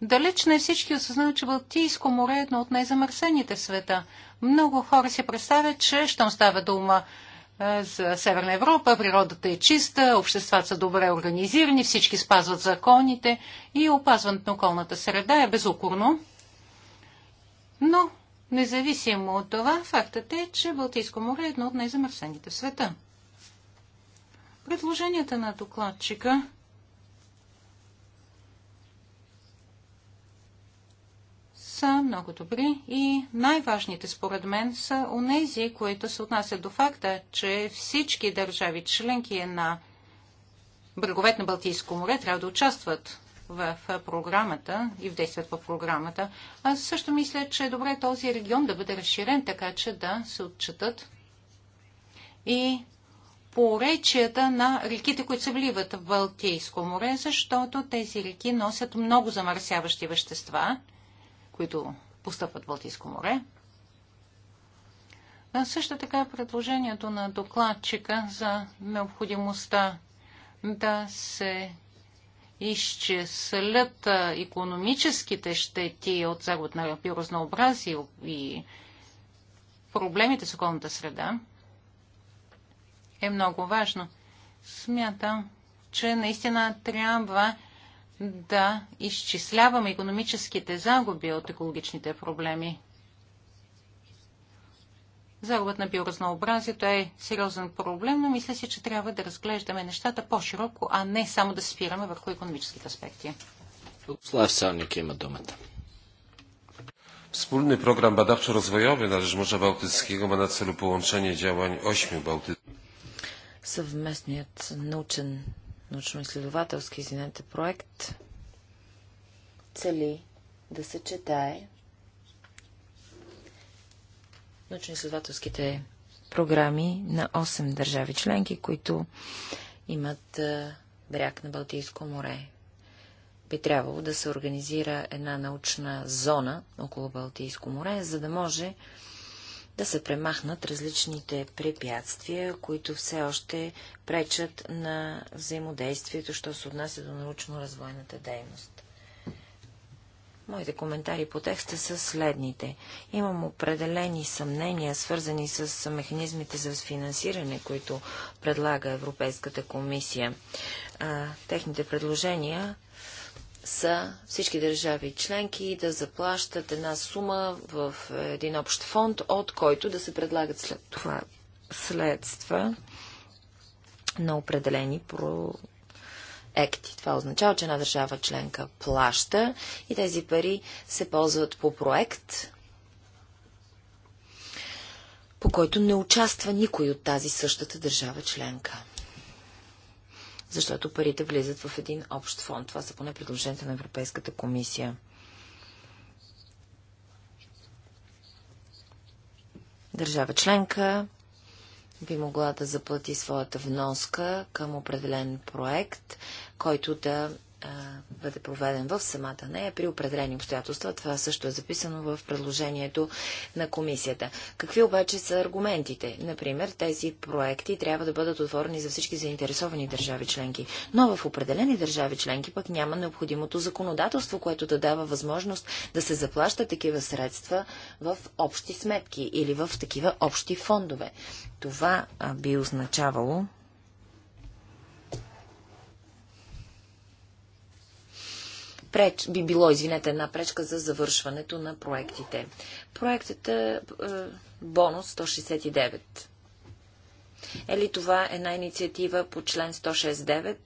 далеч не всички осъзнават, че Балтийско море е едно от най-замърсените в света. Много хора си представят, че щом става дума за Северна Европа. Природата е чиста, обществата са добре организирани, всички спазват законите и опазването на околната среда е безукорно. Но, независимо от това, фактът е, че Балтийско море е едно от най-замърсените в света. Предложенията на докладчика са много добри и най-важните според мен са онези, които се отнасят до факта, че всички държави членки на бреговете на Балтийско море трябва да участват в програмата и в действат по програмата. Аз също мисля, че е добре този регион да бъде разширен, така че да се отчитат и речията на реките, които се вливат в Балтийско море, защото тези реки носят много замърсяващи вещества – които постъпват в Балтийско море. А също така е предложението на докладчика за необходимостта да се изчислят економическите щети от загуб на биоразнообразие и проблемите с околната среда е много важно. Смятам, че наистина трябва да изчисляваме економическите загуби от екологичните проблеми. Загубът на биоразнообразието е сериозен проблем, но мисля си, че трябва да разглеждаме нещата по-широко, а не само да спираме върху економическите аспекти. Слав Салник има думата. Wspólny program badawczo-rozwojowy na Rzecz Morza Bałtyckiego ma na celu połączenie działań ośmiu bałtyckich. Съвместният научен научно-изследователски, извинете, проект цели да съчетае научно-изследователските програми на 8 държави членки, които имат бряг на Балтийско море. Би трябвало да се организира една научна зона около Балтийско море, за да може да се премахнат различните препятствия, които все още пречат на взаимодействието, що се отнася до научно-развойната дейност. Моите коментари по текста са следните. Имам определени съмнения, свързани с механизмите за финансиране, които предлага Европейската комисия. техните предложения са всички държави членки да заплащат една сума в един общ фонд, от който да се предлагат след това следства на определени проекти. Това означава, че една държава членка плаща и тези пари се ползват по проект, по който не участва никой от тази същата държава членка защото парите влизат в един общ фонд. Това са поне предложенията на Европейската комисия. Държава членка би могла да заплати своята вноска към определен проект, който да бъде проведен в самата нея при определени обстоятелства. Това също е записано в предложението на комисията. Какви обаче са аргументите? Например, тези проекти трябва да бъдат отворени за всички заинтересовани държави членки, но в определени държави членки пък няма необходимото законодателство, което да дава възможност да се заплащат такива средства в общи сметки или в такива общи фондове. Това би означавало преч, би било, извинете, една пречка за завършването на проектите. Проектът е, е бонус 169. Ели това това една инициатива по член 169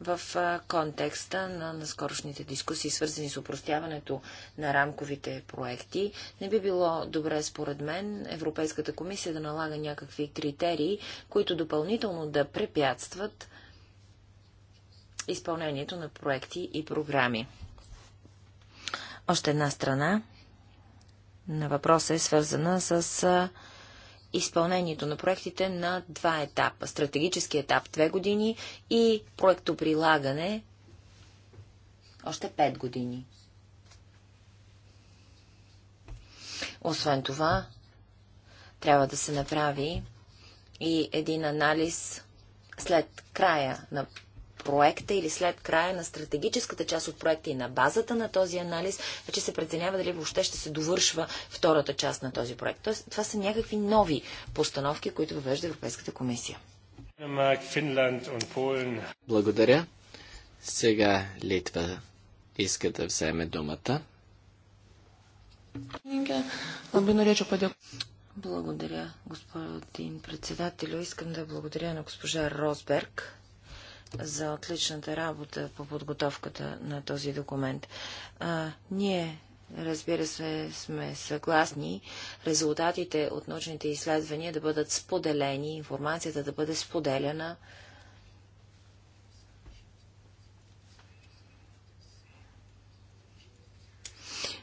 в е, контекста на наскорошните дискусии, свързани с упростяването на рамковите проекти? Не би било добре, според мен, Европейската комисия да налага някакви критерии, които допълнително да препятстват изпълнението на проекти и програми. Още една страна на въпроса е свързана с изпълнението на проектите на два етапа. Стратегически етап две години и проектоприлагане още пет години. Освен това, трябва да се направи и един анализ след края на проекта или след края на стратегическата част от проекта и на базата на този анализ, вече се преценява дали въобще ще се довършва втората част на този проект. Тоест, това са някакви нови постановки, които въвежда Европейската комисия. Благодаря. Сега Литва иска да вземе думата. Благодаря, господин председател. Искам да благодаря на госпожа Росберг за отличната работа по подготовката на този документ. А, ние, разбира се, сме съгласни резултатите от научните изследвания да бъдат споделени, информацията да бъде споделена.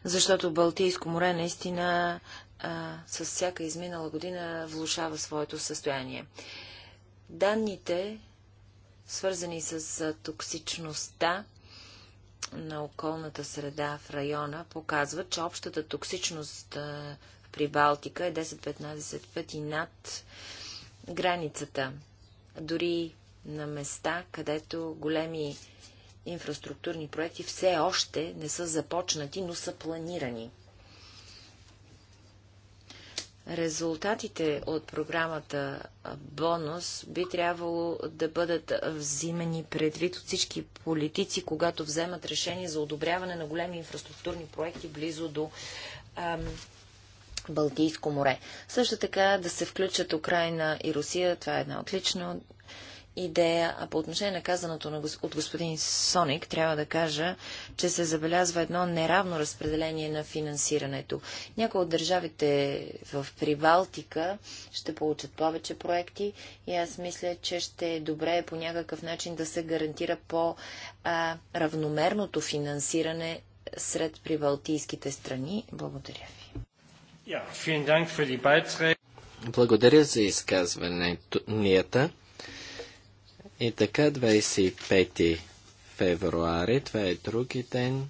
Защото Балтийско море наистина а, с всяка изминала година влушава своето състояние. Данните свързани с токсичността на околната среда в района, показват, че общата токсичност при Балтика е 10-15 пъти над границата. Дори на места, където големи инфраструктурни проекти все още не са започнати, но са планирани резултатите от програмата Бонус би трябвало да бъдат взимани предвид от всички политици, когато вземат решение за одобряване на големи инфраструктурни проекти близо до ам, Балтийско море. Също така да се включат Украина и Русия, това е една отлична идея, а по отношение на казаното на, от господин Соник, трябва да кажа, че се забелязва едно неравно разпределение на финансирането. Някои от държавите в Прибалтика ще получат повече проекти и аз мисля, че ще е добре по някакъв начин да се гарантира по-равномерното финансиране сред прибалтийските страни. Благодаря ви. Благодаря за изказването. И така 25 февруари, това е други ден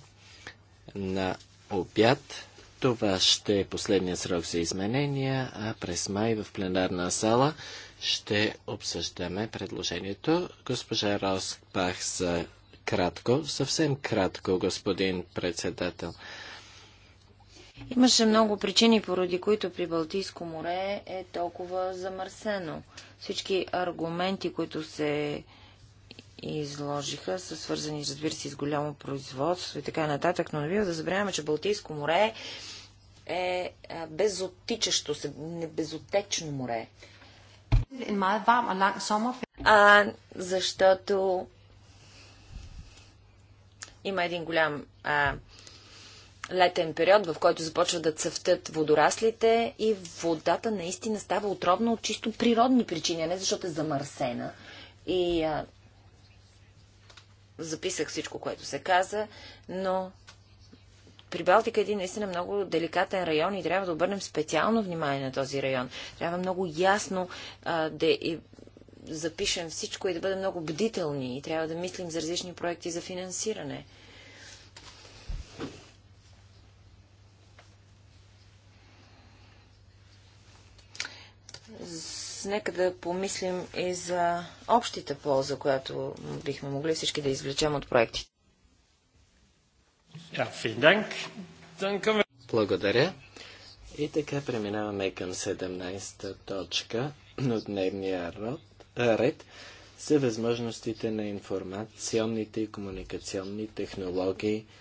на обяд. Това ще е последния срок за изменения, а през май в пленарна сала ще обсъждаме предложението. Госпожа Роспах за кратко, съвсем кратко, господин председател. Имаше много причини, поради които при Балтийско море е толкова замърсено. Всички аргументи, които се изложиха, са свързани, разбира се, с голямо производство и така нататък, но не бива да забравяме, че Балтийско море е безотичащо се, безотечно море. А, защото има един голям а, летен период, в който започват да цъфтят водораслите и водата наистина става отровна от чисто природни причини, а не защото е замърсена. И а, записах всичко, което се каза, но Прибалтика е един наистина много деликатен район и трябва да обърнем специално внимание на този район. Трябва много ясно а, да и запишем всичко и да бъдем много бдителни и трябва да мислим за различни проекти за финансиране. нека да помислим и за общите полза, която бихме могли всички да извлечем от проектите. Благодаря. И така преминаваме към 17-та точка от дневния ред са възможностите на информационните и комуникационни технологии –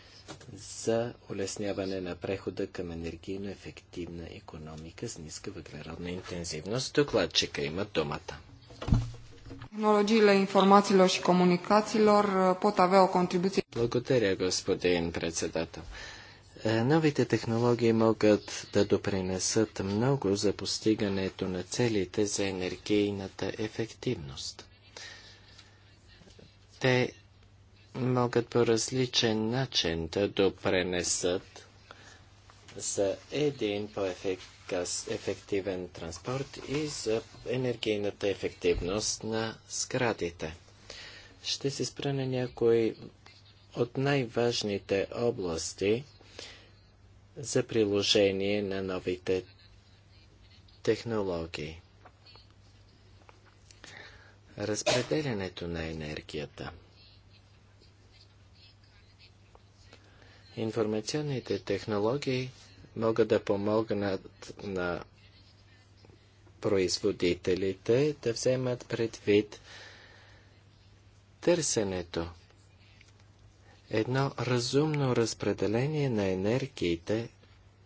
за улесняване на прехода към енергийно ефективна економика с ниска въглеродна интензивност. Докладчика има думата. Uh, pot avea o contribuție. Благодаря, господин председател. Е, новите технологии могат да допринесат много за постигането на целите за енергийната ефективност. Те могат по различен начин да допренесат за един по-ефективен транспорт и за енергийната ефективност на сградите. Ще се спра на някои от най-важните области за приложение на новите технологии. Разпределянето на енергията – Информационните технологии могат да помогнат на производителите да вземат предвид търсенето. Едно разумно разпределение на енергиите,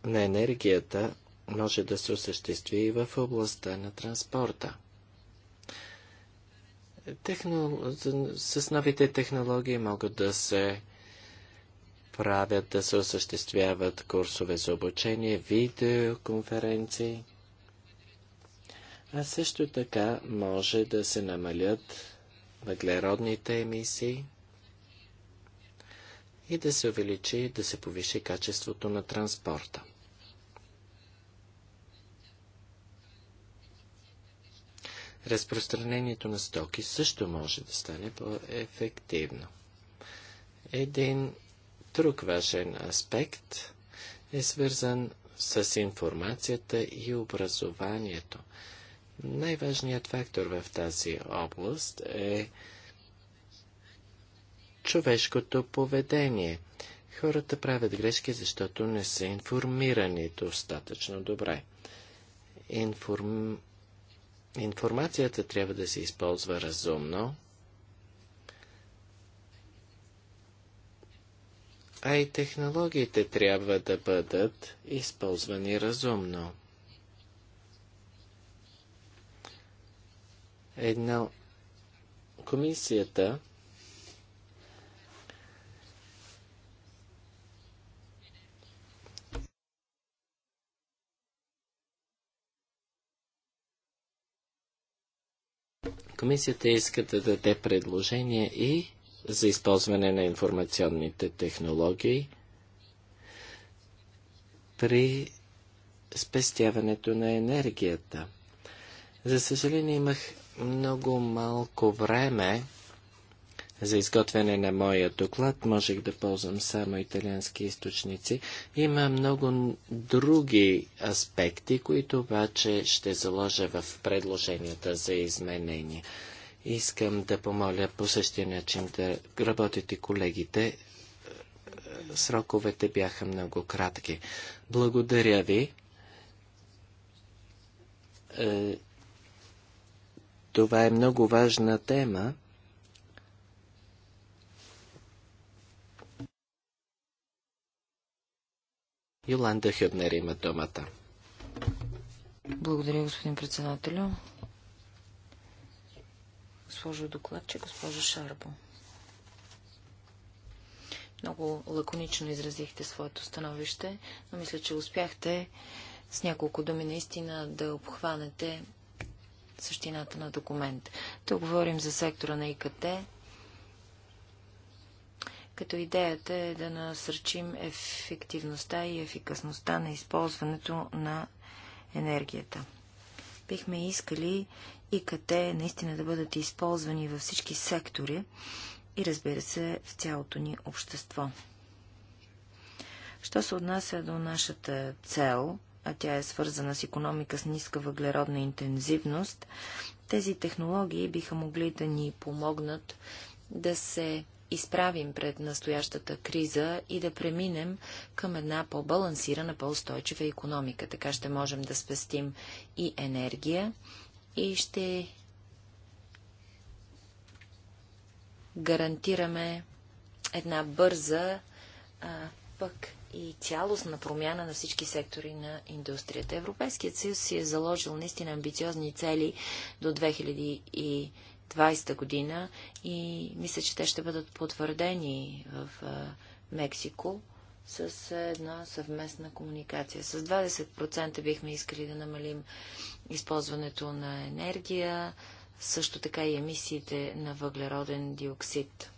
на енергията може да се осъществи и в областта на транспорта. Техно... С новите технологии могат да се правят да се осъществяват курсове за обучение, видеоконференции. А също така може да се намалят въглеродните емисии и да се увеличи, да се повиши качеството на транспорта. Разпространението на стоки също може да стане по-ефективно. Един Друг важен аспект е свързан с информацията и образованието. Най-важният фактор в тази област е човешкото поведение. Хората правят грешки, защото не са информирани достатъчно добре. Информ... Информацията трябва да се използва разумно а и технологиите трябва да бъдат използвани разумно. Една комисията Комисията иска да даде предложение и за използване на информационните технологии при спестяването на енергията. За съжаление имах много малко време за изготвяне на моя доклад. Можех да ползвам само италиански източници. Има много други аспекти, които обаче ще заложа в предложенията за изменение. Искам да помоля по същия начин да работят и колегите. Сроковете бяха много кратки. Благодаря ви. Е, това е много важна тема. Йоланда Хюбнер има думата. Благодаря, господин председателю госпожо докладче, госпожо Шарбо. Много лаконично изразихте своето становище, но мисля, че успяхте с няколко думи наистина да обхванете същината на документ. Тук говорим за сектора на ИКТ, като идеята е да насърчим ефективността и ефикасността на използването на енергията. Бихме искали ИКТ наистина да бъдат използвани във всички сектори и разбира се в цялото ни общество. Що се отнася до нашата цел, а тя е свързана с економика с ниска въглеродна интензивност, тези технологии биха могли да ни помогнат да се изправим пред настоящата криза и да преминем към една по-балансирана, по-устойчива економика. Така ще можем да спестим и енергия, и ще гарантираме една бърза, а, пък и цялостна промяна на всички сектори на индустрията. Европейският съюз си е заложил наистина амбициозни цели до 2020 година и мисля, че те ще бъдат потвърдени в а, Мексико с една съвместна комуникация. С 20% бихме искали да намалим използването на енергия, също така и емисиите на въглероден диоксид.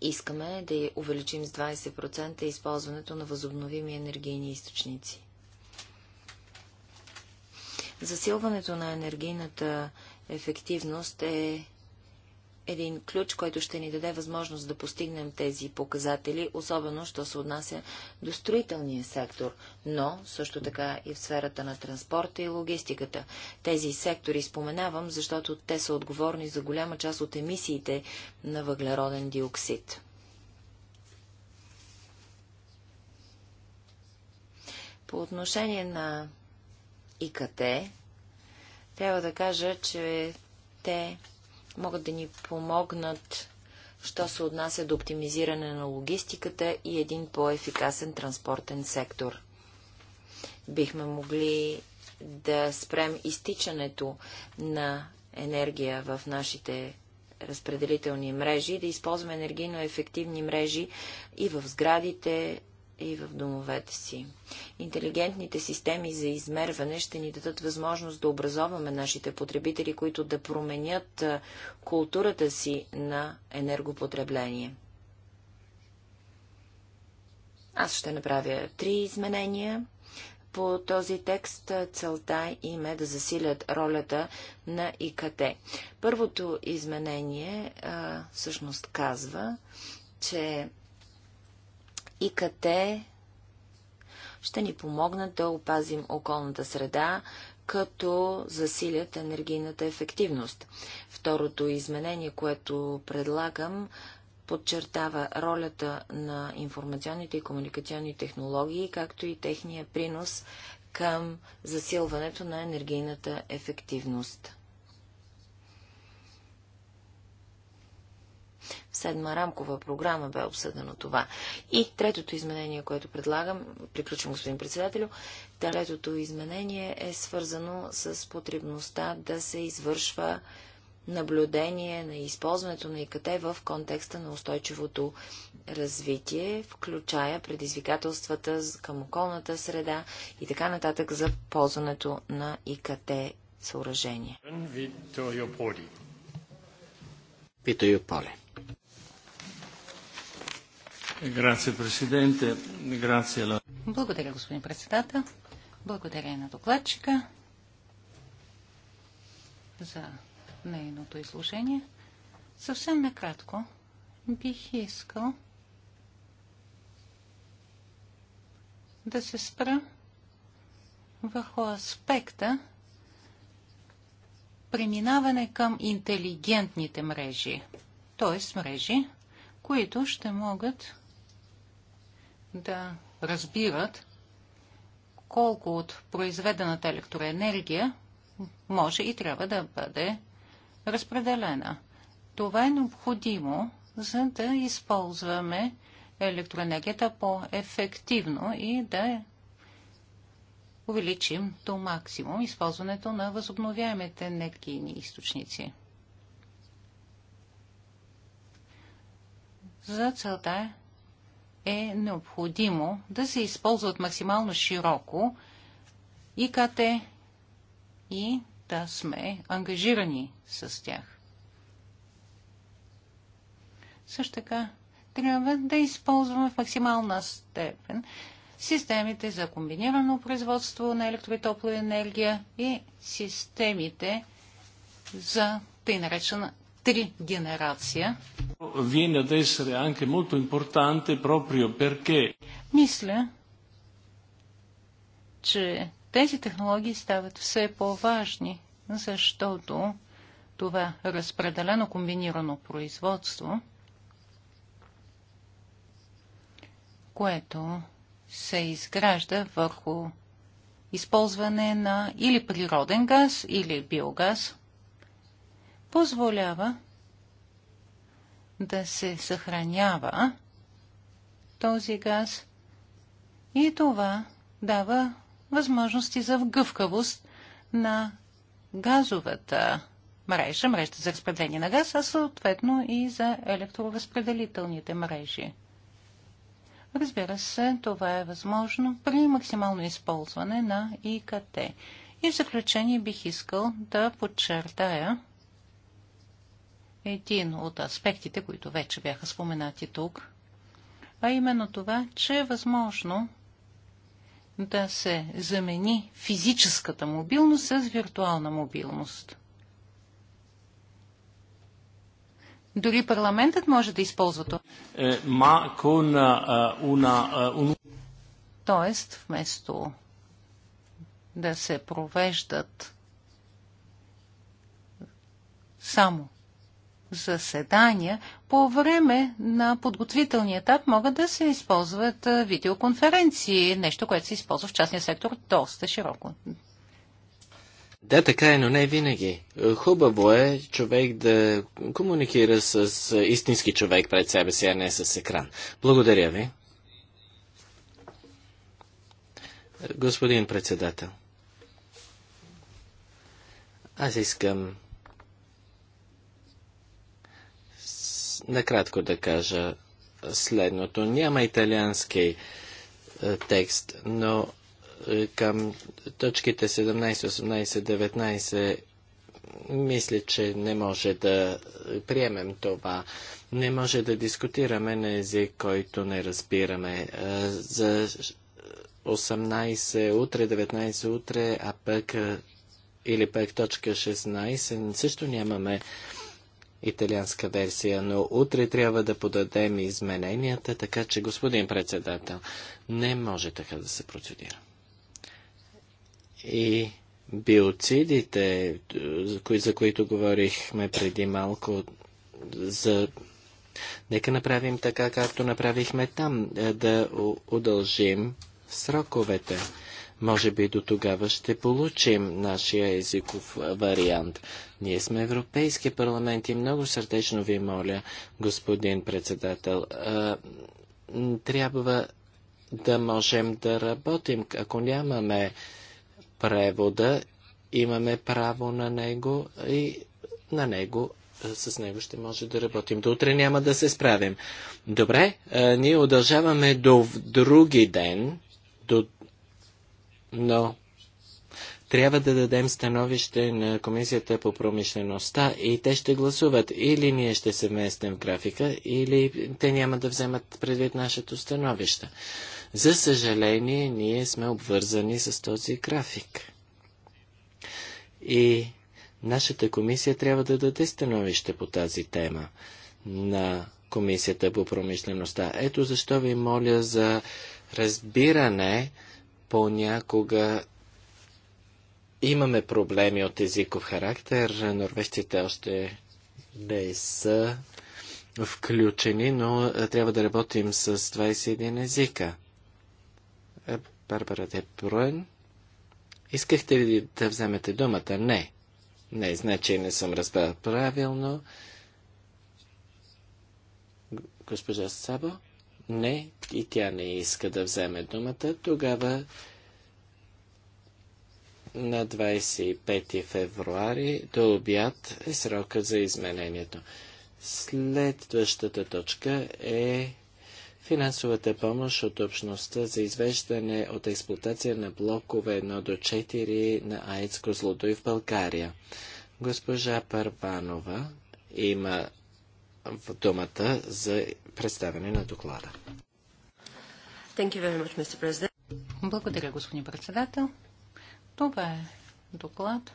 Искаме да увеличим с 20% използването на възобновими енергийни източници. Засилването на енергийната ефективност е един ключ, който ще ни даде възможност да постигнем тези показатели, особено, що се отнася до строителния сектор, но също така и в сферата на транспорта и логистиката. Тези сектори споменавам, защото те са отговорни за голяма част от емисиите на въглероден диоксид. По отношение на ИКТ, трябва да кажа, че те могат да ни помогнат, що се отнася до оптимизиране на логистиката и един по-ефикасен транспортен сектор. Бихме могли да спрем изтичането на енергия в нашите разпределителни мрежи, да използваме енергийно ефективни мрежи и в сградите, и в домовете си. Интелигентните системи за измерване ще ни дадат възможност да образоваме нашите потребители, които да променят културата си на енергопотребление. Аз ще направя три изменения по този текст целта им е да засилят ролята на ИКТ. Първото изменение а, всъщност казва, че и ИКТ ще ни помогнат да опазим околната среда, като засилят енергийната ефективност. Второто изменение, което предлагам, подчертава ролята на информационните и комуникационни технологии, както и техния принос към засилването на енергийната ефективност. седма рамкова програма бе обсъдено това. И третото изменение, което предлагам, приключвам господин председателю, третото изменение е свързано с потребността да се извършва наблюдение на използването на ИКТ в контекста на устойчивото развитие, включая предизвикателствата към околната среда и така нататък за ползването на ИКТ съоръжение. Питаю Поле. Благодаря, господин председател. Благодаря и на докладчика за нейното изложение. Съвсем накратко бих искал да се спра върху аспекта преминаване към интелигентните мрежи, т.е. мрежи, които ще могат да разбират колко от произведената електроенергия може и трябва да бъде разпределена. Това е необходимо, за да използваме електроенергията по-ефективно и да увеличим до максимум използването на възобновяемите енергийни източници. За целта е е необходимо да се използват максимално широко ИКТ и да сме ангажирани с тях. Също така трябва да използваме в максимална степен системите за комбинирано производство на електро и топлоенергия и системите за тъй наречена три генерация. Мисля, че тези технологии стават все по-важни, защото това разпределено комбинирано производство, което се изгражда върху използване на или природен газ, или биогаз позволява да се съхранява този газ и това дава възможности за вгъвкавост на газовата мрежа, мрежата за разпределение на газ, а съответно и за електроразпределителните мрежи. Разбира се, това е възможно при максимално използване на ИКТ. И в заключение бих искал да подчертая, един от аспектите, които вече бяха споменати тук, а именно това, че е възможно да се замени физическата мобилност с виртуална мобилност. Дори парламентът може да използва това. Е, Тоест, вместо да се провеждат само заседания, по време на подготвителния етап могат да се използват видеоконференции, нещо, което се използва в частния сектор доста широко. Да, така е, но не винаги. Хубаво е човек да комуникира с истински човек пред себе си, а не с екран. Благодаря ви. Господин председател, аз искам накратко да кажа следното. Няма италиански е, текст, но е, към точките 17, 18, 19 мисля, че не може да приемем това. Не може да дискутираме на език, който не разбираме. Е, за 18 утре, 19 утре, а пък или пък точка 16 също нямаме италианска версия, но утре трябва да подадем измененията, така че, господин председател, не може така да се процедира. И биоцидите, за които говорихме преди малко, за... нека направим така, както направихме там, е, да удължим сроковете. Може би до тогава ще получим нашия езиков вариант. Ние сме Европейски парламент и много сърдечно ви моля, господин председател, а, трябва да можем да работим. Ако нямаме превода, имаме право на него и на него с него ще може да работим. До утре няма да се справим. Добре, а, ние удължаваме до други ден, до но трябва да дадем становище на Комисията по промишлеността и те ще гласуват. Или ние ще се вместим в графика, или те няма да вземат предвид нашето становище. За съжаление, ние сме обвързани с този график. И нашата комисия трябва да даде становище по тази тема на Комисията по промишлеността. Ето защо ви моля за разбиране понякога имаме проблеми от езиков характер. Норвежците още не са включени, но трябва да работим с 21 езика. Е, Барбара Дебруен, искахте ли да вземете думата? Не. Не, значи не съм разбрал правилно. Госпожа Сабо? Не, и тя не иска да вземе думата. Тогава на 25 февруари до обяд е срока за изменението. Следващата точка е финансовата помощ от общността за извеждане от експлуатация на блокове 1 до 4 на АЕЦ Козлодой в България. Госпожа Парванова има в думата за представяне на доклада. Much, Благодаря, господин председател. Това е доклад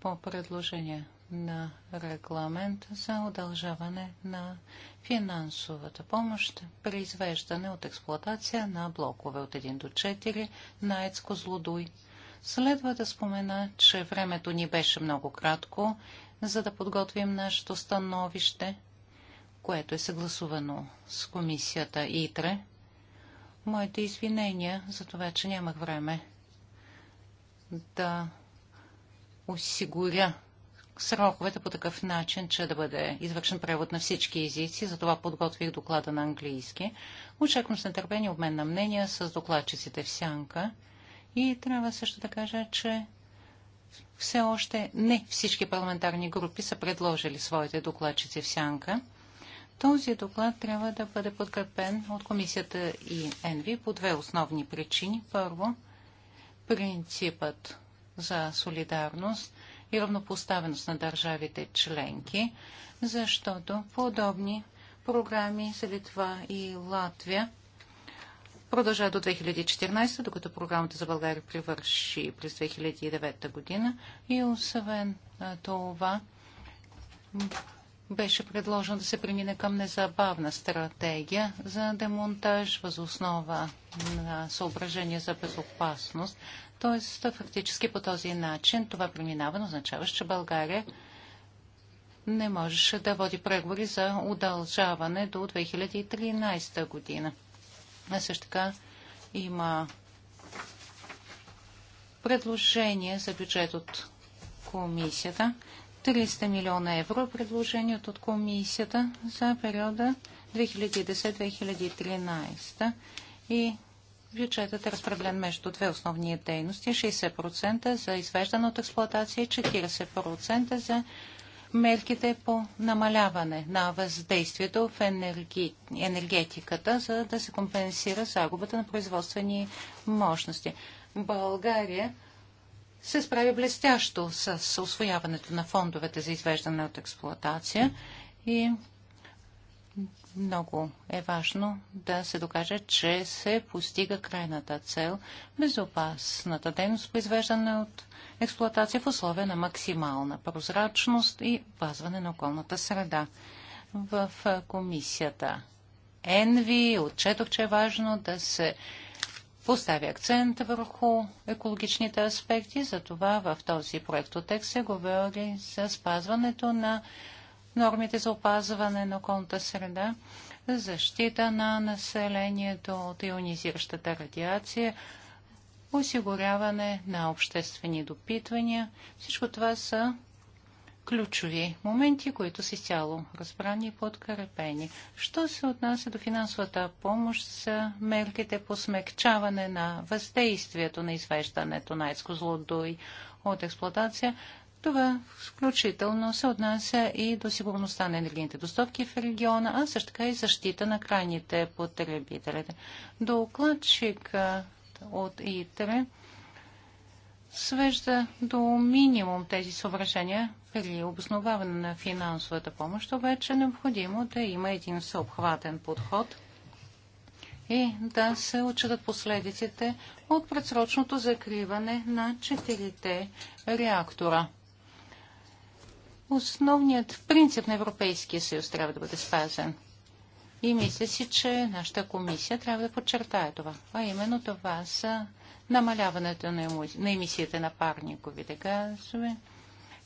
по предложение на регламент за удължаване на финансовата помощ при извеждане от експлоатация на блокове от 1 до 4 на ЕЦКО Злодуй. Следва да спомена, че времето ни беше много кратко за да подготвим нашето становище, което е съгласувано с комисията ИТРЕ. Моите извинения за това, че нямах време да осигуря сроковете по такъв начин, че да бъде извършен превод на всички езици. Затова подготвих доклада на английски. Очаквам с нетърпение обмен на мнения с докладчиците в сянка. И трябва също да кажа, че все още не всички парламентарни групи са предложили своите докладчици в сянка. Този доклад трябва да бъде подкрепен от комисията и ЕНВИ по две основни причини. Първо, принципът за солидарност и равнопоставеност на държавите членки, защото подобни програми за Литва и Латвия продължава до 2014, докато програмата за България привърши през 2009 година. И освен това, беше предложено да се премине към незабавна стратегия за демонтаж възоснова на съображения за безопасност. Тоест, фактически по този начин това преминаване означава, че България не можеше да води преговори за удължаване до 2013 година. А също така има предложение за бюджет от комисията. 300 милиона евро предложението от комисията за периода 2010-2013 и бюджетът е разпределен между две основни дейности 60% за извеждане от експлуатация и 40% за мерките по намаляване на въздействието в енерги... енергетиката, за да се компенсира загубата на производствени мощности. България се справи блестящо с освояването на фондовете за извеждане от експлоатация и много е важно да се докаже, че се постига крайната цел безопасната дейност по извеждане от Експлоатация в условия на максимална прозрачност и пазване на околната среда. В комисията ЕНВИ отчетох, че е важно да се постави акцент върху екологичните аспекти, затова в този проект от текст се говори за спазването на нормите за опазване на околната среда, защита на населението от ионизиращата радиация, осигуряване на обществени допитвания. Всичко това са ключови моменти, които са изцяло разбрани и подкрепени. Що се отнася до финансовата помощ за мерките по смекчаване на въздействието на извеждането на ецко и от експлуатация, това включително се отнася и до сигурността на енергийните доставки в региона, а също така и защита на крайните потребителите. Докладчик от ИТР свежда до минимум тези съображения при обосноваване на финансовата помощ, обаче е необходимо да има един съобхватен подход и да се отчитат последиците от предсрочното закриване на четирите реактора. Основният принцип на Европейския съюз трябва да бъде спазен – и мисля си, че нашата комисия трябва да подчертае това. А именно това са намаляването на емисиите на парниковите газове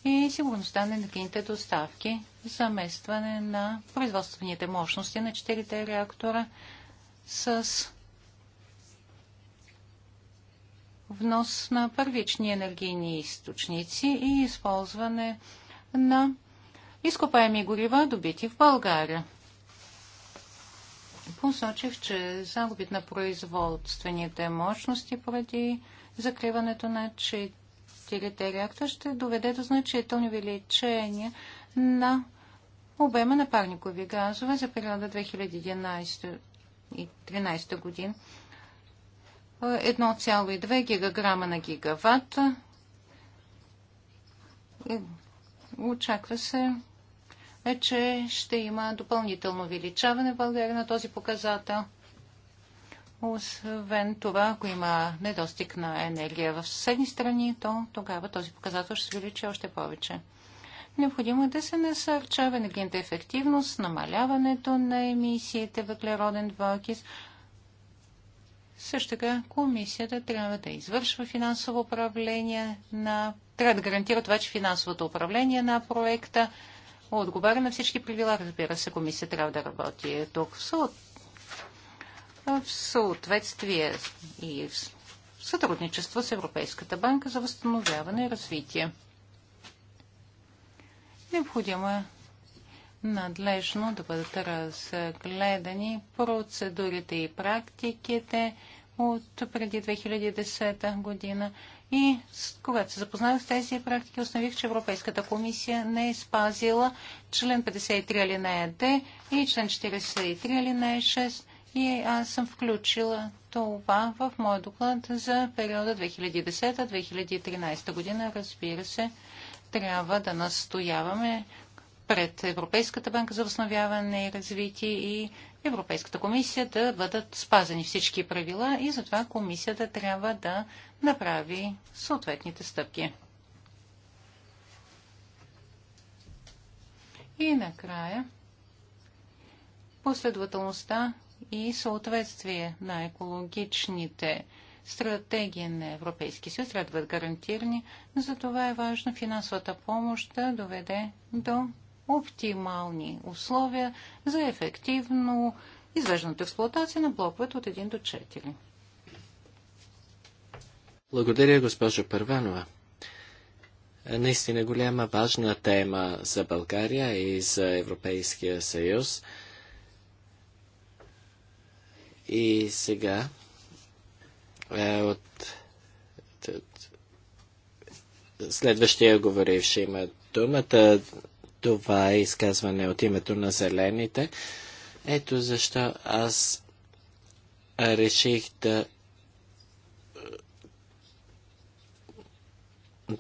и сигурността на енергийните доставки, заместване на производствените мощности на четирите реактора с внос на първични енергийни източници и използване на изкопаеми горива, добити в България посочих, че загубите на производствените мощности поради закриването на четирите реактора ще доведе до значително увеличение на обема на парникови газове за периода 2011 и 2013 година. 1,2 гигаграма на гигаватт. Е, очаква се е, че ще има допълнително увеличаване в България на този показател. Освен това, ако има недостиг на енергия в съседни страни, то тогава този показател ще се увеличи още повече. Необходимо е да се насърчава енергийната ефективност, намаляването на емисиите въглероден двуокис. Също така комисията трябва да извършва финансово управление на... Трябва да гарантира това, че финансовото управление на проекта отговаря на всички правила. Разбира се, комисия трябва да работи тук в съответствие и в сътрудничество с Европейската банка за възстановяване и развитие. Необходимо е надлежно да бъдат разгледани процедурите и практиките от преди 2010 година. И когато се запознах с тези практики, установих, че Европейската комисия не е спазила член 53 алинея Д и член 43 алинея 6 и аз съм включила това в моя доклад за периода 2010-2013 година. Разбира се, трябва да настояваме пред Европейската банка за възстановяване и развитие и Европейската комисия да бъдат спазени всички правила и затова комисията трябва да направи съответните стъпки. И накрая последователността и съответствие на екологичните стратегии на Европейски съюз трябва да бъдат гарантирани. Затова е важно финансовата помощ да доведе до оптимални условия за ефективно извеждането експлуатация на блоковете от 1 до 4. Благодаря, госпожо Първанова. Е, наистина голяма важна тема за България и за Европейския съюз. И сега е, от, от, от следващия говоривши има думата. Това е изказване от името на зелените. Ето защо аз реших да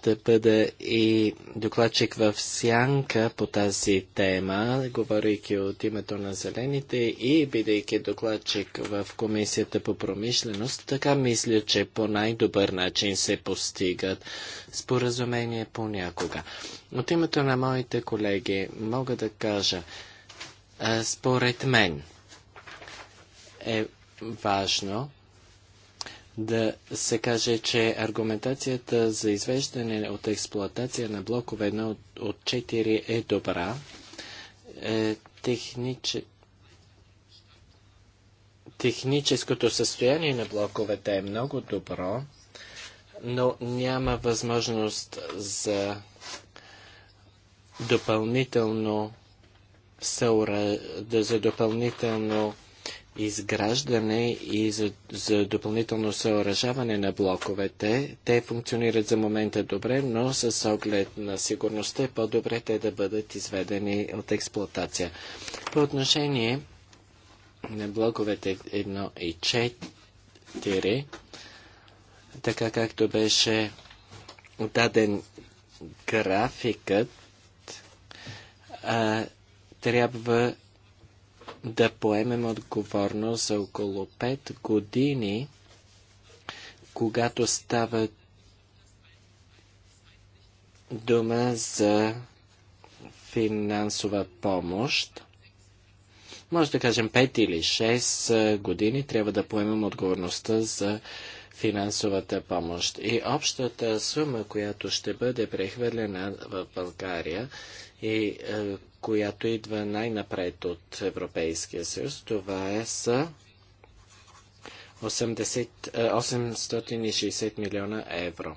да бъда и докладчик в Сянка по тази тема, говорейки от името на зелените и бидейки докладчик в Комисията по промишленост, така мисля, че по най-добър начин се постигат споразумения понякога. От името на моите колеги мога да кажа, според мен е важно да се каже, че аргументацията за извеждане от експлоатация на блокове 1 от, 4 е добра. Е, Техническото състояние на блоковете е много добро, но няма възможност за допълнително съура... за допълнително изграждане и за, за допълнително съоръжаване на блоковете. Те функционират за момента добре, но с оглед на сигурността е по-добре те да бъдат изведени от експлоатация. По отношение на блоковете 1 и 4, така както беше даден графикът, а, трябва да поемем отговорност за около 5 години, когато става дума за финансова помощ. Може да кажем 5 или 6 години трябва да поемем отговорността за финансовата помощ. И общата сума, която ще бъде прехвърлена в България и е, която идва най-напред от Европейския съюз. Това е с 860 милиона евро.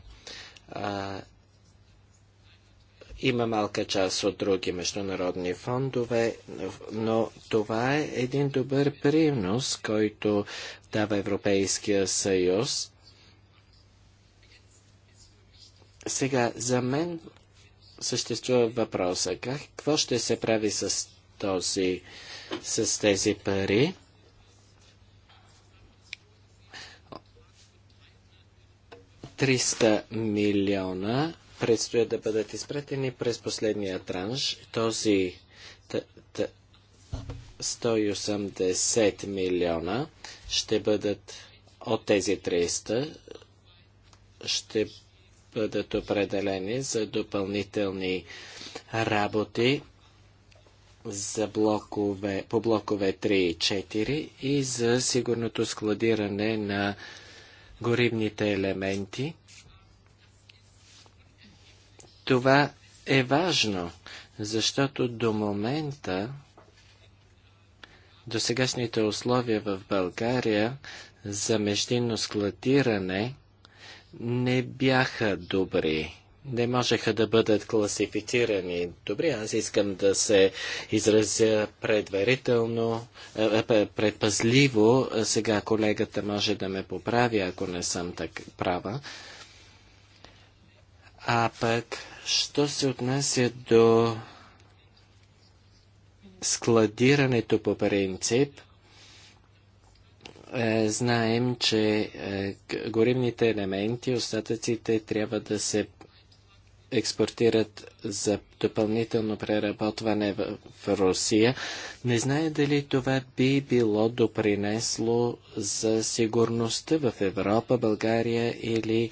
има малка част от други международни фондове, но това е един добър принос, който дава Европейския съюз. Сега, за мен съществува въпроса какво ще се прави с, този, с тези пари. Триста милиона предстоят да бъдат изпратени през последния транш. Този 180 милиона ще бъдат от тези 300 ще бъдат определени за допълнителни работи за блокове, по блокове 3 и 4 и за сигурното складиране на горивните елементи. Това е важно, защото до момента до сегашните условия в България за междинно складиране – не бяха добри. Не можеха да бъдат класифицирани. Добре, аз искам да се изразя предварително, е, е, предпазливо. Сега колегата може да ме поправи, ако не съм так права. А пък, що се отнася до складирането по принцип, е, знаем, че е, горивните елементи, остатъците трябва да се експортират за допълнително преработване в, Русия. Не знае дали това би било допринесло за сигурността в Европа, България или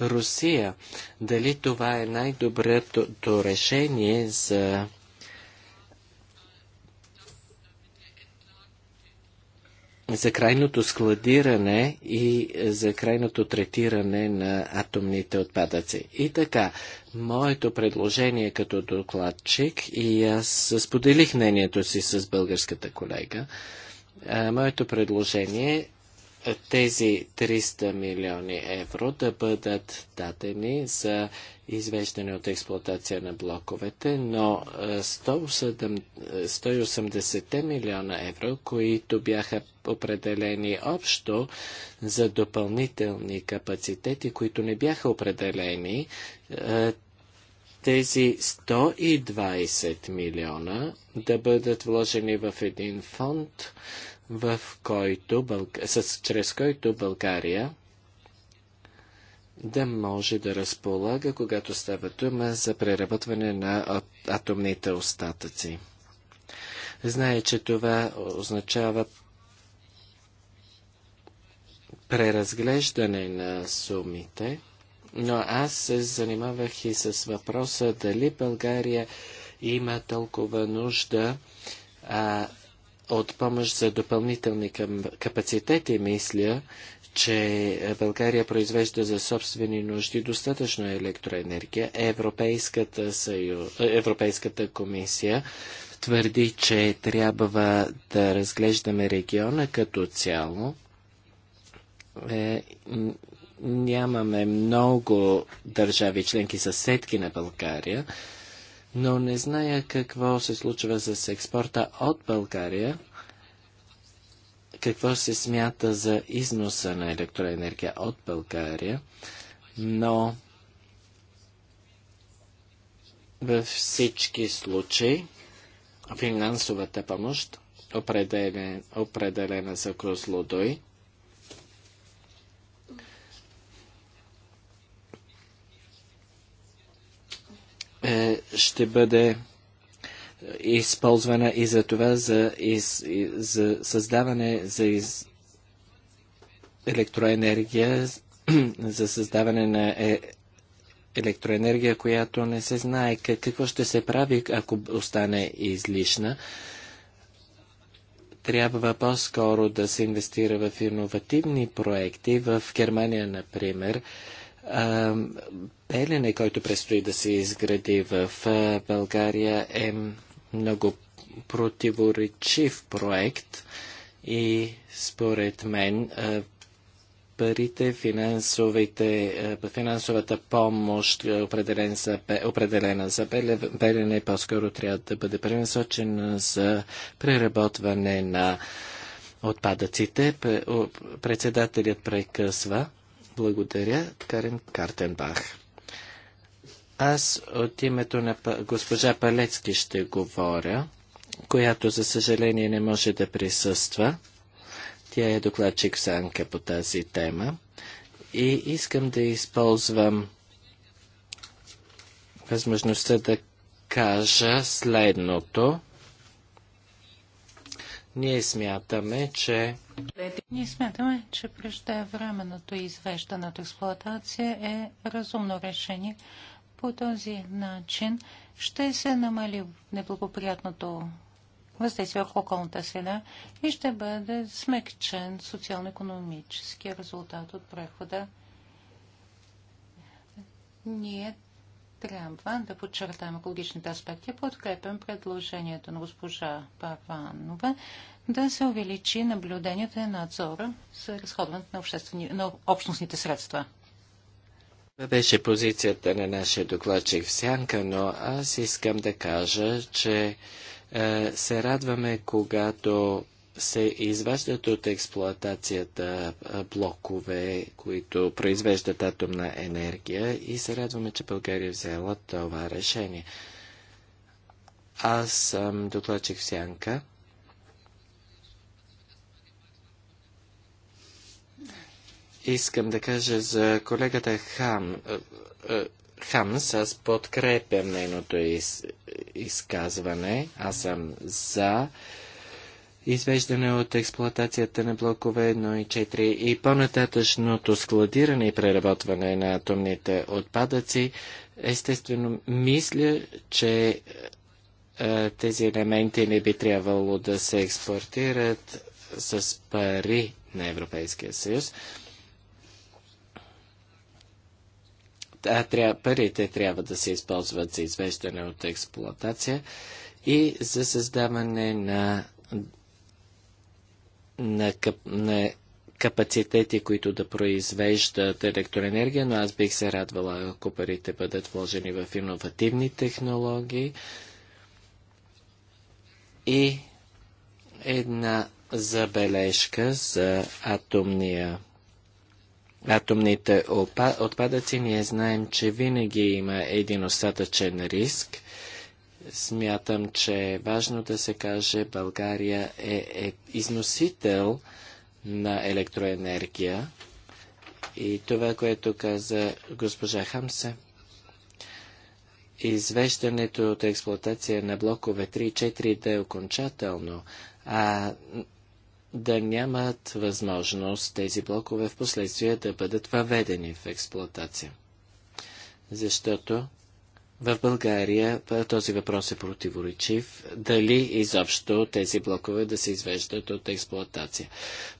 Русия. Дали това е най-доброто решение за за крайното складиране и за крайното третиране на атомните отпадъци. И така, моето предложение като докладчик, и аз споделих мнението си с българската колега, моето предложение е тези 300 милиони евро да бъдат дадени за извеждане от експлуатация на блоковете, но 180 милиона евро, които бяха определени общо за допълнителни капацитети, които не бяха определени, тези 120 милиона да бъдат вложени в един фонд в който, с, чрез който България да може да разполага, когато става дума за преработване на атомните остатъци. Знае, че това означава преразглеждане на сумите, но аз се занимавах и с въпроса дали България има толкова нужда а, от помощ за допълнителни капацитети, мисля, че България произвежда за собствени нужди достатъчно електроенергия. Европейската, съюз, Европейската комисия твърди, че трябва да разглеждаме региона като цяло. Е, нямаме много държави членки съседки на България, но не зная какво се случва с експорта от България, какво се смята за износа на електроенергия от България, но във всички случаи финансовата помощ, определена за Козлодой, е, ще бъде използвана и за това, за, из, за създаване за из, електроенергия, [CLEARS THROAT] за създаване на е, електроенергия, която не се знае какво ще се прави, ако остане излишна. Трябва по-скоро да се инвестира в иновативни проекти. В Германия, например, Белене, който предстои да се изгради в България, е много противоречив проект и според мен парите, финансовите, финансовата помощ, определен за, определена за Белене, по-скоро трябва да бъде пренасочена за преработване на отпадъците. Председателят прекъсва. Благодаря, Карен Картенбах. Аз от името на госпожа Палецки ще говоря, която за съжаление не може да присъства. Тя е докладчик в Санка по тази тема. И искам да използвам възможността да кажа следното. Ние смятаме, че ние смятаме, че преждевременното извеждане от експлуатация е разумно решение. По този начин ще се намали неблагоприятното въздействие върху околната среда и ще бъде смекчен социално-економически резултат от прехода. Ние трябва да подчертаем екологичните аспекти. Подкрепям предложението на госпожа Паванова да се увеличи наблюдението и надзора за разходването на, на общностните средства. Това беше позицията на нашия докладчик в Сянка, но аз искам да кажа, че е, се радваме, когато се изваждат от експлоатацията блокове, които произвеждат атомна енергия и се радваме, че България е взела това решение. Аз съм докладчик в Сянка. Искам да кажа за колегата Хам. Хамс, аз подкрепям нейното из, изказване. Аз съм за извеждане от експлоатацията на блокове 1 и 4 и по-нататъчното складиране и преработване на атомните отпадъци, естествено мисля, че е, тези елементи не би трябвало да се експортират с пари на Европейския съюз. а парите трябва да се използват за извеждане от експлоатация и за създаване на на, кап, на капацитети, които да произвеждат електроенергия, но аз бих се радвала, ако парите бъдат вложени в иновативни технологии и една забележка за атомния Атомните отпадъци ние знаем, че винаги има един остатъчен риск – Смятам, че е важно да се каже, България е, е износител на електроенергия. И това, което каза госпожа Хамсе, извеждането от експлуатация на блокове 3 и 4 да е окончателно, а да нямат възможност тези блокове в последствие да бъдат въведени в експлуатация. Защото в България този въпрос е противоречив. Дали изобщо тези блокове да се извеждат от експлоатация?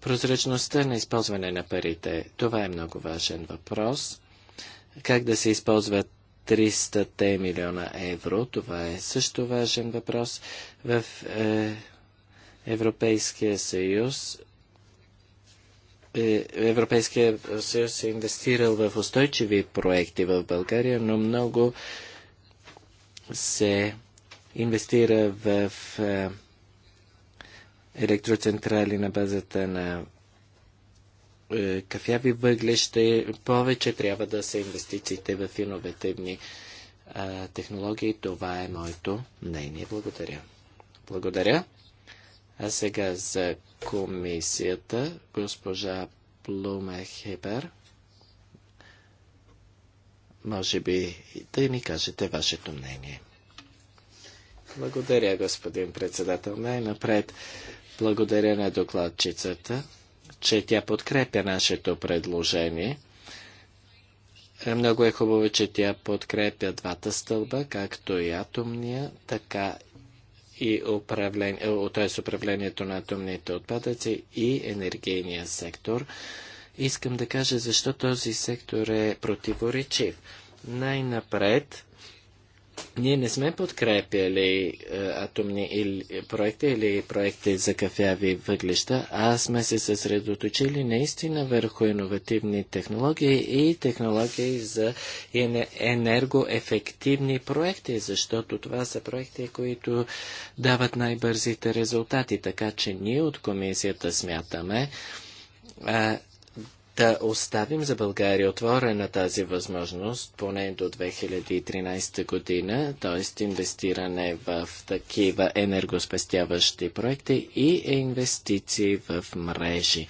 Прозрачността на използване на парите. Това е много важен въпрос. Как да се използват 300 милиона евро? Това е също важен въпрос. В е, Европейския съюз е, Европейския съюз е инвестирал в устойчиви проекти в България, но много се инвестира в е, електроцентрали на базата на е, кафяви въглеще повече трябва да са инвестициите в иновативни е, технологии. Това е моето мнение. Благодаря. Благодаря. А сега за комисията госпожа Блума Хебер може би да ни кажете вашето мнение. Благодаря, господин председател. Най-напред благодаря на докладчицата, че тя подкрепя нашето предложение. Е, много е хубаво, че тя подкрепя двата стълба, както и атомния, така и управление, т.е. управлението на атомните отпадъци и енергийния сектор. Искам да кажа защо този сектор е противоречив. Най-напред, ние не сме подкрепили е, атомни или, проекти или проекти за кафяви въглища, а сме се съсредоточили наистина върху иновативни технологии и технологии за енергоефективни проекти, защото това са проекти, които дават най-бързите резултати. Така че ние от комисията смятаме, да оставим за България отворена тази възможност поне до 2013 година, т.е. инвестиране в такива енергоспестяващи проекти и инвестиции в мрежи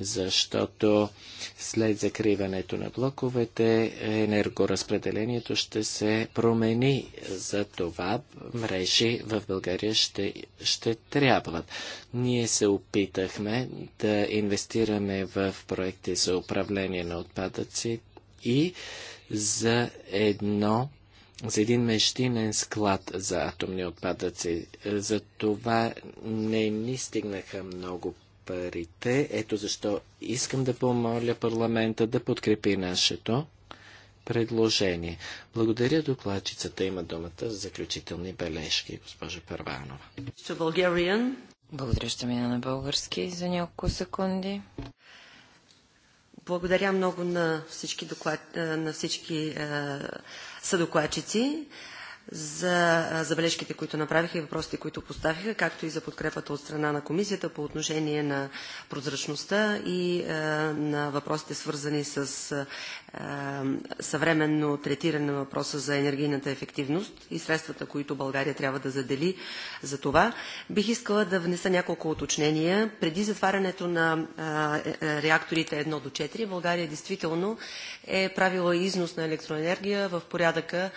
защото след закриването на блоковете енергоразпределението ще се промени. За това мрежи в България ще, ще трябват. Ние се опитахме да инвестираме в проекти за управление на отпадъци и за едно за един междинен склад за атомни отпадъци. За това не ни стигнаха много парите. Ето защо искам да помоля парламента да подкрепи нашето предложение. Благодаря докладчицата. Има думата за заключителни бележки, госпожа Първанова. Благодаря, ще мина на български за няколко секунди. Благодаря много на всички, доклад... на всички е, съдокладчици за забележките, които направиха и въпросите, които поставиха, както и за подкрепата от страна на комисията по отношение на прозрачността и на въпросите свързани с съвременно третиране на въпроса за енергийната ефективност и средствата, които България трябва да задели за това. Бих искала да внеса няколко уточнения. Преди затварянето на е, е, реакторите 1 до 4, България действително е правила износ на електроенергия в порядъка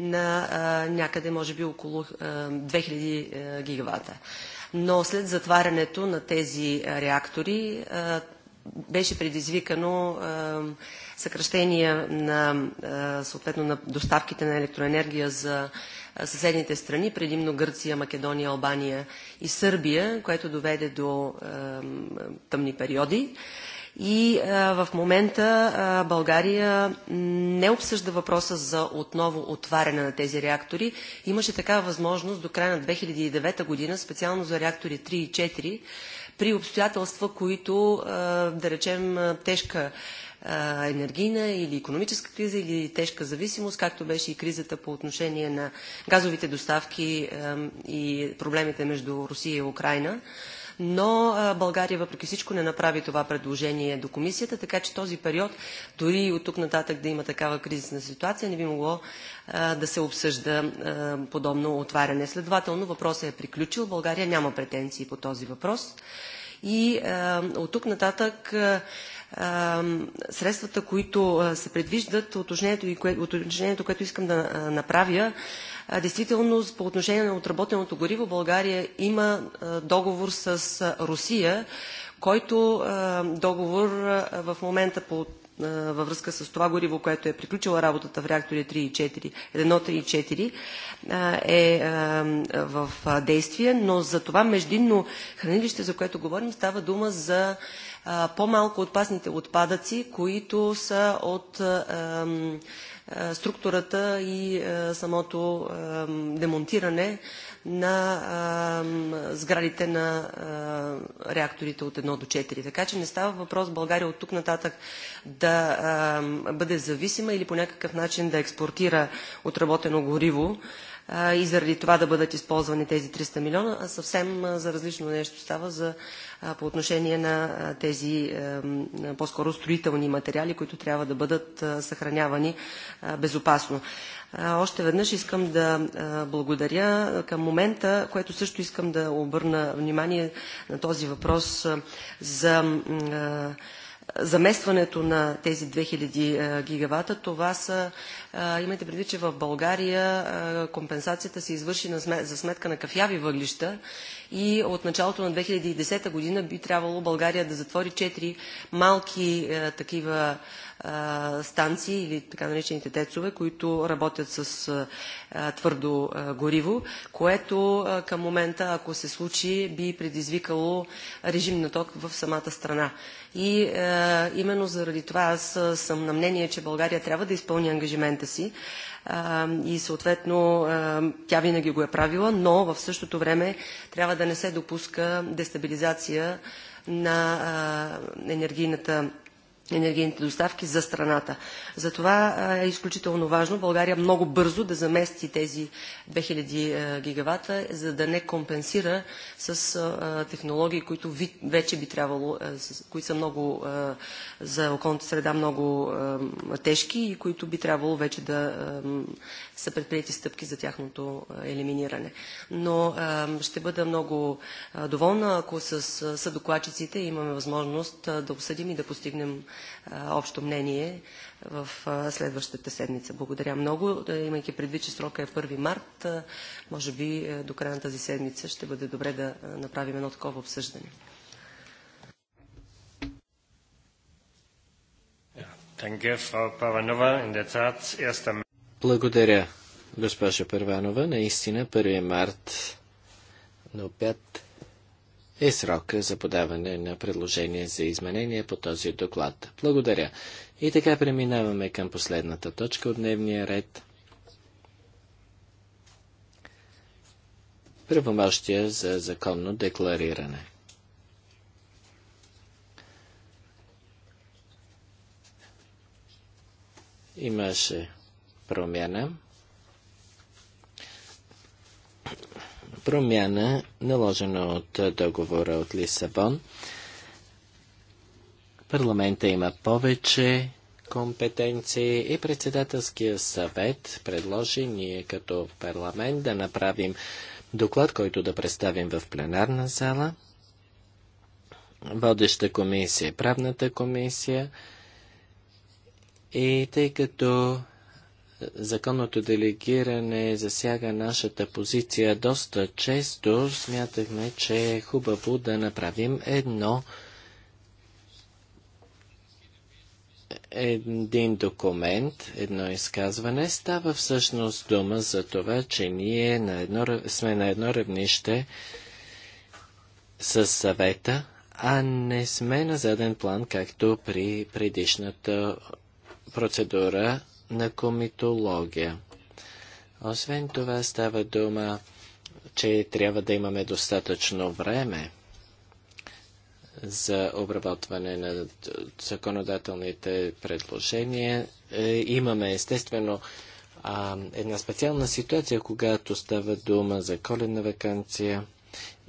на а, някъде, може би, около а, 2000 гигавата. Но след затварянето на тези реактори а, беше предизвикано а, съкръщение на, а, съответно, на доставките на електроенергия за съседните страни, предимно Гърция, Македония, Албания и Сърбия, което доведе до а, тъмни периоди. И а, в момента а, България не обсъжда въпроса за отново отваряне на тези реактори. Имаше такава възможност до края на 2009 година, специално за реактори 3 и 4, при обстоятелства, които, а, да речем, тежка енергийна или економическа криза или тежка зависимост, както беше и кризата по отношение на газовите доставки и проблемите между Русия и Украина но България въпреки всичко не направи това предложение до комисията, така че този период, дори и от тук нататък да има такава кризисна ситуация, не би могло да се обсъжда подобно отваряне. Следователно въпросът е приключил. България няма претенции по този въпрос. И е, от тук нататък е, е, средствата, които се предвиждат, уточнението, което искам да направя, Действително, по отношение на отработеното гориво, България има договор с Русия, който договор в момента по във връзка с това гориво, което е приключила работата в реактори 1, 3 4, е в действие, но за това междинно хранилище, за което говорим, става дума за по-малко отпасните отпадъци, които са от структурата и е, самото е, демонтиране на е, сградите на реакторите от 1 до 4. Така че не става въпрос България от тук нататък да бъде зависима или по някакъв начин да експортира отработено гориво и заради това да бъдат използвани тези 300 милиона, а съвсем за различно нещо става за, по отношение на тези по-скоро строителни материали, които трябва да бъдат съхранявани безопасно. Още веднъж искам да благодаря към момента, което също искам да обърна внимание на този въпрос за заместването на тези 2000 е, гигавата, това са, е, имайте предвид, че в България е, компенсацията се извърши за сметка на кафяви въглища и от началото на 2010 година би трябвало България да затвори 4 малки такива станции или така наречените тецове, които работят с твърдо гориво, което към момента, ако се случи, би предизвикало режим на ток в самата страна. И а, именно заради това аз съм на мнение, че България трябва да изпълни ангажимента си а, и съответно а, тя винаги го е правила, но в същото време трябва да не се допуска дестабилизация на е, енергийната енергийните доставки за страната. Затова е изключително важно България много бързо да замести тези 2000 е, гигавата, за да не компенсира с технологии, които вече би трябвало, е, които са много е, за околната среда много тежки и които би трябвало вече да са предприяти стъпки за тяхното елиминиране. Но ще бъда много доволна, ако с съдокладчиците имаме възможност да обсъдим и да постигнем общо мнение в следващата седмица. Благодаря много. Имайки предвид, че срока е 1 март, може би до края на тази седмица ще бъде добре да направим едно такова обсъждане. Danke, Frau Pavanova. In der Tat, 1. Благодаря, госпожа Първанова. Наистина 1 март на обяд е срока за подаване на предложение за изменение по този доклад. Благодаря. И така преминаваме към последната точка от дневния ред. Правомощия за законно деклариране. Имаше промяна. Промяна, наложена от договора от Лисабон. Парламента има повече компетенции и председателския съвет предложи ние като парламент да направим доклад, който да представим в пленарна зала. Водеща комисия, е правната комисия. И тъй като законното делегиране засяга нашата позиция. Доста често смятахме, че е хубаво да направим едно един документ, едно изказване, става всъщност дума за това, че ние на едно, сме на едно равнище с съвета, а не сме на заден план, както при предишната процедура на комитология. Освен това става дума, че трябва да имаме достатъчно време за обработване на законодателните предложения. Е, имаме естествено една специална ситуация, когато става дума за коледна вакансия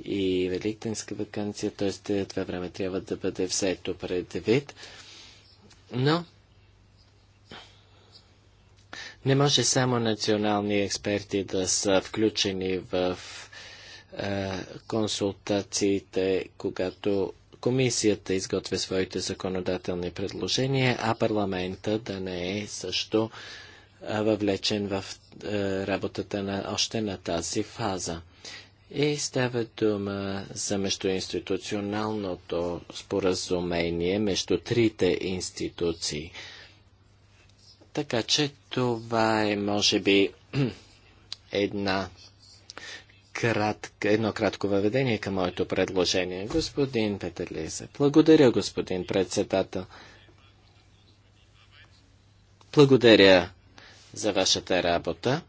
и великденска вакансия, т.е. това време трябва да бъде взето предвид. Но не може само национални експерти да са включени в е, консултациите, когато комисията изготвя своите законодателни предложения, а парламента да не е също е, въвлечен в е, работата на, още на тази фаза. И става дума за междуинституционалното споразумение между трите институции – така че това е, може би, [CLEARS THROAT] една кратка, едно кратко въведение към моето предложение. Господин Петелиза, благодаря, господин председател. Благодаря за вашата работа.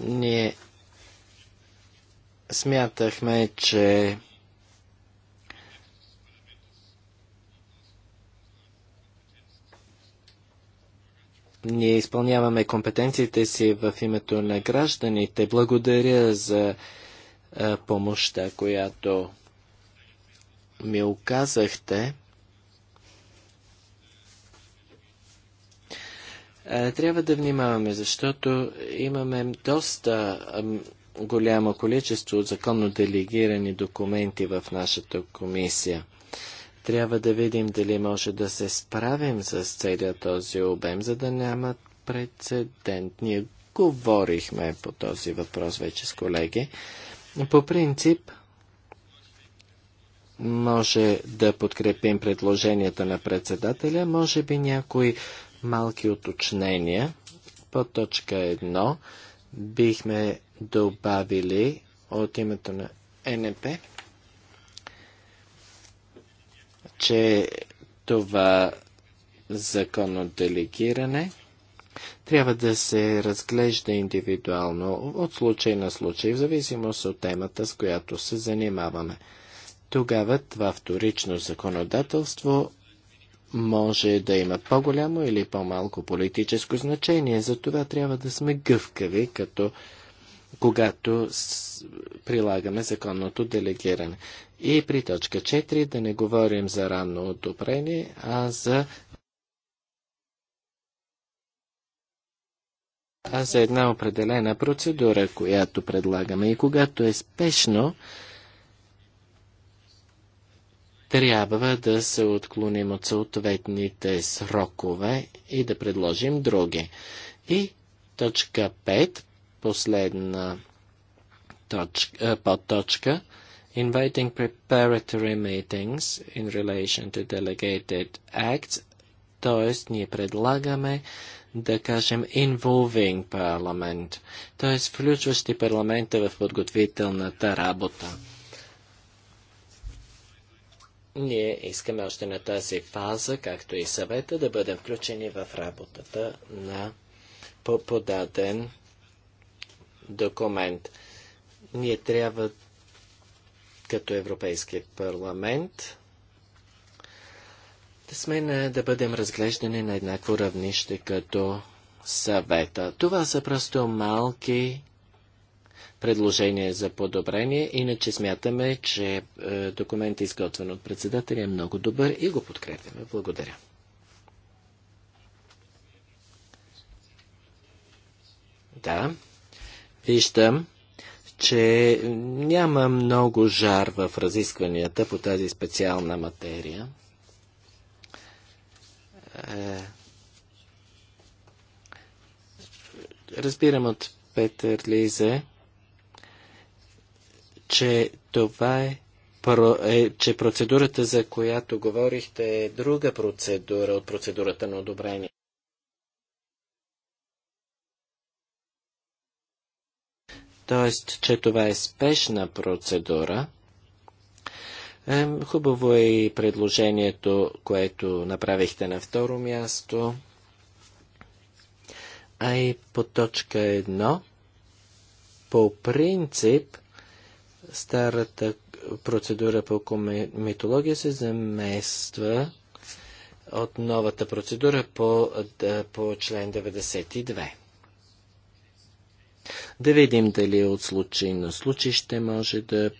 Ние смятахме, че Ние изпълняваме компетенциите си в името на гражданите. Благодаря за помощта, която ми оказахте. трябва да внимаваме, защото имаме доста голямо количество законно делегирани документи в нашата комисия. Трябва да видим дали може да се справим с целият този обем, за да няма прецедент. Ние говорихме по този въпрос вече с колеги. По принцип, може да подкрепим предложенията на председателя, може би някои малки уточнения. По точка 1 бихме добавили от името на НП че това законно делегиране трябва да се разглежда индивидуално от случай на случай, в зависимост от темата, с която се занимаваме. Тогава това вторично законодателство може да има по-голямо или по-малко политическо значение, затова трябва да сме гъвкави, като когато прилагаме законното делегиране. И при точка 4 да не говорим за ранно одобрение, а за а за една определена процедура, която предлагаме. И когато е спешно, трябва да се отклоним от съответните срокове и да предложим други. И точка 5 последна точка, подточка. Inviting preparatory meetings in relation to delegated acts. т.е., ние предлагаме да кажем involving парламент, т.е. включващи парламента в подготвителната работа. Ние искаме още на тази фаза, както и съвета, да бъдем включени в работата на по подаден документ. Ние трябва като Европейския парламент да сме на, да бъдем разглеждани на еднакво равнище като съвета. Това са просто малки предложения за подобрение, иначе смятаме, че е, документът, изготвен от председателя е много добър и го подкрепяме. Благодаря. Да. Виждам, че няма много жар в разискванията по тази специална материя. Е, разбирам от Петър Лизе, че това е, е, че процедурата, за която говорихте, е друга процедура от процедурата на одобрение. Т.е., че това е спешна процедура. Хубаво е и предложението, което направихте на второ място. А и по точка 1, по принцип, старата процедура по кометология се замества от новата процедура по, по член 92. Да видим дали от случай на случай ще може да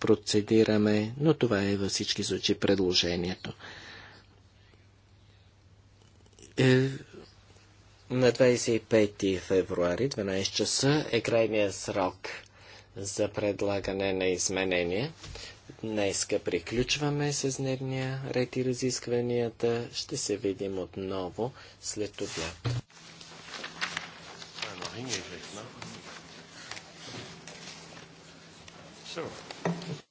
процедираме, но това е във всички случаи предложението. Е, на 25 февруари, 12 часа, е крайният срок за предлагане на изменения. Днеска приключваме с дневния ред и разискванията. Ще се видим отново след обяд hingekriegt. Ne? So.